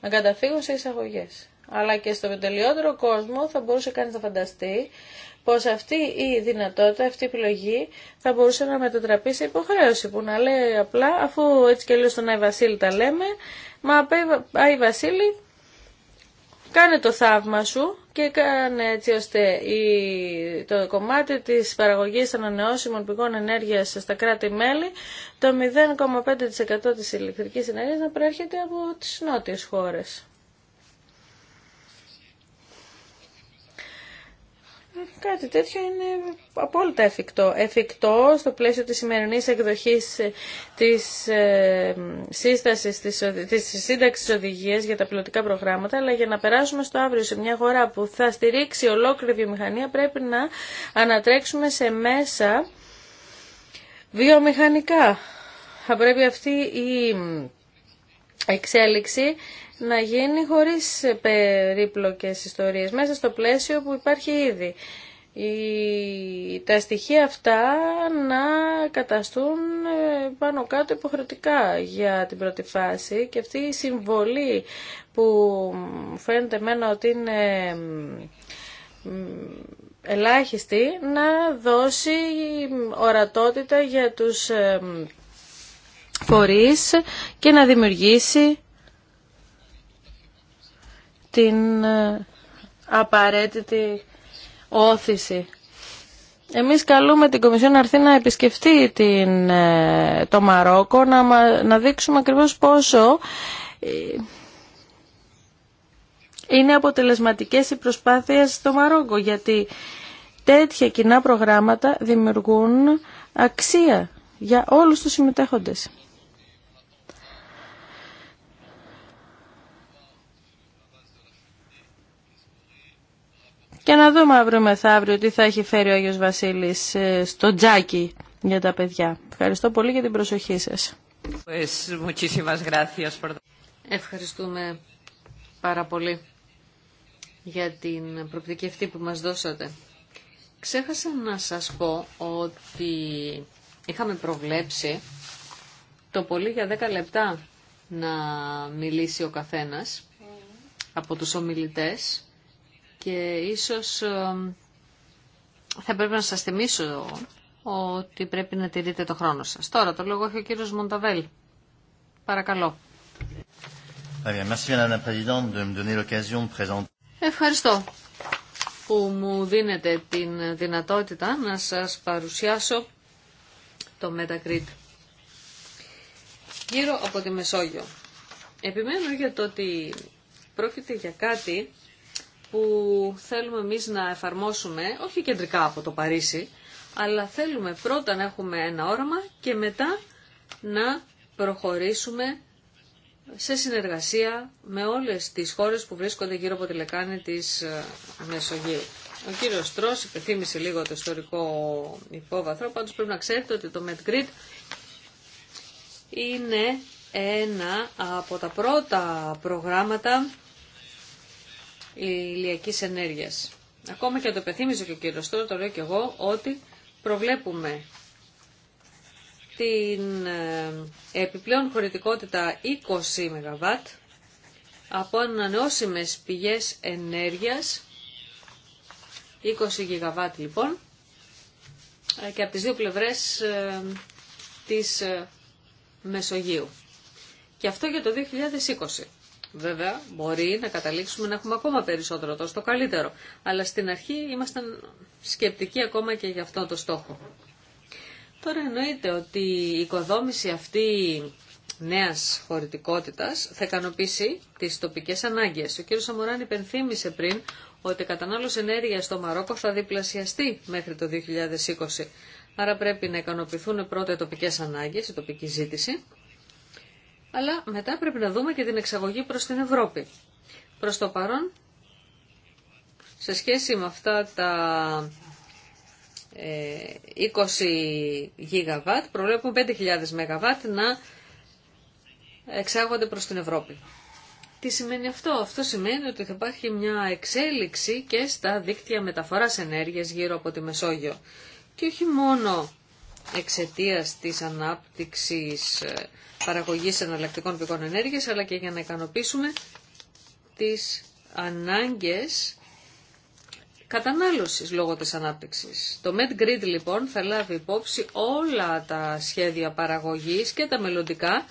Να καταφύγουν σε εισαγωγές. Αλλά και στο τελειότερο κόσμο θα μπορούσε κανείς να φανταστεί πως αυτή η δυνατότητα, αυτή η επιλογή θα μπορούσε να μετατραπεί σε υποχρέωση που να λέει απλά αφού έτσι και λίγο στον Άι Βασίλη τα λέμε μα Άι Βασίλη κάνε το θαύμα σου και κάνε έτσι ώστε η, το κομμάτι της παραγωγής ανανεώσιμων πηγών ενέργειας στα κράτη-μέλη το 0,5% της ηλεκτρικής ενέργειας να προέρχεται από τις νότιες χώρες. Κάτι τέτοιο είναι απόλυτα εφικτό. Εφικτό στο πλαίσιο της σημερινής εκδοχής ε, της, ε, σύστασης, της, της σύνταξης οδηγίας για τα πιλωτικά προγράμματα, αλλά για να περάσουμε στο αύριο σε μια χώρα που θα στηρίξει ολόκληρη βιομηχανία πρέπει να ανατρέξουμε σε μέσα βιομηχανικά. Θα πρέπει αυτή η εξέλιξη να γίνει χωρίς περίπλοκες ιστορίες, μέσα στο πλαίσιο που υπάρχει ήδη. Τα στοιχεία αυτά να καταστούν ε, πάνω κάτω υποχρεωτικά για την πρώτη φάση και αυτή η συμβολή που φαίνεται εμένα ότι είναι ελάχιστη να δώσει ορατότητα για τους ε, φορείς και να δημιουργήσει την ε, απαραίτητη όθηση. Εμείς καλούμε την Κομισιόν να έρθει να επισκεφτεί την, ε, το Μαρόκο, να, να δείξουμε ακριβώς πόσο ε, είναι αποτελεσματικές οι προσπάθειες στο Μαρόκο, γιατί τέτοια κοινά προγράμματα δημιουργούν αξία για όλους τους συμμετέχοντες. Και να δούμε αύριο μεθαύριο τι θα έχει φέρει ο Άγιος Βασίλης ε, στο τζάκι για τα παιδιά. Ευχαριστώ πολύ για την προσοχή σας. Ευχαριστούμε πάρα πολύ για την προπτική αυτή που μας δώσατε. Ξέχασα να σας πω ότι είχαμε προβλέψει το πολύ για 10 λεπτά να μιλήσει ο καθένας από τους ομιλητές και ίσως ε, θα πρέπει να σας θυμίσω ότι πρέπει να τηρείτε το χρόνο σας. Τώρα το λόγο έχει ο κύριος Μονταβέλ. Παρακαλώ. Ευχαριστώ που μου δίνετε την δυνατότητα να σας παρουσιάσω το Metacrit. γύρω από τη Μεσόγειο. Επιμένω για το ότι πρόκειται για κάτι που θέλουμε εμείς να εφαρμόσουμε, όχι κεντρικά από το Παρίσι, αλλά θέλουμε πρώτα να έχουμε ένα όραμα και μετά να προχωρήσουμε σε συνεργασία με όλες τις χώρες που βρίσκονται γύρω από τη λεκάνη της ε, Μεσογείου. Ο κύριος Στρός υπενθύμησε λίγο το ιστορικό υπόβαθρο, πάντως πρέπει να ξέρετε ότι το MedGrid είναι ένα από τα πρώτα προγράμματα ηλιακής ενέργειας. Ακόμα και αν το πεθύμιζε και ο κύριος τώρα, το λέω και εγώ, ότι προβλέπουμε την ε, επιπλέον χωρητικότητα 20 ΜΒ από ανανεώσιμες πηγές ενέργειας, 20 ΓΒ λοιπόν, ε, και από τις δύο πλευρές ε, της Μεσογείου. Και αυτό για το 2020. Βέβαια, μπορεί να καταλήξουμε να έχουμε ακόμα περισσότερο, τόσο το καλύτερο. Αλλά στην αρχή ήμασταν σκεπτικοί ακόμα και για αυτό το στόχο. Τώρα εννοείται ότι η οικοδόμηση αυτή νέας χωρητικότητας θα ικανοποιήσει τις τοπικές ανάγκες. Ο κ. Σαμουράν υπενθύμησε πριν ότι η κατανάλωση ενέργειας στο Μαρόκο θα διπλασιαστεί μέχρι το 2020. Άρα πρέπει να ικανοποιηθούν πρώτα οι τοπικές ανάγκες, η τοπική ζήτηση αλλά μετά πρέπει να δούμε και την εξαγωγή προς την Ευρώπη. Προς το παρόν, σε σχέση με αυτά τα 20 ε, γιγαβάτ, προβλέπουμε 5.000 μεγαβάτ να εξάγονται προς την Ευρώπη. Τι σημαίνει αυτό. Αυτό σημαίνει ότι θα υπάρχει μια εξέλιξη και στα δίκτυα μεταφοράς ενέργειας γύρω από τη Μεσόγειο. Και όχι μόνο εξαιτίας της ανάπτυξης ε, παραγωγής εναλλακτικών πηγών ενέργειας, αλλά και για να ικανοποιήσουμε τις ανάγκες κατανάλωσης λόγω της ανάπτυξης. Το MedGrid λοιπόν θα λάβει υπόψη όλα τα σχέδια παραγωγής και τα μελλοντικά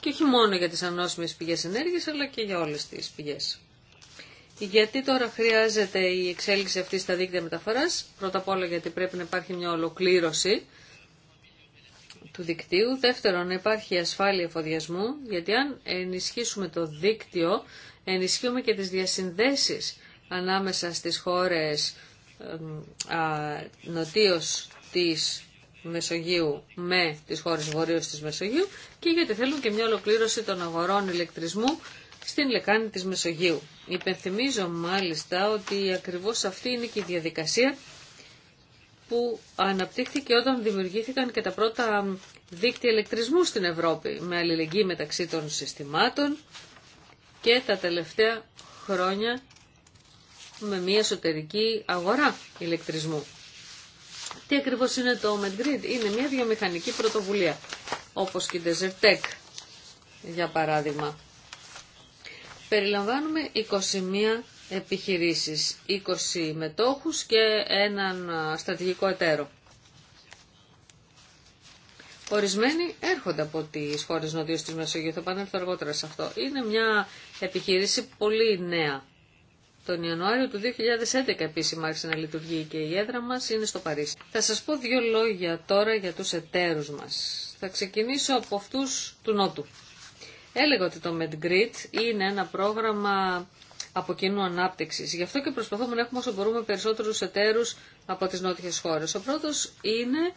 και όχι μόνο για τις ανώσιμες πηγές ενέργειας αλλά και για όλες τις πηγές. Γιατί τώρα χρειάζεται η εξέλιξη αυτή στα δίκτυα μεταφοράς, πρώτα απ' όλα γιατί πρέπει να υπάρχει μια ολοκλήρωση του δικτύου. Δεύτερον, να υπάρχει ασφάλεια εφοδιασμού, γιατί αν ενισχύσουμε το δίκτυο, ενισχύουμε και τις διασυνδέσεις ανάμεσα στις χώρες νοτίως της Μεσογείου με τις χώρες βορείως της Μεσογείου και γιατί θέλουν και μια ολοκλήρωση των αγορών ηλεκτρισμού στην λεκάνη της Μεσογείου. Υπενθυμίζω μάλιστα ότι ακριβώς αυτή είναι και η διαδικασία που αναπτύχθηκε όταν δημιουργήθηκαν και τα πρώτα δίκτυα ηλεκτρισμού στην Ευρώπη με αλληλεγγύη μεταξύ των συστημάτων και τα τελευταία χρόνια με μια εσωτερική αγορά ηλεκτρισμού. Τι ακριβώς είναι το Medgrid? Είναι μια βιομηχανική πρωτοβουλία, όπως και η Desert για παράδειγμα. Περιλαμβάνουμε 21 επιχειρήσεις, 20 μετόχους και έναν στρατηγικό εταίρο. Ορισμένοι έρχονται από τις χώρες νοτιούς της Μεσογείου, θα πάνε αργότερα σε αυτό. Είναι μια επιχειρήση πολύ νέα. Τον Ιανουάριο του 2011 επίσημα άρχισε να λειτουργεί και η έδρα μας είναι στο Παρίσι. Θα σας πω δύο λόγια τώρα για τους εταίρους μας. Θα ξεκινήσω από αυτούς του Νότου. Έλεγα ότι το MedGrid είναι ένα πρόγραμμα από κοινού ανάπτυξη. Γι' αυτό και προσπαθούμε να έχουμε όσο μπορούμε περισσότερου εταίρου από τι νότιε χώρε. Ο πρώτο είναι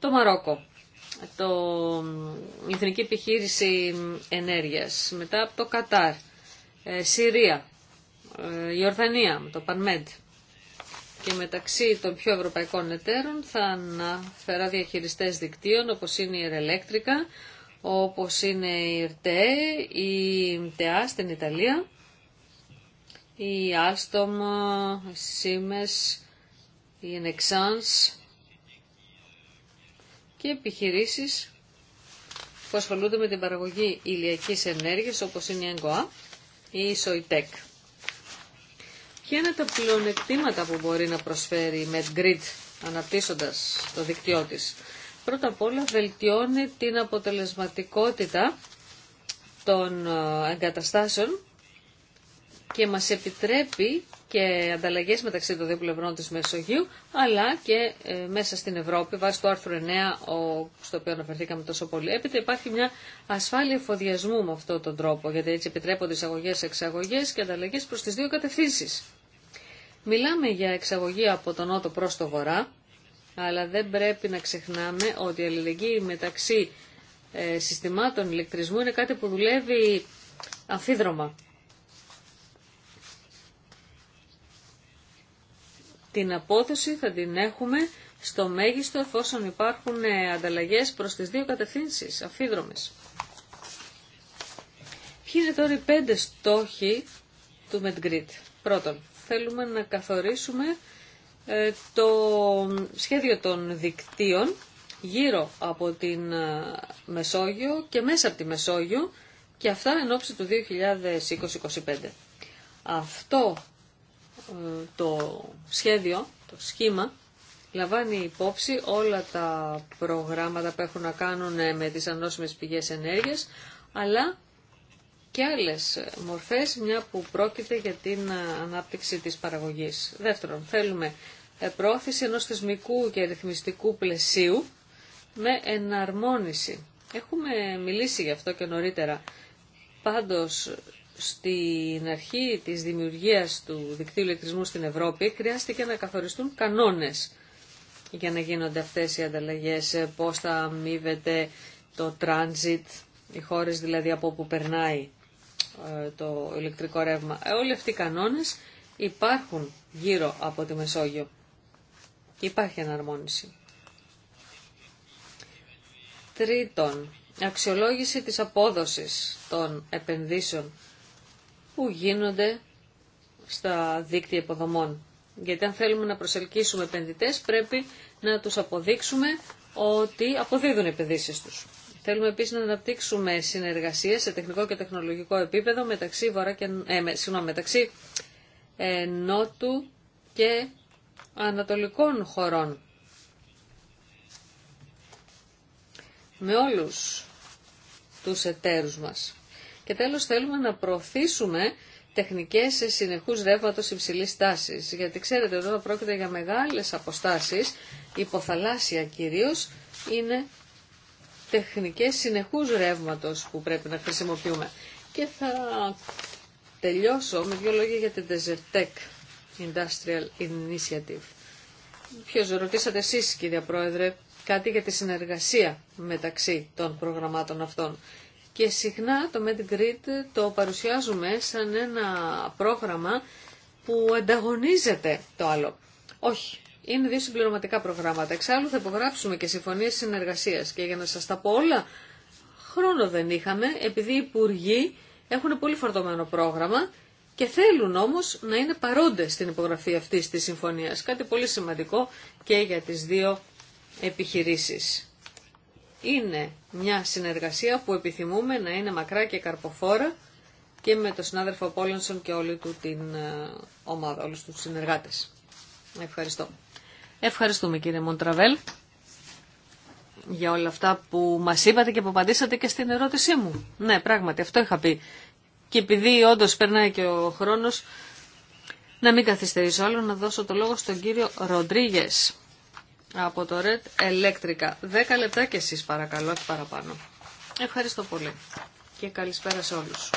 το Μαρόκο. Το η Εθνική Επιχείρηση Ενέργειας, μετά από το Κατάρ, ε, Συρία, ε, η το Πανμέντ. Και μεταξύ των πιο ευρωπαϊκών εταίρων θα αναφερά διαχειριστές δικτύων όπως είναι η Ερελέκτρικα, όπως είναι η ΕΡΤΕ, η ΤΕΑ στην Ιταλία η Άστομα, οι η ΕΝΕΞΑΝΣ και επιχειρήσεις που ασχολούνται με την παραγωγή ηλιακής ενέργειας όπως είναι η ΕΝΚΟΑ ή η ΣΟΙΤΕΚ. Ποια είναι τα πλεονεκτήματα που μπορεί να προσφέρει η MedGrid αναπτύσσοντας το δίκτυό της. Πρώτα απ' όλα βελτιώνει την αποτελεσματικότητα των ε, εγκαταστάσεων και μας επιτρέπει και ανταλλαγές μεταξύ των δύο πλευρών της Μεσογείου, αλλά και ε, μέσα στην Ευρώπη, βάσει το άρθρο 9, στο οποίο αναφερθήκαμε τόσο πολύ. Έπειτα υπάρχει μια ασφάλεια εφοδιασμού με αυτόν τον τρόπο, γιατί έτσι επιτρέπονται εισαγωγές, εξαγωγές και ανταλλαγές προς τις δύο κατευθύνσεις. Μιλάμε για εξαγωγή από τον νότο προς το βορρά, αλλά δεν πρέπει να ξεχνάμε ότι η αλληλεγγύη μεταξύ ε, συστημάτων ηλεκτρισμού είναι κάτι που δουλεύει αμφίδρομα. Την απόδοση θα την έχουμε στο μέγιστο εφόσον υπάρχουν ε, ανταλλαγές προς τις δύο κατευθύνσεις, αφίδρομες. Ποιοι είναι τώρα οι πέντε στόχοι του Medgrid. Πρώτον, θέλουμε να καθορίσουμε ε, το σχέδιο των δικτύων γύρω από την ε, Μεσόγειο και μέσα από τη Μεσόγειο και αυτά εν ώψη του 2020-2025. Αυτό το σχέδιο, το σχήμα, λαμβάνει υπόψη όλα τα προγράμματα που έχουν να κάνουν με τις ανώσιμες πηγές ενέργειας, αλλά και άλλες μορφές, μια που πρόκειται για την ανάπτυξη της παραγωγής. Δεύτερον, θέλουμε πρόθεση ενός θεσμικού και ρυθμιστικού πλαισίου με εναρμόνιση. Έχουμε μιλήσει γι' αυτό και νωρίτερα. Πάντως, στην αρχή της δημιουργίας του δικτύου ηλεκτρισμού στην Ευρώπη χρειάστηκε να καθοριστούν κανόνες για να γίνονται αυτές οι ανταλλαγές, πώς θα αμείβεται το transit, οι χώρες δηλαδή από όπου περνάει ε, το ηλεκτρικό ρεύμα. Ε, όλοι αυτοί οι κανόνες υπάρχουν γύρω από τη Μεσόγειο. Υπάρχει αναρμόνιση. Τρίτον, αξιολόγηση της απόδοσης των επενδύσεων που γίνονται στα δίκτυα υποδομών. Γιατί αν θέλουμε να προσελκύσουμε επενδυτές πρέπει να τους αποδείξουμε ότι αποδίδουν οι επενδύσεις τους. Θέλουμε επίση να αναπτύξουμε συνεργασίε σε τεχνικό και τεχνολογικό επίπεδο μεταξύ, και, ε, ε, νότου και ανατολικών χωρών. Με όλους τους εταίρους μας. Και τέλο θέλουμε να προωθήσουμε τεχνικές συνεχού συνεχούς ρεύματος υψηλής Γιατί ξέρετε εδώ πρόκειται για μεγάλες αποστάσεις, υποθαλάσσια κυρίως, είναι τεχνικές συνεχούς ρεύματος που πρέπει να χρησιμοποιούμε. Και θα τελειώσω με δύο λόγια για την Tech Industrial Initiative. Ποιο ρωτήσατε εσεί, κύριε Πρόεδρε κάτι για τη συνεργασία μεταξύ των προγραμμάτων αυτών. Και συχνά το MedGrid το παρουσιάζουμε σαν ένα πρόγραμμα που ανταγωνίζεται το άλλο. Όχι. Είναι δύο συμπληρωματικά προγράμματα. Εξάλλου θα υπογράψουμε και συμφωνίε συνεργασία. Και για να σα τα πω όλα, χρόνο δεν είχαμε, επειδή οι υπουργοί έχουν πολύ φορτωμένο πρόγραμμα και θέλουν όμω να είναι παρόντε στην υπογραφή αυτή τη συμφωνία. Κάτι πολύ σημαντικό και για τι δύο επιχειρήσει είναι μια συνεργασία που επιθυμούμε να είναι μακρά και καρποφόρα και με τον συνάδελφο Πόλενσον και όλη του την ε, ομάδα, όλους τους συνεργάτες. Ευχαριστώ. Ευχαριστούμε κύριε Μοντραβέλ για όλα αυτά που μας είπατε και που απαντήσατε και στην ερώτησή μου. Ναι, πράγματι, αυτό είχα πει. Και επειδή όντω περνάει και ο χρόνος, να μην καθυστερήσω άλλο, να δώσω το λόγο στον κύριο Ροντρίγες από το Red Electrica. 10 λεπτά και εσείς παρακαλώ και παραπάνω. Ευχαριστώ πολύ και καλησπέρα σε όλους.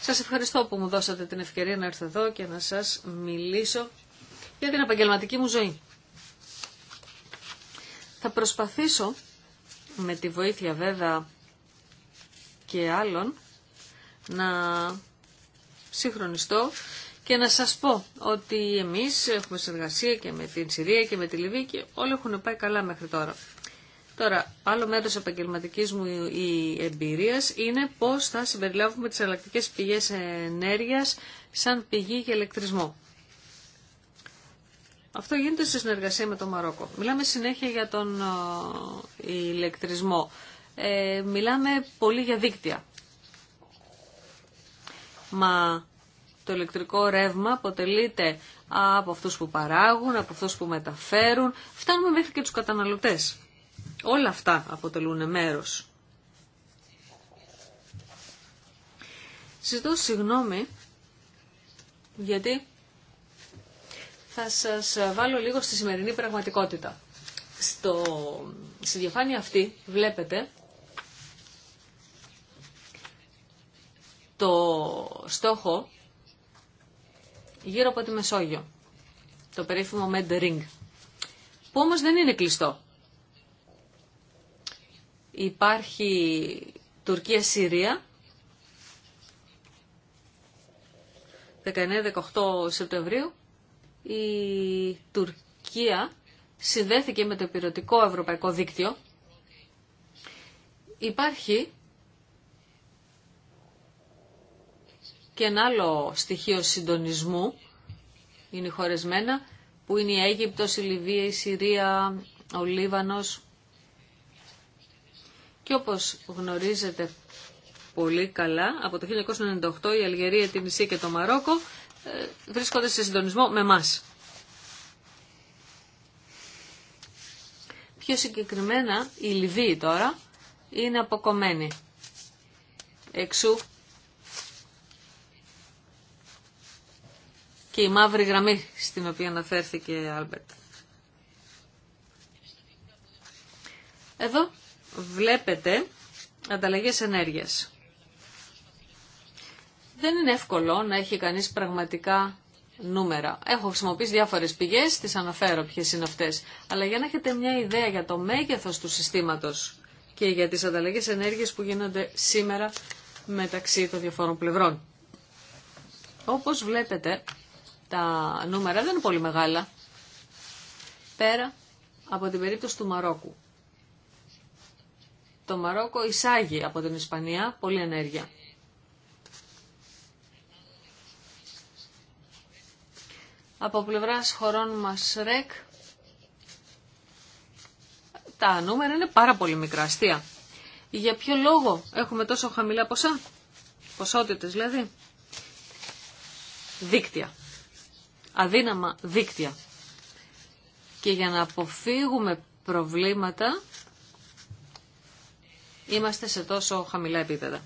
Σας ευχαριστώ που μου δώσατε την ευκαιρία να έρθω εδώ και να σας μιλήσω για την επαγγελματική μου ζωή. Θα προσπαθήσω με τη βοήθεια βέβαια και άλλων να συγχρονιστώ και να σας πω ότι εμείς έχουμε συνεργασία και με την Συρία και με τη Λιβύη και όλοι έχουν πάει καλά μέχρι τώρα. Τώρα, άλλο μέρος επαγγελματική μου η εμπειρίας είναι πώς θα συμπεριλάβουμε τις αλλακτικές πηγές ενέργειας σαν πηγή για ηλεκτρισμό. Αυτό γίνεται στη συνεργασία με το Μαρόκο. Μιλάμε συνέχεια για τον ε, ηλεκτρισμό. Ε, μιλάμε πολύ για δίκτυα. Μα το ηλεκτρικό ρεύμα αποτελείται από αυτούς που παράγουν, από αυτούς που μεταφέρουν, φτάνουμε μέχρι και τους καταναλωτές. Όλα αυτά αποτελούν μέρος. Συζητώ συγγνώμη γιατί θα σας βάλω λίγο στη σημερινή πραγματικότητα. Στο, στη διαφάνεια αυτή βλέπετε το στόχο γύρω από τη Μεσόγειο. Το περίφημο Med Ring. Που όμως δεν είναι κλειστό. Υπάρχει Τουρκία-Συρία. 19-18 Σεπτεμβρίου η Τουρκία συνδέθηκε με το επιρωτικό ευρωπαϊκό δίκτυο. Υπάρχει και ένα άλλο στοιχείο συντονισμού, είναι χωρισμένα, που είναι η Αίγυπτος, η Λιβύη, η Συρία, ο Λίβανος. Και όπως γνωρίζετε πολύ καλά, από το 1998 η Αλγερία, την Ισία και το Μαρόκο ε, βρίσκονται σε συντονισμό με μας. Πιο συγκεκριμένα η Λιβύη τώρα είναι αποκομμένη. Εξού η μαύρη γραμμή στην οποία αναφέρθηκε Άλμπερτ. Εδώ βλέπετε ανταλλαγές ενέργειας. Δεν είναι εύκολο να έχει κανείς πραγματικά νούμερα. Έχω χρησιμοποιήσει διάφορες πηγές, τις αναφέρω ποιες είναι αυτές. Αλλά για να έχετε μια ιδέα για το μέγεθος του συστήματος και για τις ανταλλαγές ενέργειας που γίνονται σήμερα μεταξύ των διαφόρων πλευρών. Όπως βλέπετε, τα νούμερα δεν είναι πολύ μεγάλα. Πέρα από την περίπτωση του Μαρόκου. Το Μαρόκο εισάγει από την Ισπανία πολλή ενέργεια. Από πλευράς χωρών μας ΡΕΚ, τα νούμερα είναι πάρα πολύ μικρά, αστεία. Για ποιο λόγο έχουμε τόσο χαμηλά ποσά, ποσότητες δηλαδή, δίκτυα αδύναμα δίκτυα. Και για να αποφύγουμε προβλήματα είμαστε σε τόσο χαμηλά επίπεδα.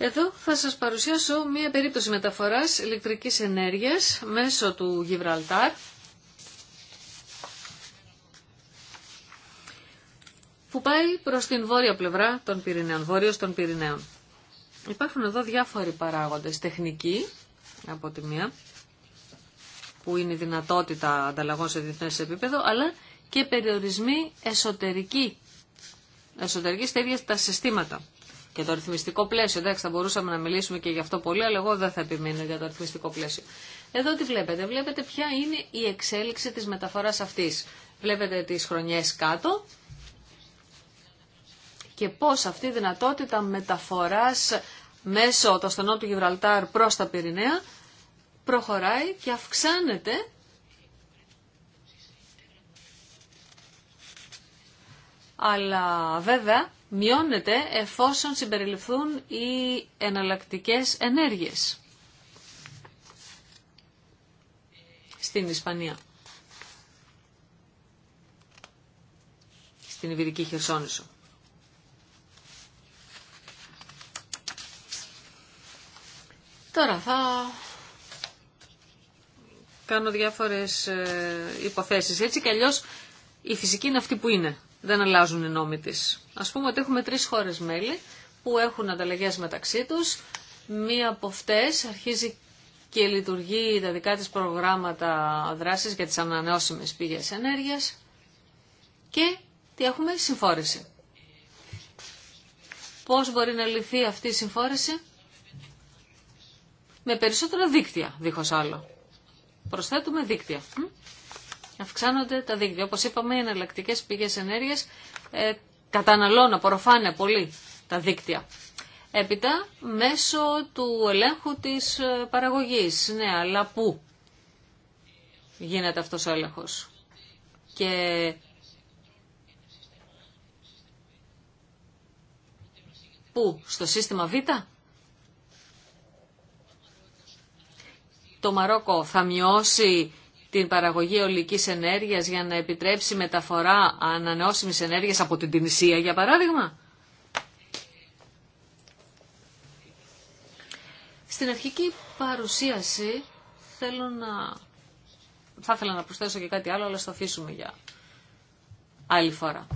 Εδώ θα σας παρουσιάσω μία περίπτωση μεταφοράς ηλεκτρικής ενέργειας μέσω του Γιβραλτάρ που πάει προς την βόρεια πλευρά των Πυρηναίων, βόρειος των Πυρηναίων. Υπάρχουν εδώ διάφοροι παράγοντες. Τεχνική, από τη μία, που είναι η δυνατότητα ανταλλαγών σε διεθνές επίπεδο, αλλά και περιορισμοί εσωτερικοί, εσωτερική ίδια τα συστήματα. Και το αριθμιστικό πλαίσιο, εντάξει, θα μπορούσαμε να μιλήσουμε και γι' αυτό πολύ, αλλά εγώ δεν θα επιμείνω για το αριθμιστικό πλαίσιο. Εδώ τι βλέπετε, βλέπετε ποια είναι η εξέλιξη της μεταφοράς αυτής. Βλέπετε τις χρονιές κάτω και πώς αυτή η δυνατότητα μεταφοράς μέσω των στενών του Γιβραλτάρ προς τα Πυρηναία προχωράει και αυξάνεται αλλά βέβαια μειώνεται εφόσον συμπεριληφθούν οι εναλλακτικές ενέργειες στην Ισπανία. Στην Ιβηρική Χερσόνησο. Τώρα θα κάνω διάφορες ε, υποθέσεις. Έτσι κι αλλιώς η φυσική είναι αυτή που είναι. Δεν αλλάζουν οι νόμοι της. Ας πούμε ότι έχουμε τρεις χώρες μέλη που έχουν ανταλλαγές μεταξύ τους. Μία από αυτές αρχίζει και λειτουργεί τα δικά της προγράμματα δράσης για τις ανανεώσιμες πηγές ενέργειας και τι έχουμε, συμφόρηση. Πώς μπορεί να λυθεί αυτή η συμφόρηση? με περισσότερα δίκτυα, δίχως άλλο. Προσθέτουμε δίκτυα. Αυξάνονται τα δίκτυα. Όπως είπαμε, οι εναλλακτικέ πηγές ενέργειας ε, καταναλώνουν, απορροφάνε πολύ τα δίκτυα. Έπειτα, μέσω του ελέγχου της ε, παραγωγής. Ναι, αλλά πού γίνεται αυτός ο έλεγχος. Και πού, στο σύστημα Β, το Μαρόκο θα μειώσει την παραγωγή ολικής ενέργειας για να επιτρέψει μεταφορά ανανεώσιμης ενέργειας από την Τινησία, για παράδειγμα. Στην αρχική παρουσίαση θέλω να... Θα ήθελα να προσθέσω και κάτι άλλο, αλλά στο αφήσουμε για άλλη φορά.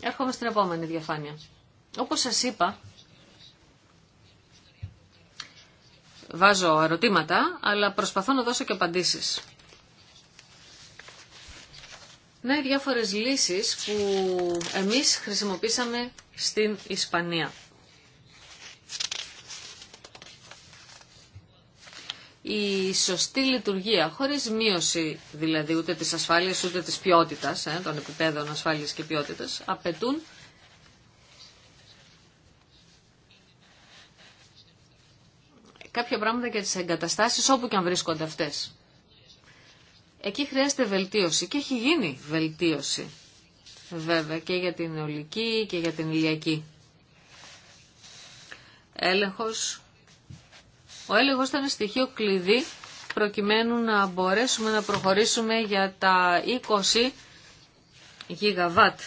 Έρχομαι στην επόμενη διαφάνεια. Όπως σας είπα, Βάζω ερωτήματα, αλλά προσπαθώ να δώσω και απαντήσεις. Ναι, διάφορες λύσεις που εμείς χρησιμοποίησαμε στην Ισπανία. η σωστή λειτουργία, χωρίς μείωση δηλαδή ούτε της ασφάλειας ούτε της ποιότητας, ε, των επιπέδων ασφάλειας και ποιότητας, απαιτούν κάποια πράγματα για τις εγκαταστάσεις όπου και αν βρίσκονται αυτές. Εκεί χρειάζεται βελτίωση και έχει γίνει βελτίωση βέβαια και για την ολική και για την ηλιακή. Έλεγχος. Ο έλεγχος ήταν στοιχείο κλειδί προκειμένου να μπορέσουμε να προχωρήσουμε για τα 20 γιγαβάτ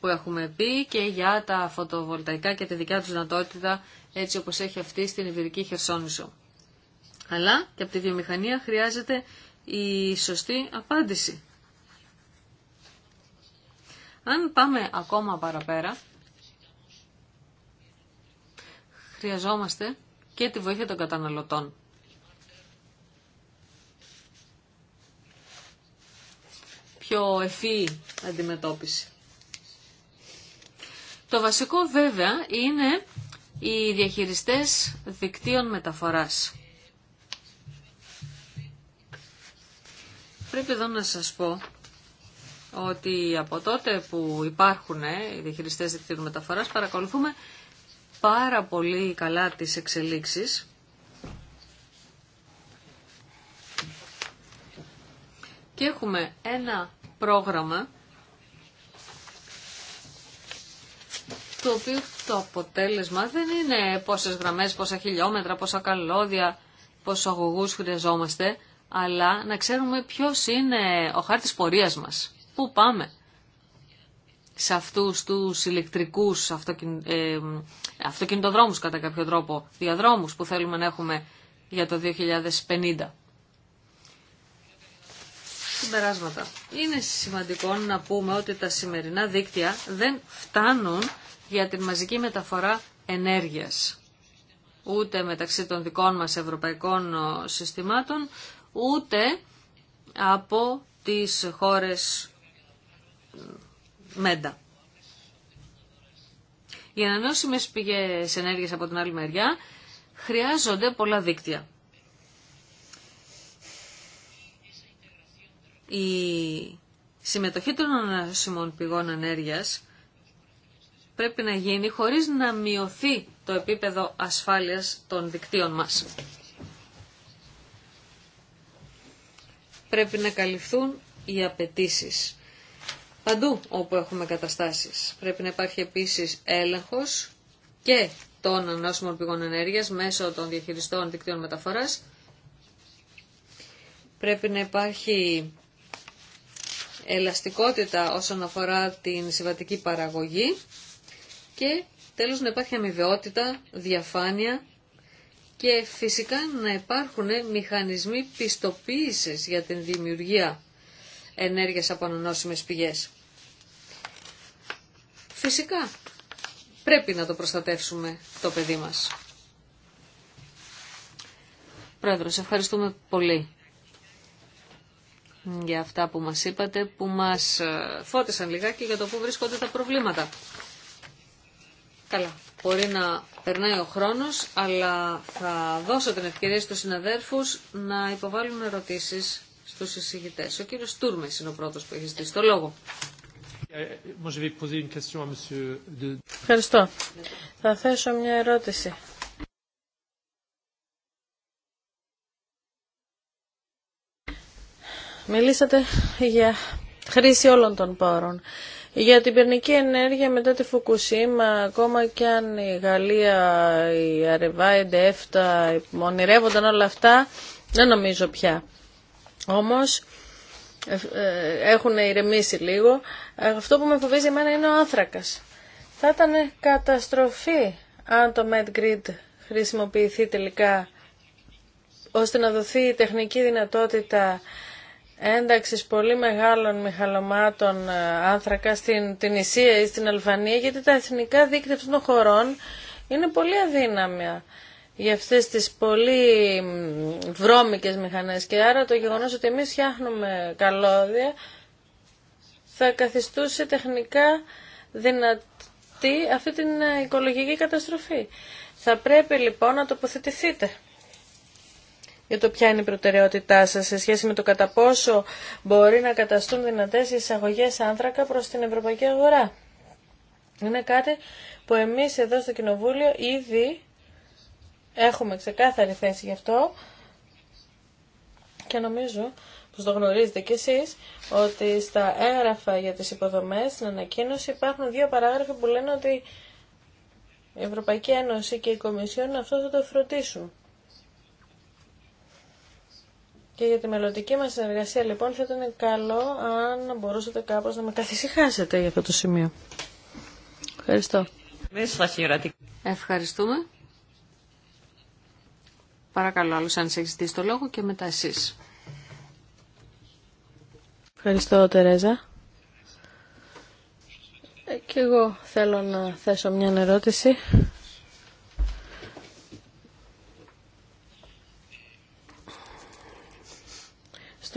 που έχουμε πει και για τα φωτοβολταϊκά και τη δικιά τους δυνατότητα έτσι όπως έχει αυτή στην Ιβηρική Χερσόνησο. Αλλά και από τη βιομηχανία χρειάζεται η σωστή απάντηση. Αν πάμε ακόμα παραπέρα, χρειαζόμαστε και τη βοήθεια των καταναλωτών. Πιο ευφύη αντιμετώπιση. Το βασικό βέβαια είναι οι διαχειριστές δικτύων μεταφοράς. Πρέπει εδώ να σας πω ότι από τότε που υπάρχουν ε, οι διαχειριστές δικτύων μεταφοράς παρακολουθούμε πάρα πολύ καλά τις εξελίξεις και έχουμε ένα πρόγραμμα το οποίο το αποτέλεσμα δεν είναι πόσες γραμμές, πόσα χιλιόμετρα, πόσα καλώδια, πόσους αγωγούς χρειαζόμαστε, αλλά να ξέρουμε ποιος είναι ο χάρτης πορείας μας. Πού πάμε σε αυτούς τους ηλεκτρικούς αυτοκιν... ε, αυτοκινητοδρόμους κατά κάποιο τρόπο, διαδρόμους που θέλουμε να έχουμε για το 2050. Συμπεράσματα. Είναι σημαντικό να πούμε ότι τα σημερινά δίκτυα δεν φτάνουν για την μαζική μεταφορά ενέργειας. Ούτε μεταξύ των δικών μας ευρωπαϊκών ε, συστημάτων, ούτε από τις χώρες ε, μέντα. Οι ανανεώσιμε πηγές ενέργειας από την άλλη μεριά χρειάζονται πολλά δίκτυα. Η συμμετοχή των ανανεώσιμων πηγών ενέργειας πρέπει να γίνει χωρίς να μειωθεί το επίπεδο ασφάλειας των δικτύων μας. Πρέπει να καλυφθούν οι απαιτήσει. Παντού όπου έχουμε καταστάσεις. Πρέπει να υπάρχει επίσης έλεγχος και των ανώσιμων πηγών ενέργειας μέσω των διαχειριστών δικτύων μεταφοράς. Πρέπει να υπάρχει ελαστικότητα όσον αφορά την συμβατική παραγωγή και τέλος να υπάρχει αμοιβαιότητα, διαφάνεια και φυσικά να υπάρχουν μηχανισμοί πιστοποίησης για την δημιουργία ενέργειας από ανανόσιμες πηγές. Φυσικά πρέπει να το προστατεύσουμε το παιδί μας. Πρόεδρο, σε ευχαριστούμε πολύ για αυτά που μας είπατε, που μας ε, φώτισαν λιγάκι για το που βρίσκονται τα προβλήματα. Καλά. Μπορεί να περνάει ο χρόνος, αλλά θα δώσω την ευκαιρία στους συναδέρφους να υποβάλουν ερωτήσεις στους εισηγητές. Ο κύριος Τούρμες είναι ο πρώτος που έχει ζητήσει το λόγο. Ευχαριστώ. Θα θέσω μια ερώτηση. Μιλήσατε για χρήση όλων των πόρων. Για την πυρνική ενέργεια μετά τη Φουκουσίμα, ακόμα και αν η Γαλλία, η Αρεβά, η Ντεέφτα, ονειρεύονταν όλα αυτά, δεν νομίζω πια. Όμως, ε, ε, έχουν ηρεμήσει λίγο. Αυτό που με φοβίζει εμένα είναι ο άνθρακας. Θα ήταν καταστροφή αν το MedGrid χρησιμοποιηθεί τελικά ώστε να δοθεί η τεχνική δυνατότητα ένταξης πολύ μεγάλων μηχαλωμάτων ε, άνθρακα στην την ή στην Αλβανία γιατί τα εθνικά δίκτυα των χωρών είναι πολύ αδύναμα για αυτές τις πολύ βρώμικες μηχανές και άρα το γεγονός ότι εμείς φτιάχνουμε καλώδια θα καθιστούσε τεχνικά δυνατή αυτή την ε, οικολογική καταστροφή. Θα πρέπει λοιπόν να τοποθετηθείτε για το ποια είναι η προτεραιότητά σας σε σχέση με το κατά πόσο μπορεί να καταστούν δυνατές οι εισαγωγές άνθρακα προς την ευρωπαϊκή αγορά. Είναι κάτι που εμείς εδώ στο Κοινοβούλιο ήδη έχουμε ξεκάθαρη θέση γι' αυτό και νομίζω πως το γνωρίζετε κι εσείς, ότι στα έγγραφα για τις υποδομές, στην ανακοίνωση, υπάρχουν δύο παράγραφοι που λένε ότι η Ευρωπαϊκή Ένωση και η Κομισιόν αυτό θα το φροντίσουν. Και για τη μελλοντική μας συνεργασία λοιπόν θα ήταν καλό αν μπορούσατε κάπως να με καθησυχάσετε για αυτό το σημείο. Ευχαριστώ. Ευχαριστούμε. Παρακαλώ άλλους αν σε το λόγο και μετά εσείς. Ευχαριστώ Τερέζα. Ε, και εγώ θέλω να θέσω μια ερώτηση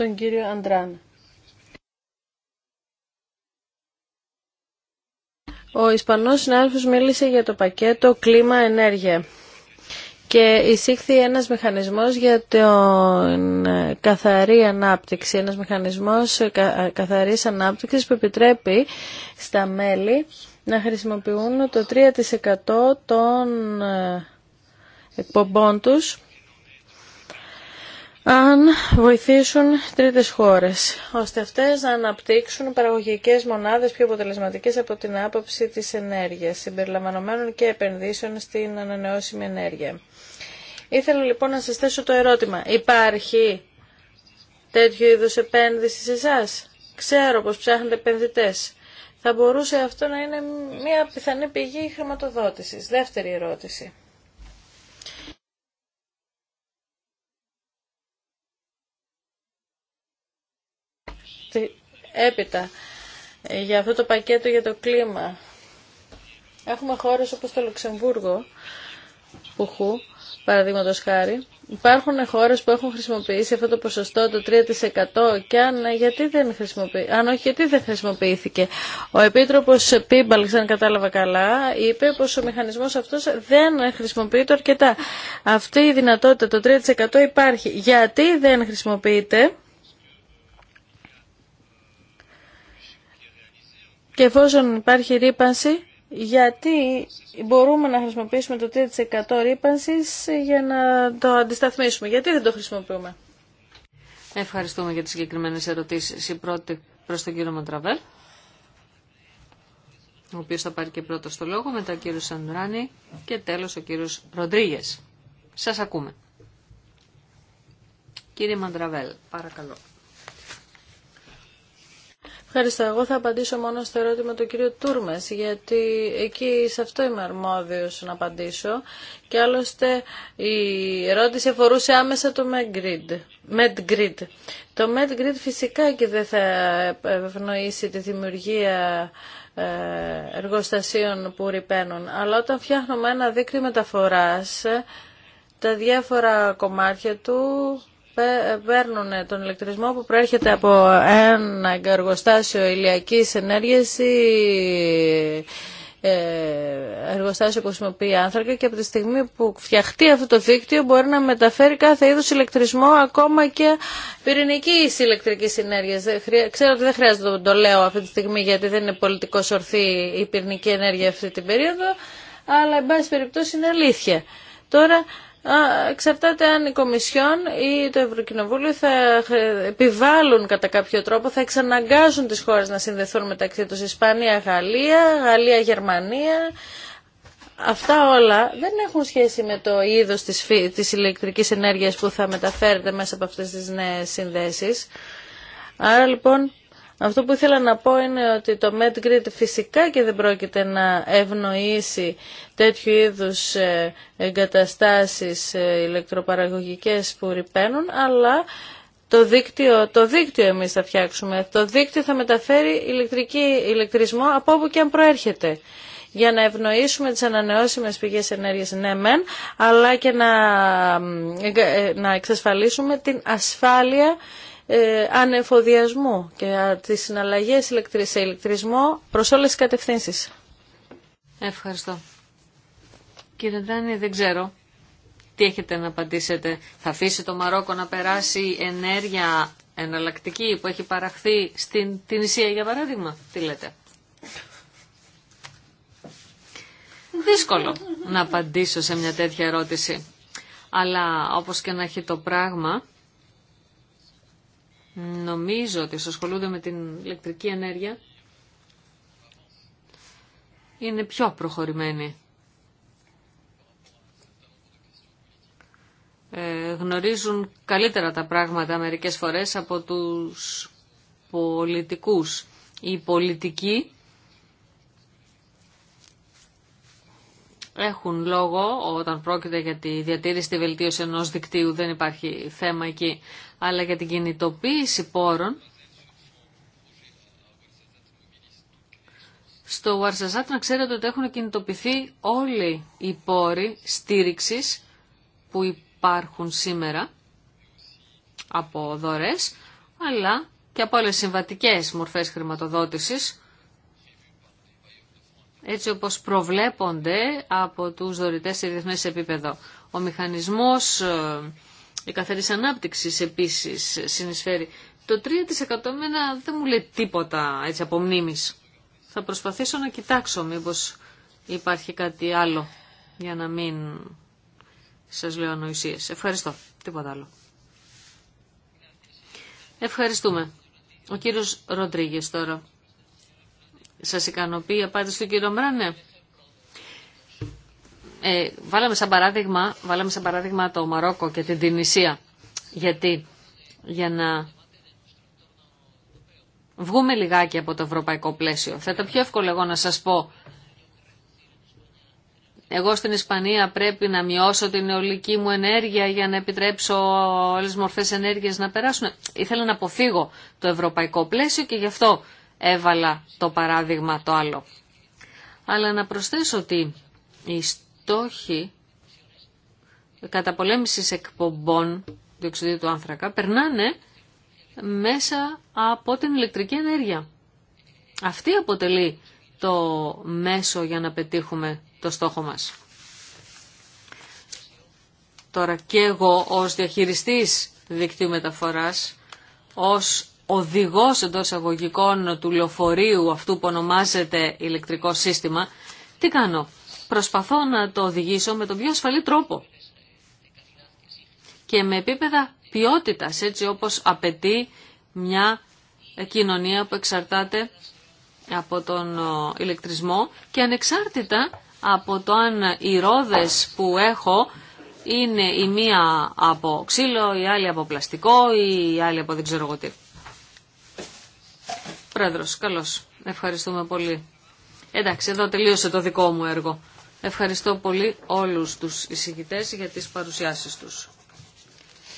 στον κύριο Αντράν. Ο Ισπανός συνάδελφος μίλησε για το πακέτο κλίμα-ενέργεια και εισήχθη ένας μηχανισμός για την ε, καθαρή ανάπτυξη, ένας μηχανισμός ε, ε, καθαρής ανάπτυξης που επιτρέπει στα μέλη να χρησιμοποιούν το 3% των εκπομπών τους αν βοηθήσουν τρίτες χώρες, ώστε αυτές να αναπτύξουν παραγωγικές μονάδες πιο αποτελεσματικές από την άποψη της ενέργειας, συμπεριλαμβανομένων και επενδύσεων στην ανανεώσιμη ενέργεια. Ήθελα λοιπόν να σας θέσω το ερώτημα. Υπάρχει τέτοιο είδους επένδυση σε εσά. Ξέρω πως ψάχνετε επενδυτές. Θα μπορούσε αυτό να είναι μια πιθανή πηγή χρηματοδότησης. Δεύτερη ερώτηση. Έπειτα, για αυτό το πακέτο για το κλίμα. Έχουμε χώρες όπως το Λουξεμβούργο, πουχού, παραδείγματος χάρη. Υπάρχουν χώρες που έχουν χρησιμοποιήσει αυτό το ποσοστό το 3% και αν, γιατί δεν αν όχι γιατί δεν χρησιμοποιήθηκε. Ο Επίτροπος Πίμπαλξ, αν κατάλαβα καλά, είπε πως ο μηχανισμός αυτός δεν χρησιμοποιείται αρκετά. Αυτή η δυνατότητα το 3% υπάρχει. Γιατί δεν χρησιμοποιείται και εφόσον υπάρχει ρήπανση, γιατί μπορούμε να χρησιμοποιήσουμε το 3% ρήπανσης για να το αντισταθμίσουμε. Γιατί δεν το χρησιμοποιούμε. Ευχαριστούμε για τις συγκεκριμένες ερωτήσεις. Η πρώτη προς τον κύριο Μαντραβέλ, ο οποίος θα πάρει και πρώτο το λόγο, μετά ο κύριο Σαντουράνη και τέλος ο κύριος Ροντρίγες. Σας ακούμε. Κύριε Μαντραβέλ, παρακαλώ. Ευχαριστώ. Εγώ θα απαντήσω μόνο στο ερώτημα του κύριου Τούρμες, γιατί εκεί σε αυτό είμαι αρμόδιος να απαντήσω. Και άλλωστε η ερώτηση αφορούσε άμεσα το MedGrid. MedGrid. Το MedGrid φυσικά και δεν θα ευνοήσει τη δημιουργία ε, εργοστασίων που ρηπαίνουν. Αλλά όταν φτιάχνουμε ένα δίκτυο μεταφοράς, τα διάφορα κομμάτια του παίρνουν τον ηλεκτρισμό που προέρχεται από ένα εργοστάσιο ηλιακής ενέργειας ή ε, εργοστάσιο που χρησιμοποιεί άνθρακα και από τη στιγμή που φτιαχτεί αυτό το δίκτυο μπορεί να μεταφέρει κάθε είδους ηλεκτρισμό ακόμα και πυρηνική ηλεκτρική ενέργεια. Ξέρω ότι δεν χρειάζεται να το λέω αυτή τη στιγμή γιατί δεν είναι πολιτικό ορθή η πυρηνική ενέργεια αυτή την περίοδο αλλά εν πάση περιπτώσει είναι αλήθεια. Τώρα εξαρτάται αν η Κομισιόν ή το Ευρωκοινοβούλιο θα επιβάλλουν κατά κάποιο τρόπο, θα εξαναγκάζουν τις χώρες να συνδεθούν μεταξύ τους Ισπανία-Γαλλία, Γαλλία-Γερμανία. Αυτά όλα δεν έχουν σχέση με το είδος της, της ηλεκτρικής ενέργειας που θα μεταφέρεται μέσα από αυτές τις νέες συνδέσεις. Άρα λοιπόν αυτό που ήθελα να πω είναι ότι το MedGrid φυσικά και δεν πρόκειται να ευνοήσει τέτοιου είδους ε, εγκαταστάσεις ε, ηλεκτροπαραγωγικές που ρηπαίνουν, αλλά το δίκτυο, το δίκτυο εμείς θα φτιάξουμε. Το δίκτυο θα μεταφέρει ηλεκτρική, ηλεκτρισμό από όπου και αν προέρχεται για να ευνοήσουμε τις ανανεώσιμες πηγές ενέργειας, ναι αλλά και να, ε, να εξασφαλίσουμε την ασφάλεια ε, ανεφοδιασμού και τις συναλλαγές σε ηλεκτρισμό προς όλες τις κατευθύνσεις. Ευχαριστώ. Κύριε Ντράνη, δεν ξέρω τι έχετε να απαντήσετε. Θα αφήσει το Μαρόκο να περάσει ενέργεια εναλλακτική που έχει παραχθεί στην την Ισία, για παράδειγμα. Τι λέτε. Δύσκολο να απαντήσω σε μια τέτοια ερώτηση. Αλλά όπως και να έχει το πράγμα, νομίζω ότι ασχολούνται με την ηλεκτρική ενέργεια είναι πιο προχωρημένοι. Ε, γνωρίζουν καλύτερα τα πράγματα μερικές φορές από τους πολιτικούς. Οι πολιτικοί έχουν λόγο όταν πρόκειται για τη διατήρηση, τη βελτίωση ενός δικτύου, δεν υπάρχει θέμα εκεί αλλά για την κινητοποίηση πόρων στο Βαρσαζάτ να ξέρετε ότι έχουν κινητοποιηθεί όλοι οι πόροι στήριξης που υπάρχουν σήμερα από δωρές, αλλά και από άλλες συμβατικές μορφές χρηματοδότησης, έτσι όπως προβλέπονται από τους δωρητές σε διεθνές επίπεδο. Ο μηχανισμός ε, η καθαρή ανάπτυξη επίσης συνεισφέρει. Το 3% δεν μου λέει τίποτα έτσι από Θα προσπαθήσω να κοιτάξω μήπως υπάρχει κάτι άλλο για να μην σας λέω ανοησίε. Ευχαριστώ. Τίποτα άλλο. Ευχαριστούμε. Ο κύριος Ροντρίγες τώρα. Σας ικανοποιεί η απάντηση του κύριου Μπράνε ε, βάλαμε, σαν παράδειγμα, βάλαμε σαν παράδειγμα το Μαρόκο και την Τινησία. Γιατί για να βγούμε λιγάκι από το ευρωπαϊκό πλαίσιο. Θα ήταν πιο εύκολο εγώ να σας πω εγώ στην Ισπανία πρέπει να μειώσω την νεολική μου ενέργεια για να επιτρέψω όλες τις μορφές ενέργειας να περάσουν. Ήθελα να αποφύγω το ευρωπαϊκό πλαίσιο και γι' αυτό έβαλα το παράδειγμα το άλλο. Αλλά να προσθέσω ότι στόχοι καταπολέμησης εκπομπών διοξιδίου του άνθρακα περνάνε μέσα από την ηλεκτρική ενέργεια. Αυτή αποτελεί το μέσο για να πετύχουμε το στόχο μας. Τώρα και εγώ ως διαχειριστής δικτύου μεταφοράς, ως οδηγός εντό αγωγικών του λεωφορείου αυτού που ονομάζεται ηλεκτρικό σύστημα, τι κάνω προσπαθώ να το οδηγήσω με τον πιο ασφαλή τρόπο και με επίπεδα ποιότητας, έτσι όπως απαιτεί μια κοινωνία που εξαρτάται από τον ηλεκτρισμό και ανεξάρτητα από το αν οι ρόδες που έχω είναι η μία από ξύλο, η άλλη από πλαστικό, η άλλη από δεν ξέρω εγώ τι. Πρόεδρος, καλώς. Ευχαριστούμε πολύ. Εντάξει, εδώ τελείωσε το δικό μου έργο. Ευχαριστώ πολύ όλους τους εισηγητές για τις παρουσιάσεις τους.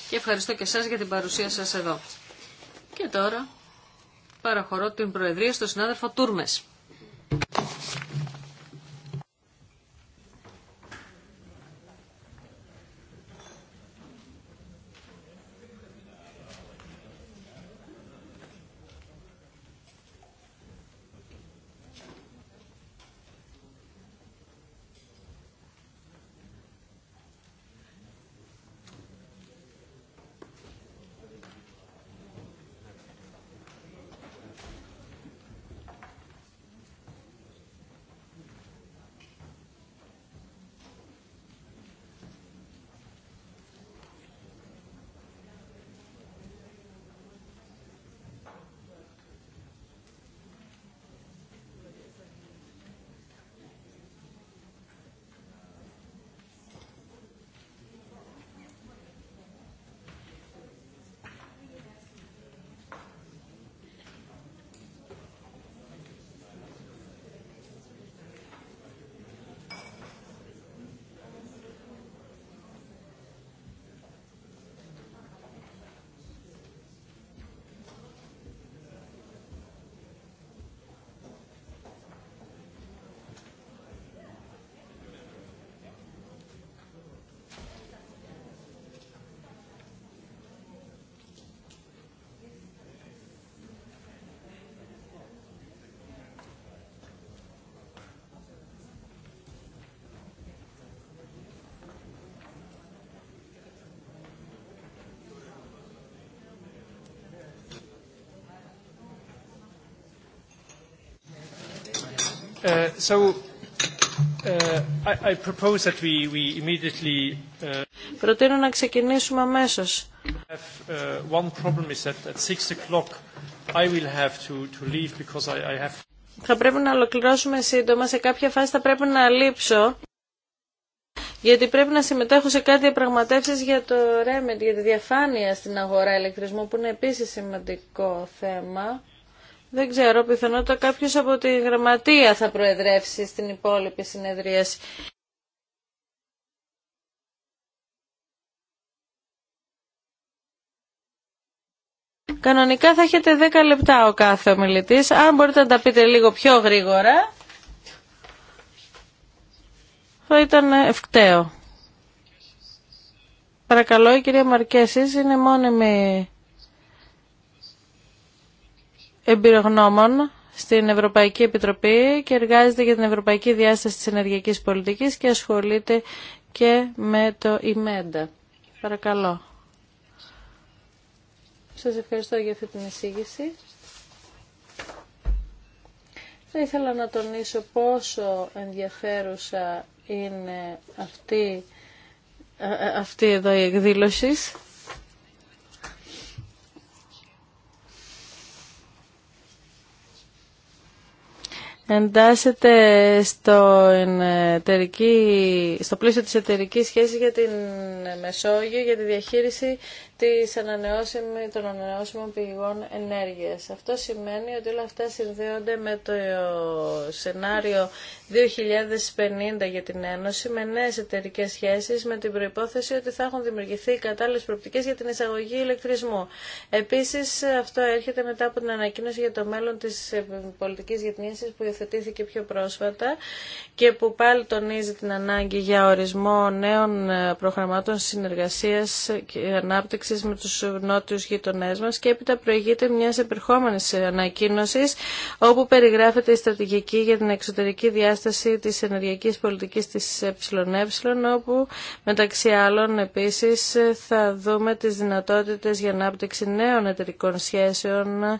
Και ευχαριστώ και εσάς για την παρουσία σας εδώ. Και τώρα παραχωρώ την Προεδρία στον συνάδελφο Τούρμες. Uh, so, uh, I, propose that we, immediately. Uh, Προτείνω να ξεκινήσουμε αμέσως. One problem is that at six o'clock I will have to to leave because I, have. Θα πρέπει να ολοκληρώσουμε σύντομα. Σε κάποια φάση θα πρέπει να λείψω. Γιατί πρέπει να συμμετέχω σε κάτι διαπραγματεύσεις για το REMIT, για τη διαφάνεια στην αγορά ηλεκτρισμού, που είναι επίσης σημαντικό θέμα. Δεν ξέρω, πιθανότατα κάποιο από τη γραμματεία θα προεδρεύσει στην υπόλοιπη συνεδρίαση. Κανονικά θα έχετε 10 λεπτά ο κάθε ομιλητής. Αν μπορείτε να τα πείτε λίγο πιο γρήγορα, θα ήταν ευκταίο. Παρακαλώ, η κυρία Μαρκέσης είναι μόνιμη εμπειρογνώμων στην Ευρωπαϊκή Επιτροπή και εργάζεται για την Ευρωπαϊκή Διάσταση της Ενεργειακής Πολιτικής και ασχολείται και με το ΙΜΕΝΤΑ. Παρακαλώ. Σας ευχαριστώ για αυτή την εισήγηση. Θα ήθελα να τονίσω πόσο ενδιαφέρουσα είναι αυτή, ε, ε, αυτή εδώ η εκδήλωση. εντάσσεται στο, εταιρική, στο πλαίσιο της εταιρική σχέσης για την Μεσόγειο για τη διαχείριση της ανανεώσιμη, των ανανεώσιμων πηγών ενέργειας. Αυτό σημαίνει ότι όλα αυτά συνδέονται με το σενάριο 2050 για την Ένωση με νέες εταιρικές σχέσεις με την προϋπόθεση ότι θα έχουν δημιουργηθεί κατάλληλες προπτικές για την εισαγωγή ηλεκτρισμού. Επίσης αυτό έρχεται μετά από την ανακοίνωση για το μέλλον της ε, πολιτικής γεννήσης που υιοθετήθηκε πιο πρόσφατα και που πάλι τονίζει την ανάγκη για ορισμό νέων ε, προγραμμάτων συνεργασία και ανάπτυξη με του νότιου γειτονέ μα και έπειτα προηγείται μια επερχόμενη ανακοίνωση, όπου περιγράφεται η στρατηγική για την εξωτερική διάσταση της ενεργειακή πολιτικής της ΕΕ όπου μεταξύ άλλων επίσης ε, θα δούμε τις δυνατότητες για ανάπτυξη νέων εταιρικών σχέσεων ε,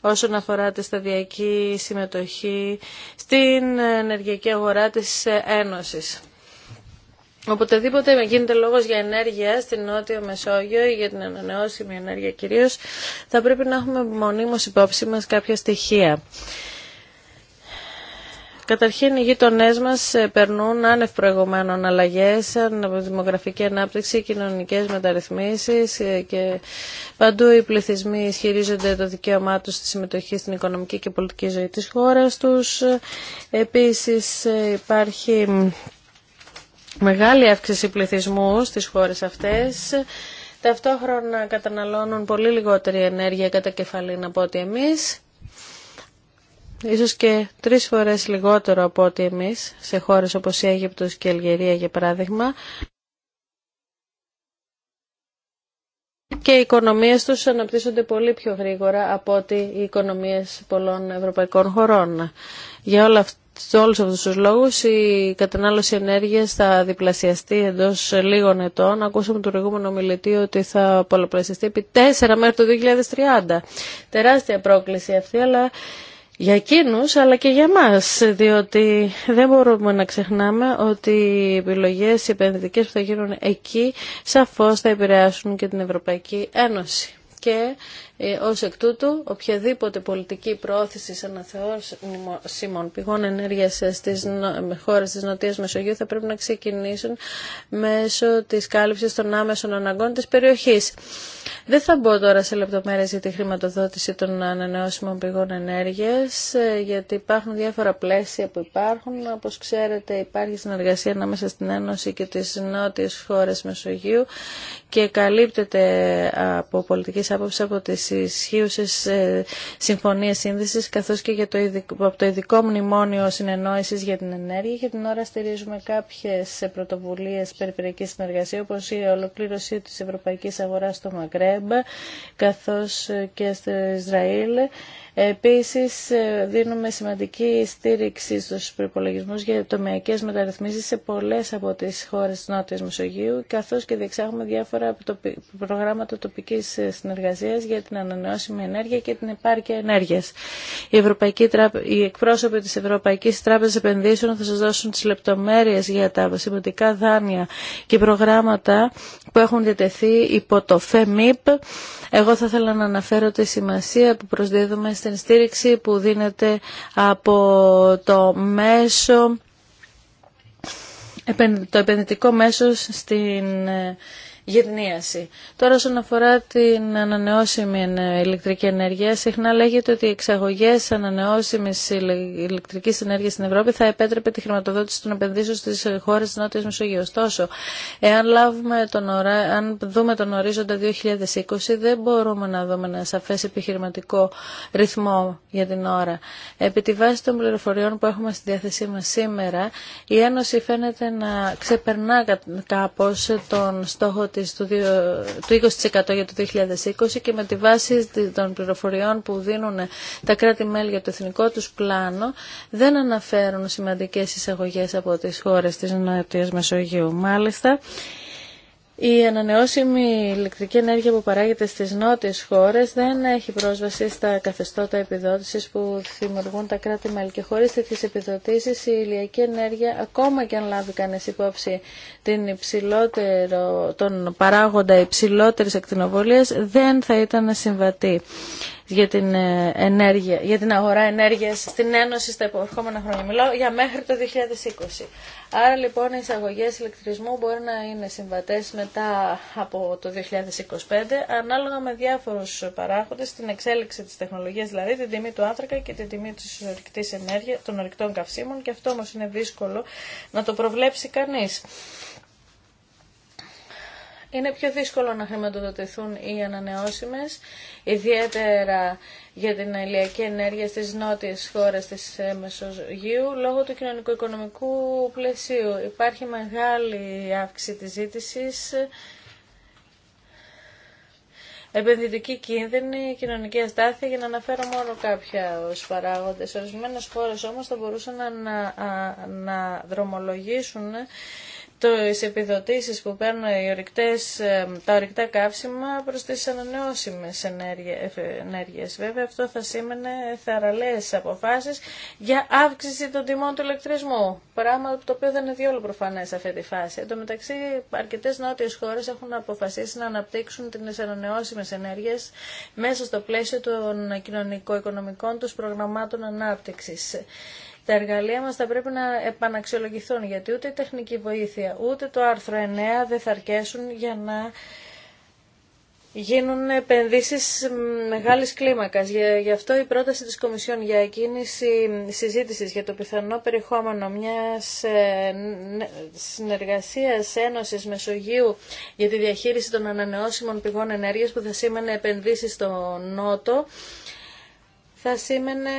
όσον αφορά τη σταδιακή συμμετοχή στην ενεργειακή αγορά της ε, Ένωσης. Οποτεδήποτε γίνεται λόγο για ενέργεια στην Νότιο Μεσόγειο ή για την ανανεώσιμη ενέργεια κυρίω θα πρέπει να έχουμε μονίμω υπόψη μα κάποια στοιχεία. Καταρχήν, οι γείτονέ μα ε, περνούν άνευ προηγουμένων αλλαγέ, σαν δημογραφική ανάπτυξη, κοινωνικέ μεταρρυθμίσει ε, και παντού οι πληθυσμοί ισχυρίζονται το δικαίωμά του στη συμμετοχή στην οικονομική και πολιτική ζωή τη χώρα του. Επίση, ε, υπάρχει μεγάλη αύξηση πληθυσμού στις χώρες αυτές. Ταυτόχρονα καταναλώνουν πολύ λιγότερη ενέργεια κατά κεφαλήν από ό,τι εμείς. Ίσως και τρεις φορές λιγότερο από ό,τι εμείς, σε χώρες όπως η Αίγυπτος και η Αλγερία για παράδειγμα. Και οι οικονομίες τους αναπτύσσονται πολύ πιο γρήγορα από ό,τι οι οικονομίες πολλών ευρωπαϊκών χωρών. Για όλα αυτά σε όλους αυτούς τους λόγους η κατανάλωση ενέργειας θα διπλασιαστεί εντός λίγων ετών. Ακούσαμε τον προηγούμενο μιλητή ότι θα πολλαπλασιαστεί επί τέσσερα μέχρι το 2030. Τεράστια πρόκληση αυτή, αλλά για εκείνους αλλά και για μας, διότι δεν μπορούμε να ξεχνάμε ότι οι επιλογές οι επενδυτικές που θα γίνουν εκεί σαφώς θα επηρεάσουν και την Ευρωπαϊκή Ένωση. Και ε, ως εκ τούτου, οποιαδήποτε πολιτική προώθηση αναθεώσιμων πηγών ενέργειας στις χώρες της Νοτίας Μεσογείου θα πρέπει να ξεκινήσουν μέσω της κάλυψης των άμεσων αναγκών της περιοχής. Δεν θα μπω τώρα σε λεπτομέρειες για τη χρηματοδότηση των ανανεώσιμων πηγών ενέργειας, ε, γιατί υπάρχουν διάφορα πλαίσια που υπάρχουν. Όπως ξέρετε υπάρχει συνεργασία ανάμεσα στην Ένωση και τις νότιες χώρες Μεσογείου και καλύπτεται από πολιτικής άποψη από ισχύουσε ισχύουσες ε, συμφωνίες σύνδεσης καθώς και για το ειδικό, από το ειδικό μνημόνιο συνεννόηση για την ενέργεια. Για την ώρα στηρίζουμε κάποιες ε, πρωτοβουλίε περιφερειακή συνεργασία, όπως η ολοκλήρωση της ευρωπαϊκής αγοράς στο Μαγκρέμπ καθώς ε, και στο Ισραήλ Επίσης, ε, δίνουμε σημαντική στήριξη στους προπολογισμού για τομεακές μεταρρυθμίσεις σε πολλές από τις χώρες της Νότιας Μεσογείου, καθώς και διεξάγουμε διάφορα προγράμματα τοπικής ε, συνεργασίας για την ανανεώσιμη ενέργεια και την επάρκεια ενέργειας. Οι εκπρόσωποι της Ευρωπαϊκής Τράπεζας Επενδύσεων θα σας δώσουν τις λεπτομέρειες για τα σημαντικά δάνεια και προγράμματα που έχουν διατεθεί υπό το ΦΕΜΙΠ. Εγώ θα ήθελα να αναφέρω τη σημασία που προσδίδουμε στην στήριξη που δίνεται από το μέσο το επενδυτικό μέσο στην ε, γυρνίαση. Τώρα όσον αφορά την ανανεώσιμη ηλεκτρική ενέργεια, συχνά λέγεται ότι οι εξαγωγές ανανεώσιμης ηλεκτρικής ενέργειας στην Ευρώπη θα επέτρεπε τη χρηματοδότηση των επενδύσεων στις χώρες της Νότιας Μεσογείου. Ωστόσο, εάν λάβουμε τον αν δούμε τον ορίζοντα 2020, δεν μπορούμε να δούμε ένα σαφές επιχειρηματικό ρυθμό για την ώρα. Επί τη βάση των πληροφοριών που έχουμε στη διάθεσή μας σήμερα, η Ένωση φαίνεται να ξεπερνά κάπως τον στόχο του 20% για το 2020 και με τη βάση των πληροφοριών που δίνουν τα κράτη-μέλη για το εθνικό τους πλάνο δεν αναφέρουν σημαντικές εισαγωγές από τις χώρες της Νοτιάς Μεσογείου. Μάλιστα, η ανανεώσιμη ηλεκτρική ενέργεια που παράγεται στις νότιες χώρες δεν έχει πρόσβαση στα καθεστώτα επιδότησης που δημιουργούν τα κράτη-μέλη και χωρίς τέτοιες επιδοτήσεις η ηλιακή ενέργεια ακόμα και αν λάβει κανείς υπόψη την υψηλότερο, τον παράγοντα υψηλότερης ακτινοβολίας δεν θα ήταν συμβατή για την, ε, ενέργεια, για την αγορά ενέργειας στην Ένωση στα επόμενα χρόνια. Μιλάω για μέχρι το 2020. Άρα λοιπόν οι εισαγωγές ηλεκτρισμού μπορεί να είναι συμβατές μετά από το 2025 ανάλογα με διάφορους παράγοντες, την εξέλιξη της τεχνολογίας δηλαδή, την τιμή του άνθρακα και την τιμή της ορυκτής ενέργειας, των ορυκτών καυσίμων και αυτό όμως είναι δύσκολο να το προβλέψει κανείς είναι πιο δύσκολο να χρηματοδοτηθούν οι ανανεώσιμες, ιδιαίτερα για την ηλιακή ενέργεια στις νότιες χώρες της Μεσογείου, λόγω του κοινωνικο-οικονομικού πλαισίου. Υπάρχει μεγάλη αύξηση της ζήτησης, επενδυτική κίνδυνη, κοινωνική αστάθεια, για να αναφέρω μόνο κάποια ως παράγοντες. Ορισμένες χώρες όμως θα μπορούσαν να, να, να δρομολογήσουν τις επιδοτήσεις που παίρνουν οι ορυκτές, ε, τα ορυκτά καύσιμα προς τις ανανεώσιμες ε, ενέργειες. Βέβαια αυτό θα σήμαινε θαραλές αποφάσεις για αύξηση των τιμών του ηλεκτρισμού, πράγμα το οποίο δεν είναι διόλου προφανές σε αυτή τη φάση. Εν τω μεταξύ αρκετές νότιες χώρες έχουν αποφασίσει να αναπτύξουν τις ανανεώσιμες ενέργειες μέσα στο πλαίσιο των κοινωνικο-οικονομικών τους προγραμμάτων ανάπτυξης. Τα εργαλεία μας θα πρέπει να επαναξιολογηθούν γιατί ούτε η τεχνική βοήθεια ούτε το άρθρο 9 δεν θα αρκέσουν για να γίνουν επενδύσεις μεγάλης κλίμακας. Γι' αυτό η πρόταση της Κομισιόν για εκκίνηση συζήτησης για το πιθανό περιεχόμενο μιας ε, συνεργασίας Ένωσης Μεσογείου για τη διαχείριση των ανανεώσιμων πηγών ενέργειας που θα σήμαινε επενδύσεις στο Νότο, θα σήμαινε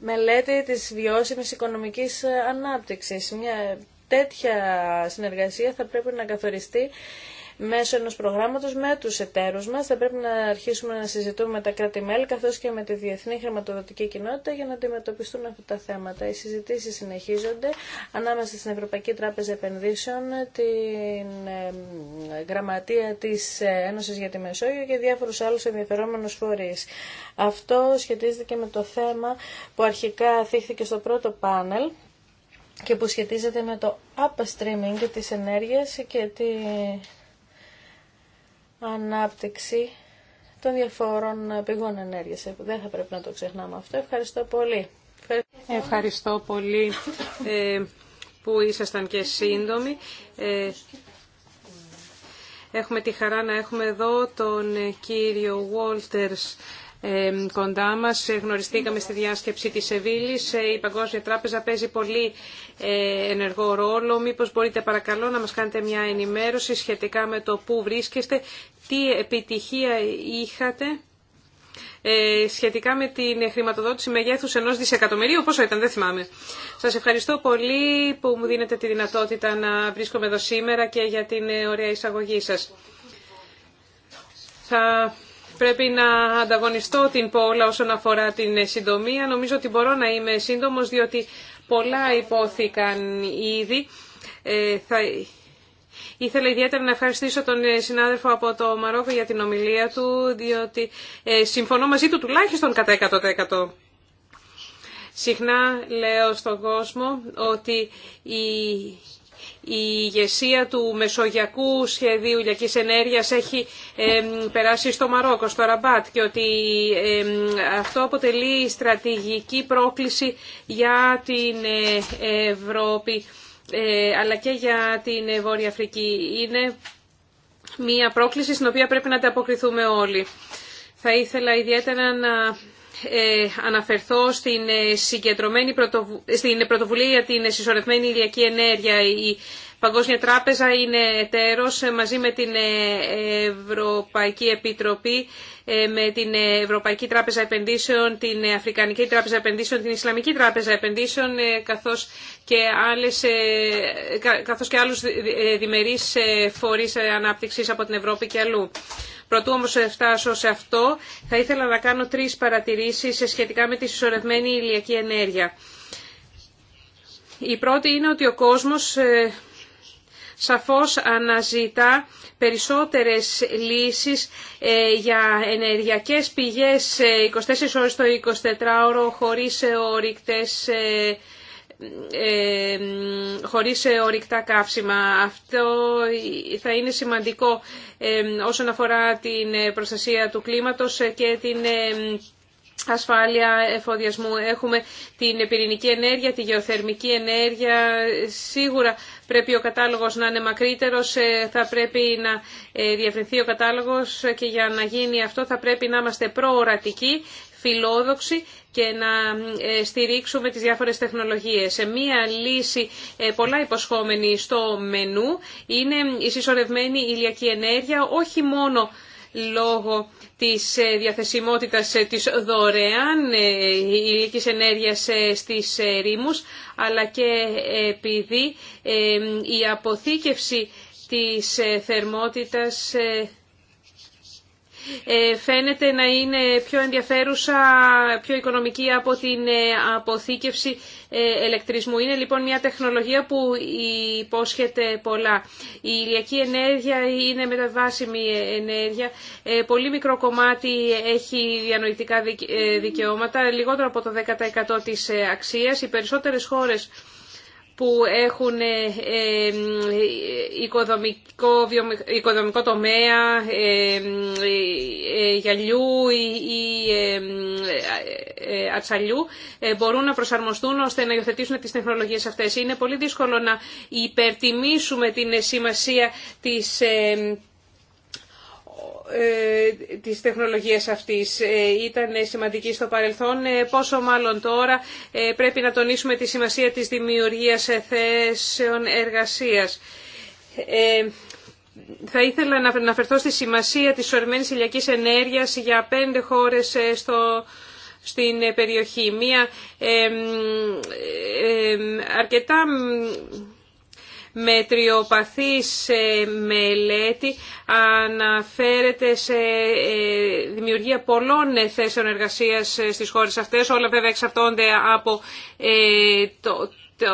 μελέτη της βιώσιμης οικονομικής ανάπτυξης. Μια τέτοια συνεργασία θα πρέπει να καθοριστεί μέσω ενός προγράμματος με τους εταίρους μας. Θα πρέπει να αρχίσουμε να συζητούμε με τα κράτη-μέλη καθώς και με τη διεθνή χρηματοδοτική κοινότητα για να αντιμετωπιστούν αυτά τα θέματα. Οι συζητήσεις συνεχίζονται ανάμεσα στην Ευρωπαϊκή Τράπεζα Επενδύσεων, την Γραμματεία της Ένωσης για τη Μεσόγειο και διάφορους άλλους ενδιαφερόμενους φορείς. Αυτό σχετίζεται και με το θέμα που αρχικά θύχθηκε στο πρώτο πάνελ και που σχετίζεται με το upstreaming της ενέργειας και τη ανάπτυξη των διαφόρων πηγών ενέργειας. Ε, δεν θα πρέπει να το ξεχνάμε αυτό. Ευχαριστώ πολύ. Ευχαριστώ, πολύ ε, που ήσασταν και σύντομοι. Ε, έχουμε τη χαρά να έχουμε εδώ τον κύριο Walters κοντά μας. Ε, γνωριστήκαμε στη διάσκεψη της Σεβίλης. Ε, η Παγκόσμια Τράπεζα παίζει πολύ ε, ενεργό ρόλο. Μήπως μπορείτε παρακαλώ να μας κάνετε μια ενημέρωση σχετικά με το πού βρίσκεστε, τι επιτυχία είχατε σχετικά με την χρηματοδότηση μεγέθους ενός δισεκατομμυρίου, πόσο ήταν, δεν θυμάμαι. Σας ευχαριστώ πολύ που μου δίνετε τη δυνατότητα να βρίσκομαι εδώ σήμερα και για την ωραία εισαγωγή σας. Θα πρέπει να ανταγωνιστώ την πόλα όσον αφορά την συντομία. Νομίζω ότι μπορώ να είμαι σύντομος διότι πολλά υπόθηκαν ήδη. Ε, θα... Ήθελα ιδιαίτερα να ευχαριστήσω τον ε, συνάδελφο από το Μαρόκο για την ομιλία του, διότι ε, συμφωνώ μαζί του τουλάχιστον κατά 100%. Συχνά λέω στον κόσμο ότι η η ηγεσία του Μεσογειακού Σχεδίου Λιακής Ενέργειας έχει περάσει στο Μαρόκο, στο Ραμπάτ και ότι αυτό αποτελεί στρατηγική πρόκληση για την ε, Ευρώπη ε, αλλά και για την ε, Βόρεια Αφρική. Είναι μια πρόκληση στην οποία πρέπει να ανταποκριθούμε όλοι. Θα ήθελα ιδιαίτερα να ε, αναφερθώ στην, ε, συγκεντρωμένη στην πρωτοβουλία για την συσσωρευμένη ηλιακή ενέργεια. Η Παγκόσμια Τράπεζα είναι εταίρος ε, μαζί με την Ευρωπαϊκή Επιτροπή, με την Ευρωπαϊκή Τράπεζα Επενδύσεων, την Αφρικανική Τράπεζα Επενδύσεων, την Ισλαμική Τράπεζα Επενδύσεων, καθώς και, άλλες, καθώς και άλλους διμερείς φορείς ανάπτυξης από την Ευρώπη και αλλού. Πρωτού όμως φτάσω σε αυτό, θα ήθελα να κάνω τρεις παρατηρήσεις σχετικά με τη συσσωρευμένη ηλιακή ενέργεια. Η πρώτη είναι ότι ο κόσμος ε, σαφώς αναζητά περισσότερες λύσεις ε, για ενεργειακές πηγές ε, 24 ώρες το 24ωρο χωρίς ορικτές ε, χωρίς ορυκτά καύσιμα. Αυτό θα είναι σημαντικό ε, όσον αφορά την προστασία του κλίματος και την ε, ασφάλεια εφοδιασμού. Έχουμε την πυρηνική ενέργεια, τη γεωθερμική ενέργεια. Σίγουρα πρέπει ο κατάλογος να είναι μακρύτερος, θα πρέπει να διευρυνθεί ο κατάλογος και για να γίνει αυτό θα πρέπει να είμαστε προορατικοί φιλόδοξη και να ε, στηρίξουμε τις διάφορες τεχνολογίες. Σε μία λύση ε, πολλά υποσχόμενη στο μενού είναι η συσσωρευμένη ηλιακή ενέργεια, όχι μόνο λόγω της ε, διαθεσιμότητας της δωρεάν ηλικής ενέργειας στις ρήμους, αλλά και επειδή η αποθήκευση της θερμότητας ε, φαίνεται να είναι πιο ενδιαφέρουσα, πιο οικονομική από την ε, αποθήκευση ε, ηλεκτρισμού. Είναι λοιπόν μια τεχνολογία που υπόσχεται πολλά. Η ηλιακή ενέργεια είναι μεταβάσιμη ενέργεια. Πολύ μικρό κομμάτι έχει διανοητικά δικαιώματα, λιγότερο από το 10% της αξίας. Οι περισσότερες χώρες που έχουν ε, ε, οικοδομικό, οικοδομικό τομέα, ε, γυαλιού ή ατσαλιού μπορούν να προσαρμοστούν ώστε να υιοθετήσουν τις τεχνολογίες αυτές. Είναι πολύ δύσκολο να υπερτιμήσουμε την σημασία της ε, της τεχνολογίας αυτής. Ε, ήταν σημαντική στο παρελθόν, ε, πόσο μάλλον τώρα ε, πρέπει να τονίσουμε τη σημασία της δημιουργίας θέσεων εργασίας. Θα ήθελα να αναφερθώ στη σημασία της ορμένης ηλιακής ενέργειας για πέντε χώρες στο, στην περιοχή. Μία ε, αρκετά με τριοπαθής ε, μελέτη αναφέρεται σε ε, δημιουργία πολλών ε, θέσεων εργασίας στις χώρες αυτές. Όλα βέβαια εξαρτώνται από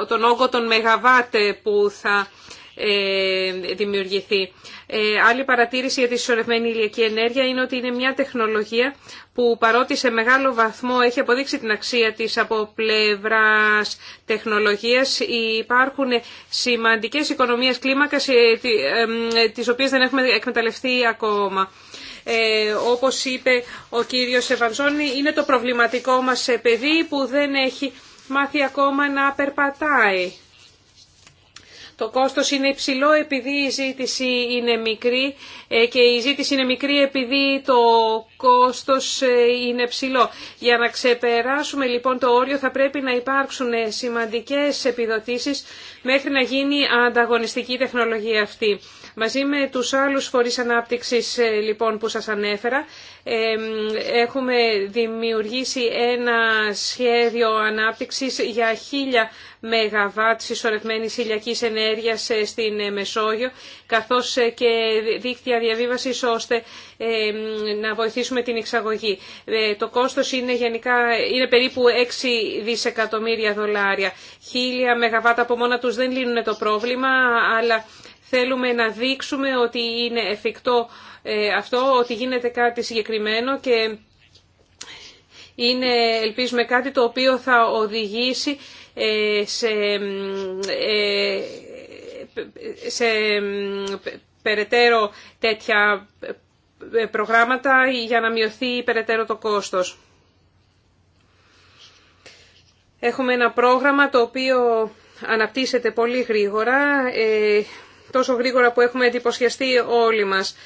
τον όγκο των Μεγαβάτε που θα ε, δημιουργηθεί. Ε, άλλη παρατήρηση για τη συσσωρευμένη ηλιακή ενέργεια είναι ότι είναι μια τεχνολογία που παρότι σε μεγάλο βαθμό έχει αποδείξει την αξία της από πλευράς τεχνολογίας υπάρχουν σημαντικές οικονομίες κλίμακας ε, τις οποίες δεν έχουμε εκμεταλλευτεί ακόμα. Ε, όπως είπε ο κύριος Ευανζόνη, είναι το προβληματικό μας παιδί που δεν έχει μάθει ακόμα να περπατάει. Το κόστος είναι υψηλό επειδή η ζήτηση είναι μικρή ε, και η ζήτηση είναι μικρή επειδή το κόστος ε, είναι ψηλό. Για να ξεπεράσουμε λοιπόν το όριο θα πρέπει να υπάρξουν ε, σημαντικές επιδοτήσεις μέχρι να γίνει ανταγωνιστική τεχνολογία αυτή. Μαζί με τους άλλους φορείς ανάπτυξης λοιπόν που σας ανέφερα έχουμε δημιουργήσει ένα σχέδιο ανάπτυξης για χίλια ΜΒ συσσωρευμένης ηλιακής ενέργειας ε, στην ε, Μεσόγειο, καθώς ε, και δίκτυα διαβίβασης ώστε να βοηθήσουμε την εξαγωγή. Το κόστος είναι, γενικά, είναι περίπου 6 δισεκατομμύρια δολάρια. Χίλια ΜΒ από μόνα τους δεν λύνουν το πρόβλημα, αλλά θέλουμε να δείξουμε ότι είναι εφικτό αυτό, ότι γίνεται κάτι συγκεκριμένο και είναι, ελπίζουμε, κάτι το οποίο θα οδηγήσει ε, σε, ε, σε περαιτέρω τέτοια προγράμματα για να μειωθεί περαιτέρω το κόστος. Έχουμε ένα πρόγραμμα το οποίο αναπτύσσεται πολύ γρήγορα, ε, τόσο γρήγορα που έχουμε εντυπωσιαστεί όλοι μας.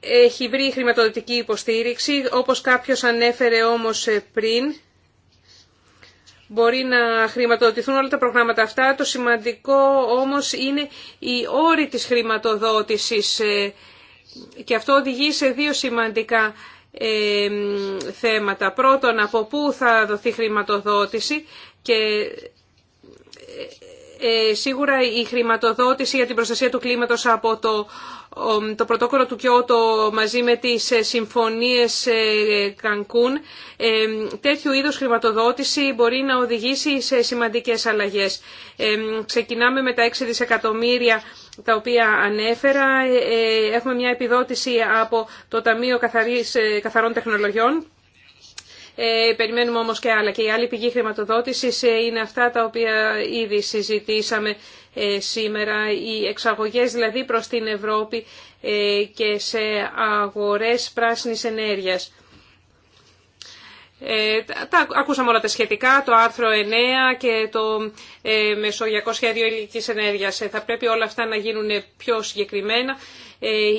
Έχει βρει χρηματοδοτική υποστήριξη, όπως κάποιος ανέφερε όμως πριν, μπορεί να χρηματοδοτηθούν όλα τα προγράμματα αυτά. Το σημαντικό όμως είναι η όροι της χρηματοδότησης ε, και αυτό οδηγεί σε δύο σημαντικά ε, θέματα. Πρώτον, από πού θα δοθεί χρηματοδότηση και ε, ε, σίγουρα η χρηματοδότηση για την προστασία του κλίματος από το, το πρωτόκολλο του Κιώτο μαζί με τις ε, συμφωνίες ε, Κανκούν, τέτοιου είδους χρηματοδότηση μπορεί να οδηγήσει σε σημαντικές αλλαγές. Ξεκινάμε με τα 6 δισεκατομμύρια τα οποία ανέφερα. Έχουμε μια επιδότηση από το Ταμείο Καθαρών Τεχνολογιών ε, περιμένουμε όμως και άλλα. Και η άλλη πηγή χρηματοδότησης ε, είναι αυτά τα οποία ήδη συζητήσαμε ε, σήμερα. Οι εξαγωγές δηλαδή προς την Ευρώπη και σε αγορές πράσινης ενέργειας. Ε, τα, ακούσαμε όλα τα σχετικά, το άρθρο 9 και το ε, Μεσογειακό Σχέδιο Ελληνικής Ενέργειας. θα πρέπει όλα αυτά να γίνουν πιο συγκεκριμένα.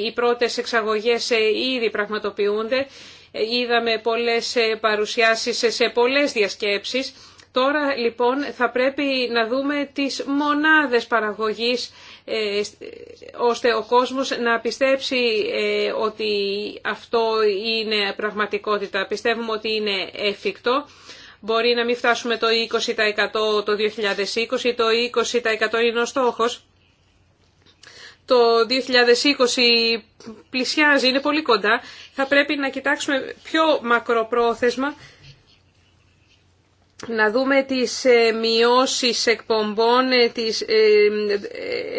οι πρώτες εξαγωγές ήδη πραγματοποιούνται είδαμε πολλές ε, παρουσιάσεις σε πολλές διασκέψεις. Τώρα λοιπόν θα πρέπει να δούμε τις μονάδες παραγωγής ε, ώστε ο κόσμος να πιστέψει ε, ότι αυτό είναι πραγματικότητα. Πιστεύουμε ότι είναι εφικτό. Μπορεί να μην φτάσουμε το 20% το 2020, το 20% είναι ο στόχος το 2020 πλησιάζει, είναι πολύ κοντά, θα πρέπει να κοιτάξουμε πιο μακροπρόθεσμα, να δούμε τις ε, μειώσεις εκπομπών ε, τις, ε,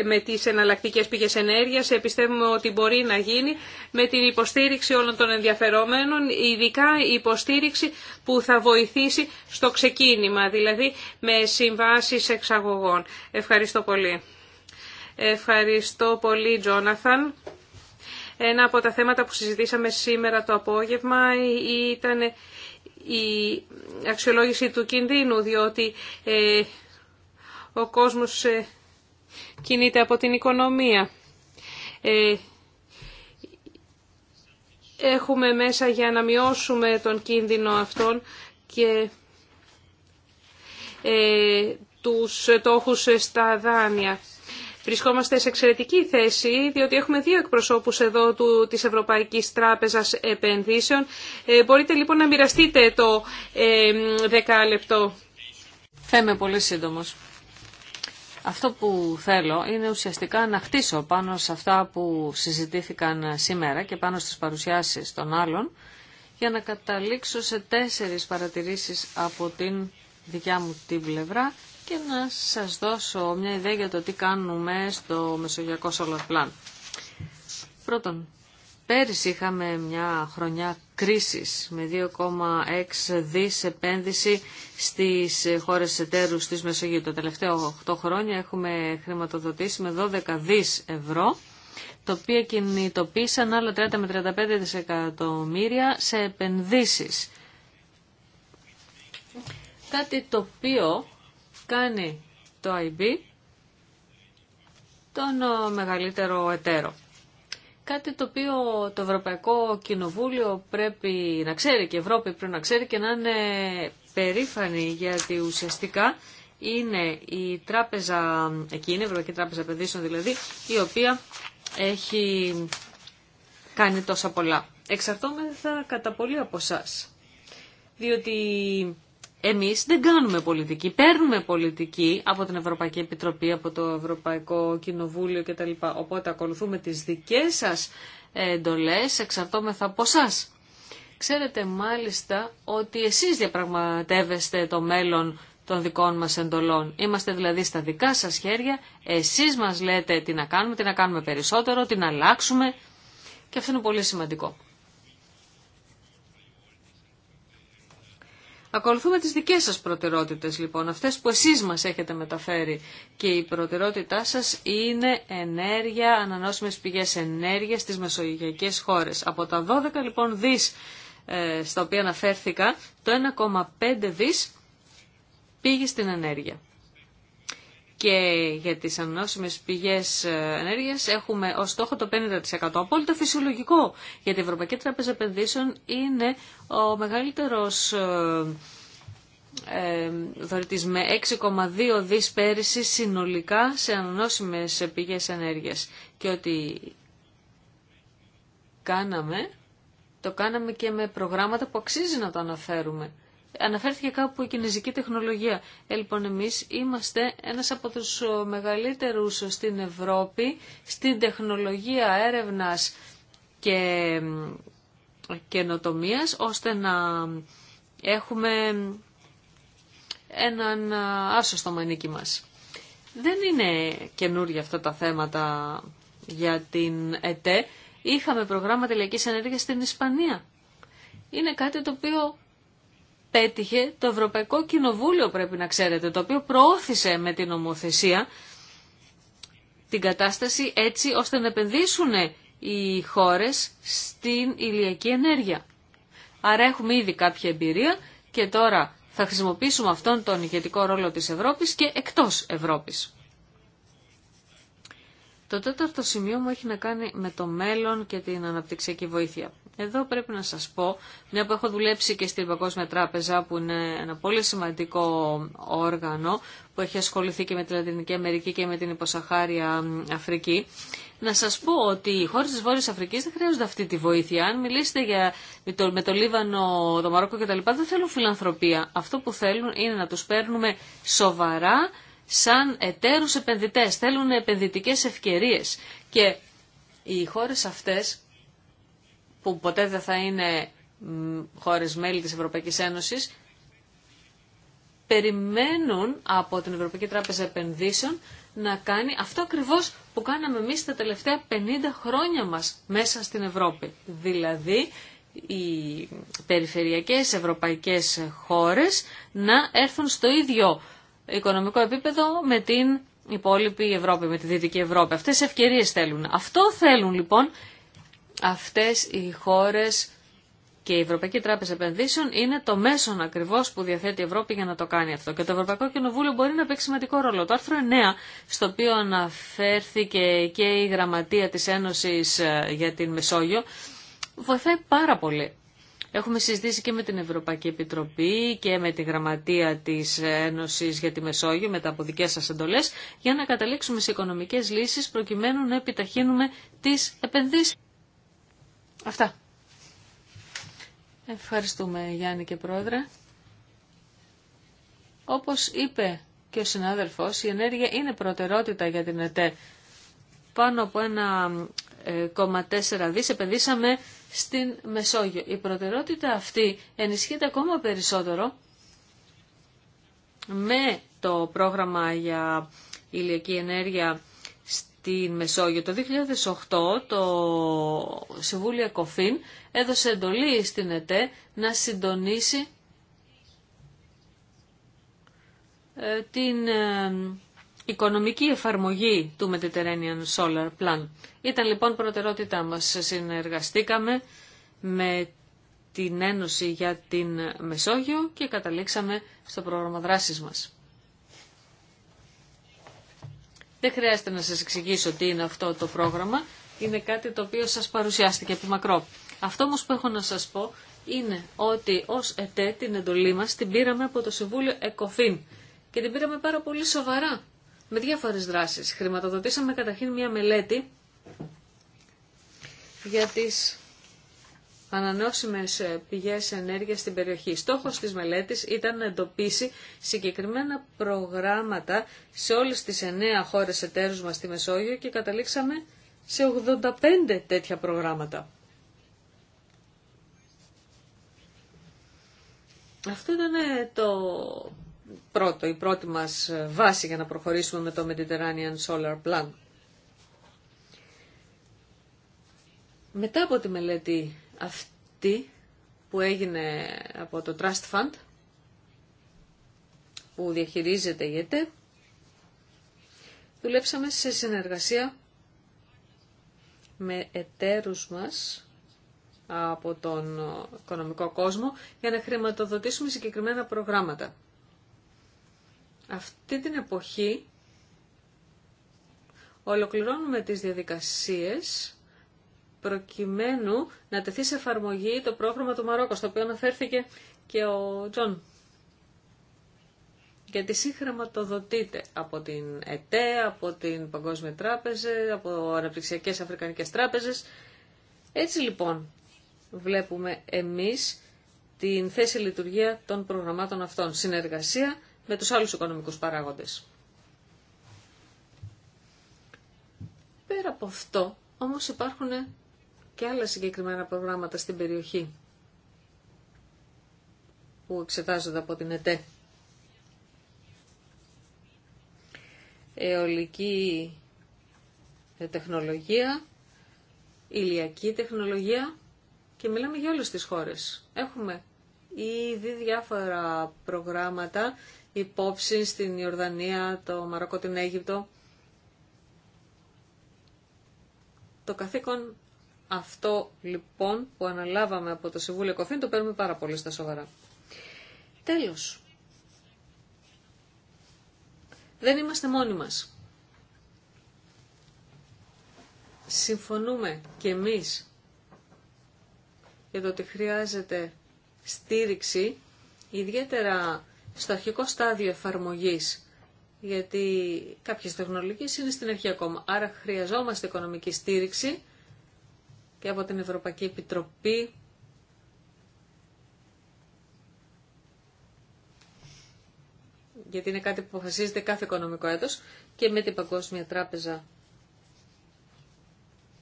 με τις εναλλακτικές πηγές ενέργειας. Πιστεύουμε ότι μπορεί να γίνει με την υποστήριξη όλων των ενδιαφερόμενων, ειδικά η υποστήριξη που θα βοηθήσει στο ξεκίνημα, δηλαδή με συμβάσεις εξαγωγών. Ευχαριστώ πολύ. Ευχαριστώ πολύ, Τζόναθαν. Ένα από τα θέματα που συζητήσαμε σήμερα το απόγευμα ήταν η αξιολόγηση του κινδύνου, διότι ε, ο κόσμος ε, κινείται από την οικονομία. Ε, έχουμε μέσα για να μειώσουμε τον κίνδυνο αυτόν και τους τόχους στα δάνεια. Βρισκόμαστε σε εξαιρετική θέση, διότι έχουμε δύο εκπροσώπους εδώ του, της Ευρωπαϊκής Τράπεζας Επενδύσεων. Ε, μπορείτε λοιπόν να μοιραστείτε το ε, δεκάλεπτο. Θα είμαι πολύ σύντομος. Αυτό που θέλω είναι ουσιαστικά να χτίσω πάνω σε αυτά που συζητήθηκαν σήμερα και πάνω στις παρουσιάσεις των άλλων για να καταλήξω σε τέσσερις παρατηρήσεις από την δικιά μου την πλευρά και να σας δώσω μια ιδέα για το τι κάνουμε στο Μεσογειακό Solar Plan. Πρώτον, πέρυσι είχαμε μια χρονιά κρίσης με 2,6 δις επένδυση στις χώρες εταίρους της Μεσογείου. Τα τελευταία 8 χρόνια έχουμε χρηματοδοτήσει με 12 δις ευρώ το οποίο κινητοποίησαν άλλα 30 με 35 δισεκατομμύρια σε επενδύσεις. Κάτι το οποίο κάνει το IB τον ε, μεγαλύτερο εταίρο. Κάτι το οποίο το Ευρωπαϊκό Κοινοβούλιο πρέπει να ξέρει και η Ευρώπη πρέπει να ξέρει και να είναι περήφανη γιατί ουσιαστικά είναι η τράπεζα εκείνη, η Ευρωπαϊκή Τράπεζα Επενδύσεων δηλαδή, η οποία έχει κάνει τόσα πολλά. Εξαρτώμεθα κατά πολύ από εσά. Διότι εμείς δεν κάνουμε πολιτική, παίρνουμε πολιτική από την Ευρωπαϊκή Επιτροπή, από το Ευρωπαϊκό Κοινοβούλιο κτλ. Οπότε ακολουθούμε τις δικές σας εντολές, εξαρτώμεθα από εσά. Ξέρετε μάλιστα ότι εσείς διαπραγματεύεστε το μέλλον των δικών μας εντολών. Είμαστε δηλαδή στα δικά σας χέρια, εσείς μας λέτε τι να κάνουμε, τι να κάνουμε περισσότερο, τι να αλλάξουμε και αυτό είναι πολύ σημαντικό. Ακολουθούμε τις δικές σας προτεραιότητες λοιπόν, αυτές που εσείς μας έχετε μεταφέρει και η προτεραιότητά σας είναι ενέργεια, ανανόσιμες πηγές ενέργειας στις μεσογειακές χώρες. Από τα 12 λοιπόν δις ε, στα οποία αναφέρθηκα, το 1,5 δις πήγε στην ενέργεια και για τις ανανεώσιμες πηγές ε, ενέργειας έχουμε ως στόχο το 50%. Απόλυτα φυσιολογικό, γιατί η Ευρωπαϊκή Τράπεζα Επενδύσεων είναι ο μεγαλύτερος ε, ε δωρητής με 6,2 δις πέρυσι συνολικά σε ανανεώσιμες πηγές ενέργειας. Και ότι κάναμε, το κάναμε και με προγράμματα που αξίζει να το αναφέρουμε. Αναφέρθηκε κάπου η κινέζικη τεχνολογία. Ε, λοιπόν, είμαστε ένας από τους μεγαλύτερους στην Ευρώπη στην τεχνολογία έρευνας και καινοτομία, ώστε να έχουμε έναν άσωστο στο μανίκι μας. Δεν είναι καινούργια αυτά τα θέματα για την ΕΤΕ. Είχαμε προγράμματα ηλιακή ενέργεια στην Ισπανία. Είναι κάτι το οποίο πέτυχε το Ευρωπαϊκό Κοινοβούλιο, πρέπει να ξέρετε, το οποίο προώθησε με την νομοθεσία την κατάσταση έτσι ώστε να επενδύσουν οι χώρες στην ηλιακή ενέργεια. Άρα έχουμε ήδη κάποια εμπειρία και τώρα θα χρησιμοποιήσουμε αυτόν τον ηγετικό ρόλο της Ευρώπης και εκτός Ευρώπης. Το τέταρτο σημείο μου έχει να κάνει με το μέλλον και την αναπτυξιακή βοήθεια. Εδώ πρέπει να σας πω, μια που έχω δουλέψει και στην Παγκόσμια Τράπεζα, που είναι ένα πολύ σημαντικό όργανο που έχει ασχοληθεί και με τη Λατινική Αμερική και με την υποσαχάρια Αφρική, να σας πω ότι οι χώρες της Βόρειας Αφρικής δεν χρειάζονται αυτή τη βοήθεια. Αν μιλήσετε για, με, το, με το Λίβανο, το Μαρόκο κτλ. δεν θέλουν φιλανθρωπία. Αυτό που θέλουν είναι να τους παίρνουμε σοβαρά σαν εταίρους επενδυτές. Θέλουν επενδυτικές ευκαιρίες. Και οι χώρες αυτές που ποτέ δεν θα είναι χώρες μέλη της Ευρωπαϊκής Ένωσης, περιμένουν από την Ευρωπαϊκή Τράπεζα Επενδύσεων να κάνει αυτό ακριβώς που κάναμε εμείς τα τελευταία 50 χρόνια μας μέσα στην Ευρώπη. Δηλαδή, οι περιφερειακές ευρωπαϊκές χώρες να έρθουν στο ίδιο οικονομικό επίπεδο με την υπόλοιπη Ευρώπη, με τη Δυτική Ευρώπη. Αυτές οι ευκαιρίες θέλουν. Αυτό θέλουν λοιπόν αυτές οι χώρες και η Ευρωπαϊκή Τράπεζα Επενδύσεων είναι το μέσον ακριβώ που διαθέτει η Ευρώπη για να το κάνει αυτό. Και το Ευρωπαϊκό Κοινοβούλιο μπορεί να παίξει σημαντικό ρόλο. Το άρθρο 9, στο οποίο αναφέρθηκε και η Γραμματεία τη Ένωση ε, για την Μεσόγειο, βοηθάει πάρα πολύ. Έχουμε συζητήσει και με την Ευρωπαϊκή Επιτροπή και με τη Γραμματεία τη Ένωση για τη Μεσόγειο μετά από δικέ σα εντολές για να καταλήξουμε σε οικονομικέ λύσει προκειμένου να επιταχύνουμε τι επενδύσει. Αυτά. Ευχαριστούμε Γιάννη και Πρόεδρε. Όπως είπε και ο συνάδελφος, η ενέργεια είναι προτερότητα για την ΕΤΕ. Πάνω από 1,4 ε, δις επενδύσαμε στην Μεσόγειο. Η προτερότητα αυτή ενισχύεται ακόμα περισσότερο με το πρόγραμμα για ηλιακή ενέργεια την Μεσόγειο. Το 2008 το Συμβούλιο Κοφίν έδωσε εντολή στην ΕΤΕ να συντονίσει ε, την ε, οικονομική εφαρμογή του Mediterranean Solar Plan. Ήταν λοιπόν προτερότητά μας. Συνεργαστήκαμε με την Ένωση για την Μεσόγειο και καταλήξαμε στο πρόγραμμα δράσης μας. Δεν χρειάζεται να σας εξηγήσω τι είναι αυτό το πρόγραμμα. Είναι κάτι το οποίο σας παρουσιάστηκε από μακρό. Αυτό όμως που έχω να σας πω είναι ότι ως ΕΤΕ την εντολή μας την πήραμε από το Συμβούλιο ΕΚΟΦΗΝ και την πήραμε πάρα πολύ σοβαρά με διάφορες δράσεις. Χρηματοδοτήσαμε καταρχήν μια μελέτη για τις ανανεώσιμες ε, πηγές ενέργειας στην περιοχή. Στόχος της μελέτης ήταν να εντοπίσει συγκεκριμένα προγράμματα σε όλες τις 9 χώρες εταίρους μας στη Μεσόγειο και καταλήξαμε σε 85 τέτοια προγράμματα. Αυτό ήταν ε, το πρώτο, η πρώτη μας ε, βάση για να προχωρήσουμε με το Mediterranean Solar Plan. Μετά από τη μελέτη αυτή που έγινε από το Trust Fund που διαχειρίζεται η ΕΤΕ, δουλέψαμε σε συνεργασία με εταίρους μας από τον οικονομικό κόσμο για να χρηματοδοτήσουμε συγκεκριμένα προγράμματα. Αυτή την εποχή ολοκληρώνουμε τις διαδικασίες προκειμένου να τεθεί σε εφαρμογή το πρόγραμμα του Μαρόκο, στο οποίο αναφέρθηκε και ο Τζον. Γιατί συγχρηματοδοτείται από την ΕΤΕ, από την Παγκόσμια Τράπεζα, από αναπτυξιακές αφρικανικές τράπεζες. Έτσι λοιπόν βλέπουμε εμείς την θέση λειτουργία των προγραμμάτων αυτών. Συνεργασία με τους άλλους οικονομικούς παράγοντες. Πέρα από αυτό, όμως υπάρχουν και άλλα συγκεκριμένα προγράμματα στην περιοχή που εξετάζονται από την ΕΤΕ. Αιωλική τεχνολογία, ηλιακή τεχνολογία και μιλάμε για όλες τις χώρες. Έχουμε ήδη διάφορα προγράμματα υπόψη στην Ιορδανία, το Μαρόκο, την Αίγυπτο. Το καθήκον αυτό λοιπόν που αναλάβαμε από το Συμβούλιο Κοφίν το παίρνουμε πάρα πολύ στα σοβαρά. Τέλος. Δεν είμαστε μόνοι μας. Συμφωνούμε και εμείς για το ότι χρειάζεται στήριξη, ιδιαίτερα στο αρχικό στάδιο εφαρμογής, γιατί κάποιες τεχνολογίες είναι στην αρχή ακόμα. Άρα χρειαζόμαστε οικονομική στήριξη και από την Ευρωπαϊκή Επιτροπή γιατί είναι κάτι που αποφασίζεται κάθε οικονομικό έτος και με την Παγκόσμια Τράπεζα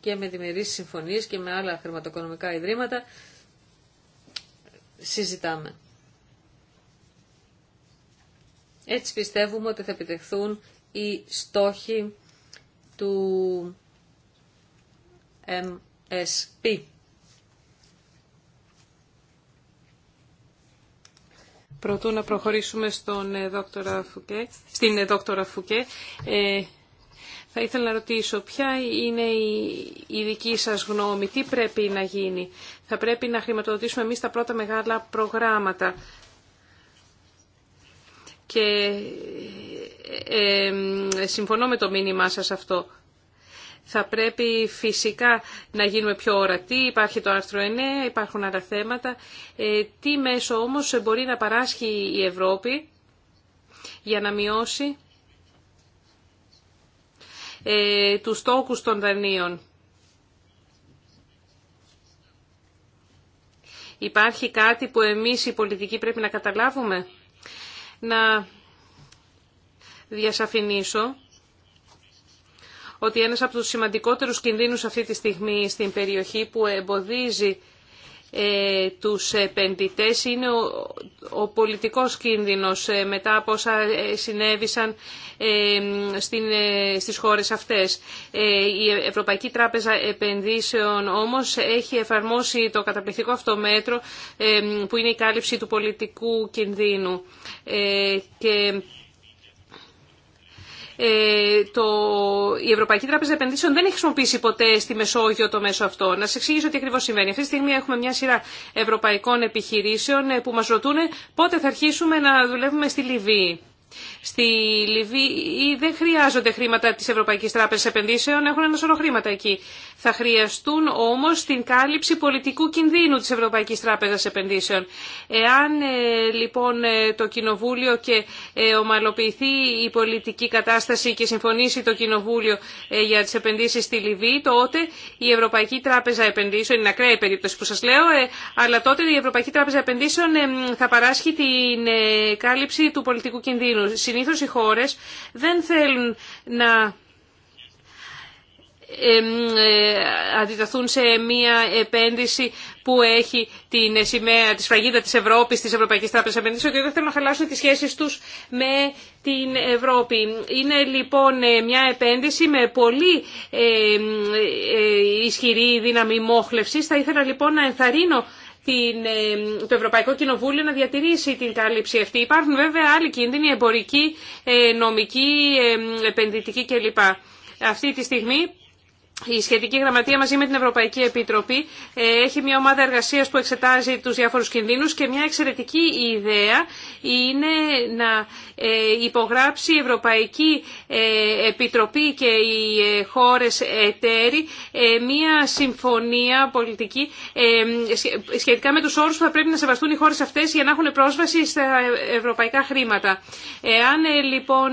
και με διμερείς συμφωνίες και με άλλα χρηματοοικονομικά ιδρύματα συζητάμε. Έτσι πιστεύουμε ότι θα επιτευχθούν οι στόχοι του SP. Προτού να προχωρήσουμε στον ε, δόκτωρα Φουκέ, στην ε, δόκτωρα Φουκέ, ε, θα ήθελα να ρωτήσω ποια είναι η, δική σας γνώμη, τι πρέπει να γίνει. Θα πρέπει να χρηματοδοτήσουμε εμείς τα πρώτα μεγάλα προγράμματα. Και ε, ε, συμφωνώ με το μήνυμά σας αυτό. Θα πρέπει φυσικά να γίνουμε πιο ορατοί. Υπάρχει το άρθρο 9, υπάρχουν άλλα θέματα. Ε, τι μέσο όμως μπορεί να παράσχει η Ευρώπη για να μειώσει ε, τους στόκους των δανείων. Υπάρχει κάτι που εμείς οι πολιτικοί πρέπει να καταλάβουμε. Να διασαφηνίσω ότι ένας από τους σημαντικότερους κινδύνους αυτή τη στιγμή στην περιοχή που εμποδίζει ε, τους επενδυτές είναι ο, πολιτικός κίνδυνος ε, μετά από όσα ε, συνέβησαν ε, στην, στις χώρες αυτές. Η Ευρωπαϊκή Τράπεζα Επενδύσεων όμως έχει εφαρμόσει το καταπληκτικό αυτό μέτρο που είναι η κάλυψη του πολιτικού κινδύνου. Και ε, το, η Ευρωπαϊκή Τράπεζα Επενδύσεων δεν έχει χρησιμοποιήσει ποτέ στη Μεσόγειο το μέσο αυτό. Να σα εξηγήσω τι ακριβώ συμβαίνει. Αυτή τη στιγμή έχουμε μια σειρά ευρωπαϊκών επιχειρήσεων ε, που μα ρωτούν πότε θα αρχίσουμε να δουλεύουμε στη Λιβύη. Στη Λιβύη δεν χρειάζονται χρήματα της Ευρωπαϊκής Τράπεζας Επενδύσεων, έχουν ένα σωρό χρήματα εκεί. Θα χρειαστούν όμως την κάλυψη πολιτικού κινδύνου της Ευρωπαϊκής Τράπεζας Επενδύσεων. Εάν ε, λοιπόν ε, το Κοινοβούλιο και ε, ομαλοποιηθεί η πολιτική κατάσταση και συμφωνήσει το Κοινοβούλιο για τις επενδύσεις στη Λιβύη, τότε η Ευρωπαϊκή Τράπεζα Επενδύσεων, είναι ακραία η περίπτωση που σας λέω, αλλά τότε η Ευρωπαϊκή Τράπεζα Επενδύσεων θα παράσχει την κάλυψη του πολιτικού κινδύνου. Συνήθω Συνήθως οι χώρες δεν θέλουν να ε, αντιταθούν σε μια επένδυση που έχει την σημαία, τη σφραγίδα της Ευρώπης, της Ευρωπαϊκής Τράπεζας Επενδύσεων, ότι δεν θέλουν να χαλάσουν τις σχέσεις τους με την Ευρώπη. Είναι λοιπόν ε, μια επένδυση με πολύ ε, ισχυρή δύναμη μόχλευσης. Θα ήθελα λοιπόν να ενθαρρύνω την, ε, το Ευρωπαϊκό Κοινοβούλιο να διατηρήσει την κάλυψη αυτή. Υπάρχουν βέβαια άλλοι κίνδυνοι, εμπορικοί, ε, νομικοί, ε, επενδυτικοί κλπ. Αυτή τη στιγμή η σχετική γραμματεία μαζί με την Ευρωπαϊκή Επιτροπή ε, έχει μια ομάδα εργασίας που εξετάζει τους διάφορους κινδύνους και μια εξαιρετική ιδέα είναι να ε, υπογράψει η Ευρωπαϊκή ε, Επιτροπή και οι χώρες εταίροι μια συμφωνία πολιτική σχετικά με τους όρους που θα πρέπει να σεβαστούν οι χώρες αυτές για να έχουν πρόσβαση στα ευρωπαϊκά χρήματα. Εάν λοιπόν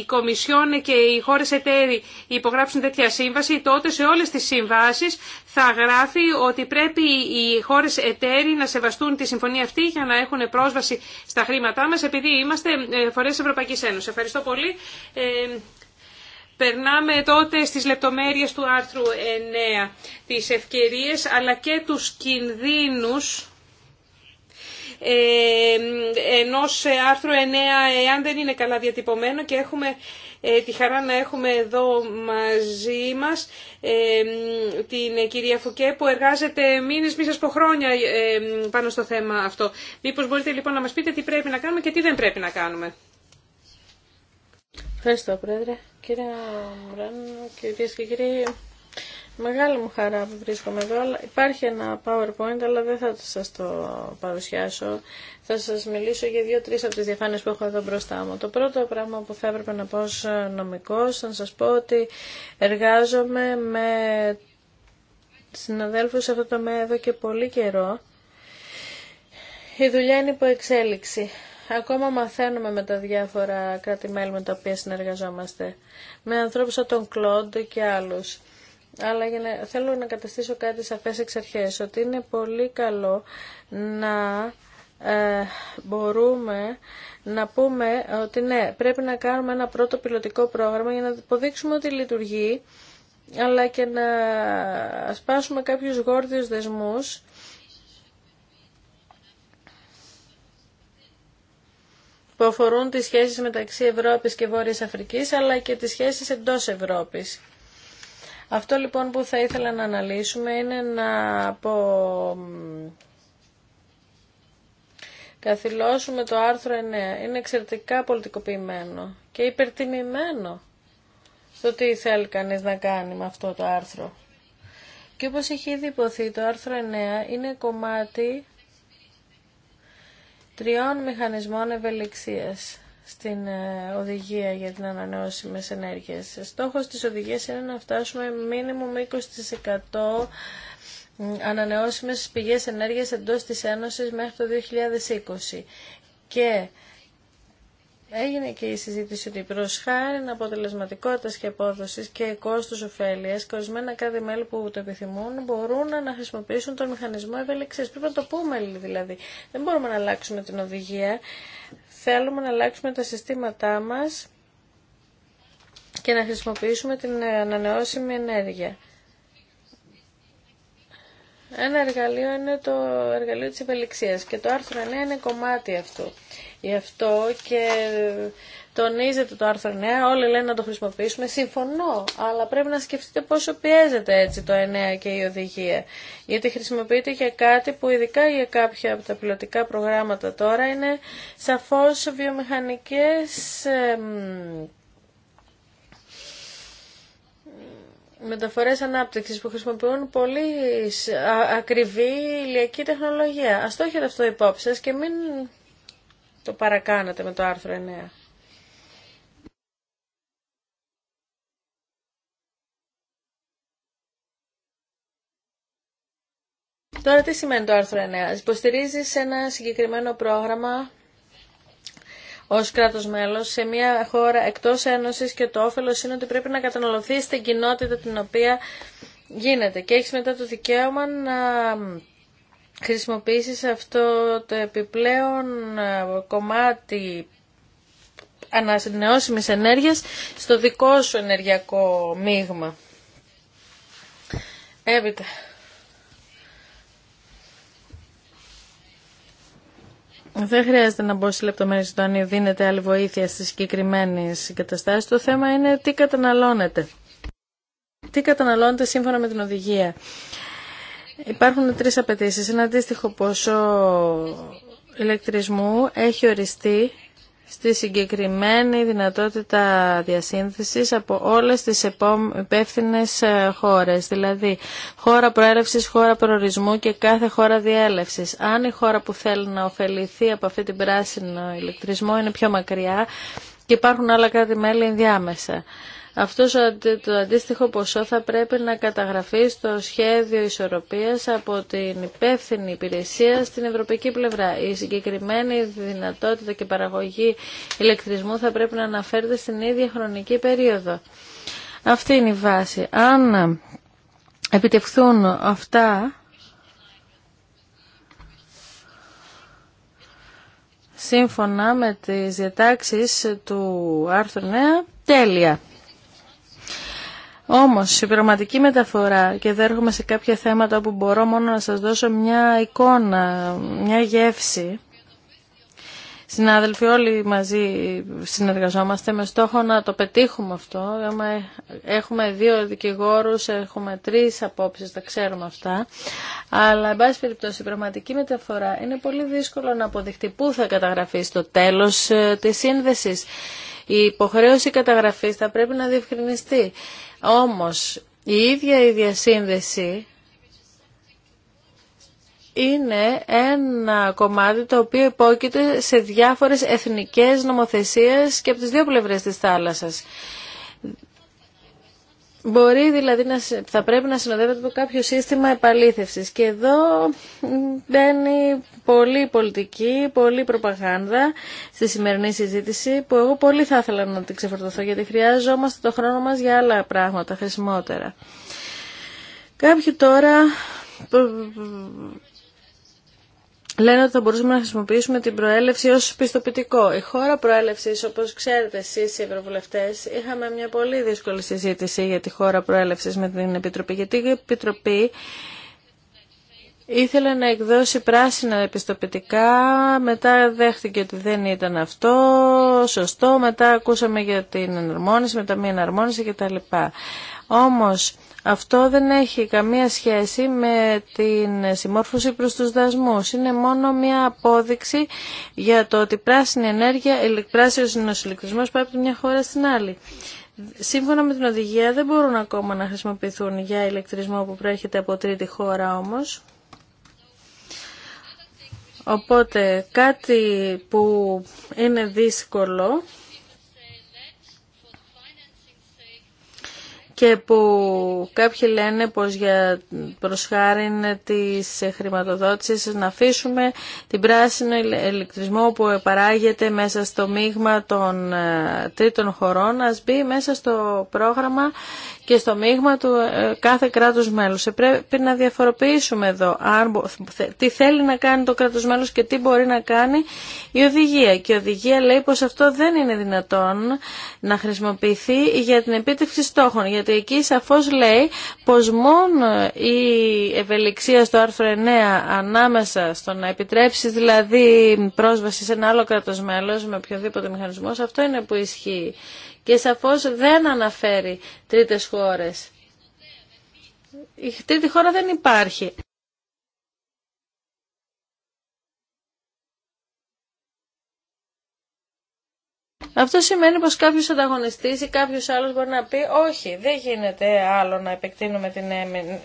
η Κομισιόν και οι χώρες εταίροι υπογράψουν τέτοια σύμβαση, τότε σε όλες τις συμβάσεις θα γράφει ότι πρέπει οι χώρες εταίροι να σεβαστούν τη συμφωνία αυτή για να έχουν πρόσβαση στα χρήματά μας επειδή είμαστε ε, φορές Ευρωπαϊκής Ένωσης. Ευχαριστώ πολύ. Ε, περνάμε τότε στις λεπτομέρειες του άρθρου 9, τις ευκαιρίες αλλά και τους κινδύνους Ενό άρθρου 9 εάν δεν είναι καλά διατυπωμένο και έχουμε ε, τη χαρά να έχουμε εδώ μαζί μας την κυρία Φουκέ που εργάζεται μήνες, μηνες από χρόνια πάνω στο θέμα αυτό. Μήπως μπορείτε λοιπόν να μας πείτε τι πρέπει να κάνουμε και τι δεν πρέπει να κάνουμε. Ευχαριστώ Πρόεδρε. Κύριε Μουράν, κυρίες και κύριοι, Μεγάλη μου χαρά που βρίσκομαι εδώ. Υπάρχει ένα PowerPoint, αλλά δεν θα σας το παρουσιάσω. Θα σας μιλήσω για δύο-τρεις από τις διαφάνειες που έχω εδώ μπροστά μου. Το πρώτο πράγμα που θα έπρεπε να πω ως νομικός, θα σας πω ότι εργάζομαι με συναδέλφους σε αυτό το τομέα εδώ και πολύ καιρό. Η δουλειά είναι υπό εξέλιξη. Ακόμα μαθαίνουμε με τα διάφορα κράτη-μέλη με τα οποία συνεργαζόμαστε. Με ανθρώπους σαν τον Κλοντ και άλλους αλλά για να, θέλω να καταστήσω κάτι σαφές εξ αρχές, ότι είναι πολύ καλό να ε, μπορούμε να πούμε ότι ναι, πρέπει να κάνουμε ένα πρώτο πιλωτικό πρόγραμμα για να αποδείξουμε ότι λειτουργεί, αλλά και να σπάσουμε κάποιους γόρδιους δεσμούς που αφορούν τις σχέσεις μεταξύ Ευρώπης και Βόρειας Αφρικής, αλλά και τις σχέσεις εντός Ευρώπης. Αυτό λοιπόν που θα ήθελα να αναλύσουμε είναι να απο... καθυλώσουμε το άρθρο 9. Είναι εξαιρετικά πολιτικοποιημένο και υπερτιμημένο στο τι θέλει κανείς να κάνει με αυτό το άρθρο. Και όπως έχει ήδη το άρθρο 9 είναι κομμάτι τριών μηχανισμών ευελιξίας στην ε, οδηγία για την ανανεώσιμες ενέργειες. Στόχος της οδηγίας είναι να φτάσουμε μήνυμο 20% ανανεώσιμες πηγές ενέργειας εντός της Ένωσης μέχρι το 2020. Και Έγινε και η συζήτηση ότι προ χάρη αποτελεσματικότητα και απόδοση και κόστος ωφέλειας ορισμένα μέλη που το επιθυμούν μπορούν να χρησιμοποιήσουν τον μηχανισμό ευελιξία. Πρέπει να το πούμε δηλαδή. Δεν μπορούμε να αλλάξουμε την οδηγία θέλουμε να αλλάξουμε τα συστήματά μας και να χρησιμοποιήσουμε την ανανεώσιμη ενέργεια. Ένα εργαλείο είναι το εργαλείο της ευελιξίας και το άρθρο 9 είναι κομμάτι αυτού. Γι' αυτό και Τονίζεται το άρθρο 9, όλοι λένε να το χρησιμοποιήσουμε. Συμφωνώ, αλλά πρέπει να σκεφτείτε πόσο πιέζεται έτσι το 9 και η οδηγία. Γιατί χρησιμοποιείται για κάτι που ειδικά για κάποια από τα πιλωτικά προγράμματα τώρα είναι σαφώς βιομηχανικές μεταφορές ανάπτυξης που χρησιμοποιούν πολύ ακριβή ηλιακή τεχνολογία. Ας το έχετε αυτό υπόψη σας και μην το παρακάνετε με το άρθρο 9. Τώρα τι σημαίνει το άρθρο 9. Υποστηρίζει ένα συγκεκριμένο πρόγραμμα ω κράτο μέλο σε μια χώρα εκτό Ένωση και το όφελο είναι ότι πρέπει να καταναλωθεί στην κοινότητα την οποία γίνεται. Και έχει μετά το δικαίωμα να χρησιμοποιήσει αυτό το επιπλέον ε, κομμάτι ανασυνεώσιμη ενέργεια στο δικό σου ενεργειακό μείγμα. Έπειτα, Δεν χρειάζεται να μπω σε λεπτομέρειε το αν δίνεται άλλη βοήθεια στις συγκεκριμένε εγκαταστάσει. Το θέμα είναι τι καταναλώνεται. Τι καταναλώνεται σύμφωνα με την οδηγία. Υπάρχουν τρει απαιτήσει. Ένα αντίστοιχο ποσό ηλεκτρισμού έχει οριστεί στη συγκεκριμένη δυνατότητα διασύνθεσης από όλες τις υπεύθυνε ε, χώρες, δηλαδή χώρα προέλευσης, χώρα προορισμού και κάθε χώρα διέλευσης. Αν η χώρα που θέλει να ωφεληθεί από αυτή την πράσινο ηλεκτρισμό είναι πιο μακριά και υπάρχουν άλλα κράτη-μέλη ενδιάμεσα. Αυτό το αντίστοιχο ποσό θα πρέπει να καταγραφεί στο σχέδιο ισορροπίας από την υπεύθυνη υπηρεσία στην ευρωπαϊκή πλευρά. Η συγκεκριμένη δυνατότητα και παραγωγή ηλεκτρισμού θα πρέπει να αναφέρεται στην ίδια χρονική περίοδο. Αυτή είναι η βάση. Αν επιτευχθούν αυτά, σύμφωνα με τις διατάξεις του άρθρου 9, τέλεια. Όμως η πραγματική μεταφορά, και δεν έρχομαι σε κάποια θέματα που μπορώ μόνο να σας δώσω μια εικόνα, μια γεύση, Συνάδελφοι, όλοι μαζί συνεργαζόμαστε με στόχο να το πετύχουμε αυτό. Έχουμε δύο δικηγόρους, έχουμε τρεις απόψεις, τα ξέρουμε αυτά. Αλλά, εν πάση περιπτώσει, η πραγματική μεταφορά είναι πολύ δύσκολο να αποδειχτεί πού θα καταγραφεί στο τέλος ε, της σύνδεσης. Η υποχρέωση καταγραφής θα πρέπει να διευκρινιστεί. Όμως η ίδια η διασύνδεση είναι ένα κομμάτι το οποίο υπόκειται σε διάφορες εθνικές νομοθεσίες και από τις δύο πλευρές της θάλασσας. Μπορεί δηλαδή να, θα πρέπει να συνοδεύεται από κάποιο σύστημα επαλήθευσης και εδώ μπαίνει πολύ πολιτική, πολύ προπαγάνδα στη σημερινή συζήτηση που εγώ πολύ θα ήθελα να την ξεφορτωθώ γιατί χρειάζομαστε το χρόνο μας για άλλα πράγματα χρησιμότερα. Κάποιοι τώρα λένε ότι θα μπορούσαμε να χρησιμοποιήσουμε την προέλευση ως πιστοποιητικό. Η χώρα προέλευσης, όπως ξέρετε εσείς οι ευρωβουλευτές, είχαμε μια πολύ δύσκολη συζήτηση για τη χώρα προέλευσης με την Επιτροπή, γιατί η Επιτροπή Ήθελε να εκδώσει πράσινα επιστοποιητικά, μετά δέχτηκε ότι δεν ήταν αυτό, σωστό, μετά ακούσαμε για την εναρμόνιση, μετά μη εναρμόνιση κτλ. Όμως αυτό δεν έχει καμία σχέση με την συμμόρφωση προς τους δασμούς. Είναι μόνο μια απόδειξη για το ότι πράσινη ενέργεια, πράσινος ηλεκτρισμός πάει από μια χώρα στην άλλη. Σύμφωνα με την οδηγία δεν μπορούν ακόμα να χρησιμοποιηθούν για ηλεκτρισμό που προέρχεται από τρίτη χώρα όμως. Οπότε κάτι που είναι δύσκολο και που κάποιοι λένε πως για προσχάριν της χρηματοδότησης να αφήσουμε την πράσινο ηλεκτρισμό που παράγεται μέσα στο μείγμα των ε, τρίτων χωρών να μπει μέσα στο πρόγραμμα και στο μείγμα του ε, κάθε κράτους μέλους. Ε, πρέπει να διαφοροποιήσουμε εδώ τι θέλει να κάνει το κράτος μέλος και τι μπορεί να κάνει η οδηγία. Και η οδηγία λέει πως αυτό δεν είναι δυνατόν να χρησιμοποιηθεί για την επίτευξη στόχων, διότι εκεί σαφώς λέει πως μόνο η ευελιξία στο άρθρο 9 ανάμεσα στο να επιτρέψει δηλαδή πρόσβαση σε ένα άλλο κράτος μέλος με οποιοδήποτε μηχανισμό, αυτό είναι που ισχύει. Και σαφώς δεν αναφέρει τρίτες χώρες. Η τρίτη χώρα δεν υπάρχει. Αυτό σημαίνει πως κάποιος ανταγωνιστής ή κάποιος άλλος μπορεί να πει όχι, δεν γίνεται άλλο να επεκτείνουμε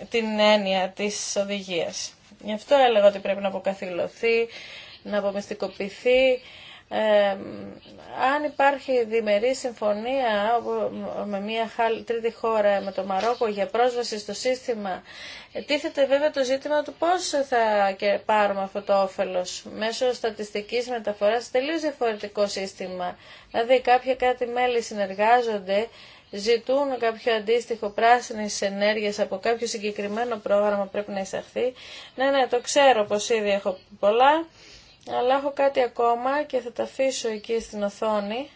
την έννοια της οδηγίας. Γι' αυτό έλεγα ότι πρέπει να αποκαθιλωθεί, να απομυστικοποιηθεί ε, αν υπάρχει διμερή συμφωνία με μια τρίτη χώρα, με το Μαρόκο, για πρόσβαση στο σύστημα, ε, τίθεται βέβαια το ζήτημα του πώς θα και πάρουμε αυτό το όφελος. Μέσω στατιστικής μεταφοράς τελείως διαφορετικό σύστημα. Δηλαδή κάποια κάτι μέλη συνεργάζονται, ζητούν κάποιο αντίστοιχο πράσινη ενέργειας από κάποιο συγκεκριμένο πρόγραμμα πρέπει να εισαχθεί. Ναι, ναι, το ξέρω πως ήδη έχω πολλά. Αλλά έχω κάτι ακόμα και θα τα αφήσω εκεί στην οθόνη.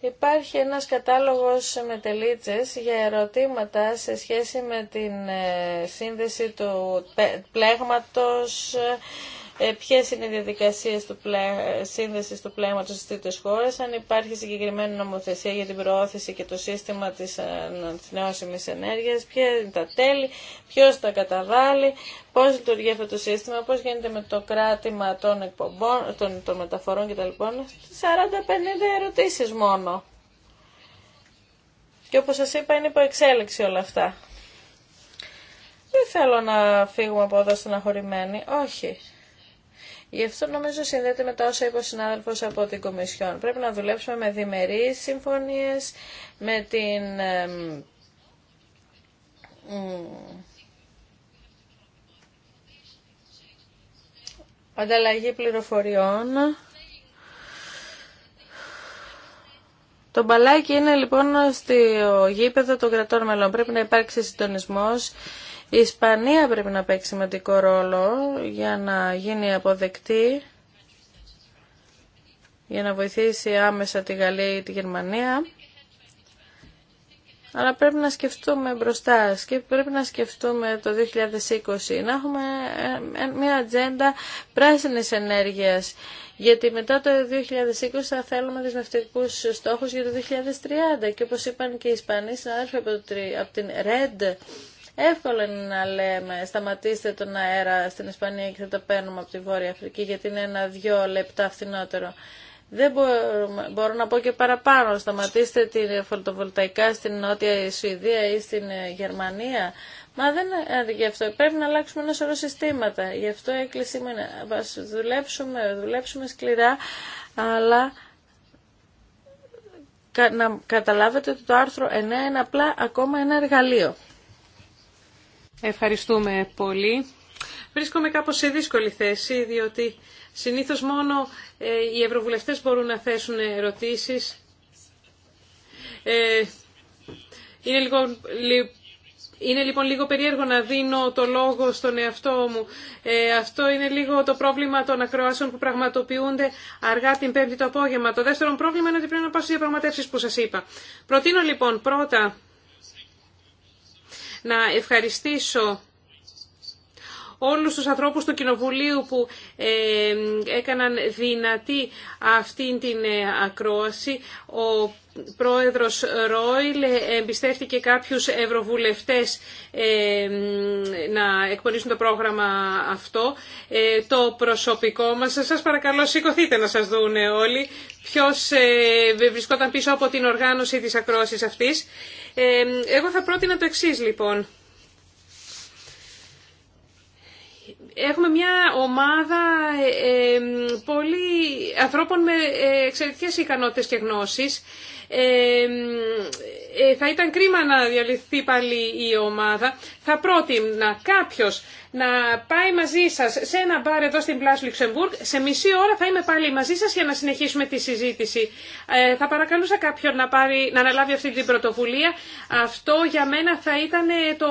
Υπάρχει ένας κατάλογος με τελίτσες για ερωτήματα σε σχέση με την ε, σύνδεση του πλέγματος, ε, Ποιε είναι οι διαδικασίε σύνδεση του πλέγματο στι τρίτε χώρε, αν υπάρχει συγκεκριμένη νομοθεσία για την προώθηση και το σύστημα τη ε, νεώσιμη ενέργεια, ποια είναι τα τέλη, ποιο τα καταβάλει, πώ λειτουργεί αυτό το σύστημα, πώ γίνεται με το κράτημα των, εκπομπών, των, των μεταφορών κτλ. 40-50 ερωτήσει μόνο. Και όπω σα είπα είναι υπό εξέλιξη όλα αυτά. Δεν θέλω να φύγουμε από εδώ στεναχωρημένοι. Όχι. Γι' αυτό νομίζω συνδέεται με τα όσα είπε ο συνάδελφο από την Κομισιόν. Πρέπει να δουλέψουμε με διμερεί συμφωνίε, με την. Ανταλλαγή πληροφοριών. Το μπαλάκι είναι λοιπόν στο γήπεδο των κρατών μελών. Πρέπει να υπάρξει συντονισμός η Ισπανία πρέπει να παίξει σημαντικό ρόλο για να γίνει αποδεκτή, για να βοηθήσει άμεσα τη Γαλλία ή τη Γερμανία. Αλλά πρέπει να σκεφτούμε μπροστά και πρέπει να σκεφτούμε το 2020 να έχουμε ε, ε, μια ατζέντα πράσινης ενέργειας. Γιατί μετά το 2020 θα θέλουμε δεσμευτικού στόχους για το 2030. Και όπως είπαν και οι Ισπανοί συνάδελφοι από την RED, Εύκολο είναι να λέμε σταματήστε τον αέρα στην Ισπανία και θα το παίρνουμε από τη Βόρεια Αφρική γιατί είναι ένα-δυο λεπτά φθηνότερο. Δεν μπορούμε, μπορώ να πω και παραπάνω. Σταματήστε τη φωτοβολταϊκά στην Νότια Σουηδία ή στην ε, Γερμανία. Μα δεν ε, γι' αυτό. Πρέπει να αλλάξουμε ένα σωρό συστήματα. Γι' αυτό η έκκλησή μου είναι να δουλέψουμε, δουλέψουμε σκληρά, αλλά να καταλάβετε ότι το άρθρο 9 είναι απλά ακόμα ένα εργαλείο. Ευχαριστούμε πολύ. Βρίσκομαι κάπως σε δύσκολη θέση, διότι συνήθως μόνο ε, οι ευρωβουλευτές μπορούν να θέσουν ερωτήσεις. Ε, είναι, λίγο, λοιπόν είναι λοιπόν λίγο περίεργο να δίνω το λόγο στον εαυτό μου. Ε, αυτό είναι λίγο το πρόβλημα των ακροάσεων που πραγματοποιούνται αργά την Πέμπτη το απόγευμα. Το δεύτερο πρόβλημα είναι ότι πρέπει να πάω στις διαπραγματεύσεις που σας είπα. Προτείνω λοιπόν πρώτα να ευχαριστήσω όλους τους ανθρώπους του Κοινοβουλίου που ε, έκαναν δυνατή αυτήν την ε, ακρόαση. Ο πρόεδρος Ρόιλ εμπιστεύτηκε κάποιους ευρωβουλευτές ε, να εκπονήσουν το πρόγραμμα αυτό. Το προσωπικό μας, σας παρακαλώ σηκωθείτε να σας δούνε όλοι ποιος βρισκόταν πίσω από την οργάνωση της ακρόασης αυτής. Εγώ θα πρότεινα το εξής λοιπόν. έχουμε μια ομάδα ε, ε πολύ ανθρώπων με ε, εξαιρετικές ικανότητες και γνώσεις. Ε, ε, θα ήταν κρίμα να διαλυθεί πάλι η ομάδα. Θα πρότεινα κάποιος να πάει μαζί σας σε ένα μπαρ εδώ στην Πλάσου Λουξεμβούργκ. Σε μισή ώρα θα είμαι πάλι μαζί σας για να συνεχίσουμε τη συζήτηση. θα παρακαλούσα κάποιον να, πάρει, να αναλάβει αυτή την πρωτοβουλία. Αυτό για μένα θα ήταν το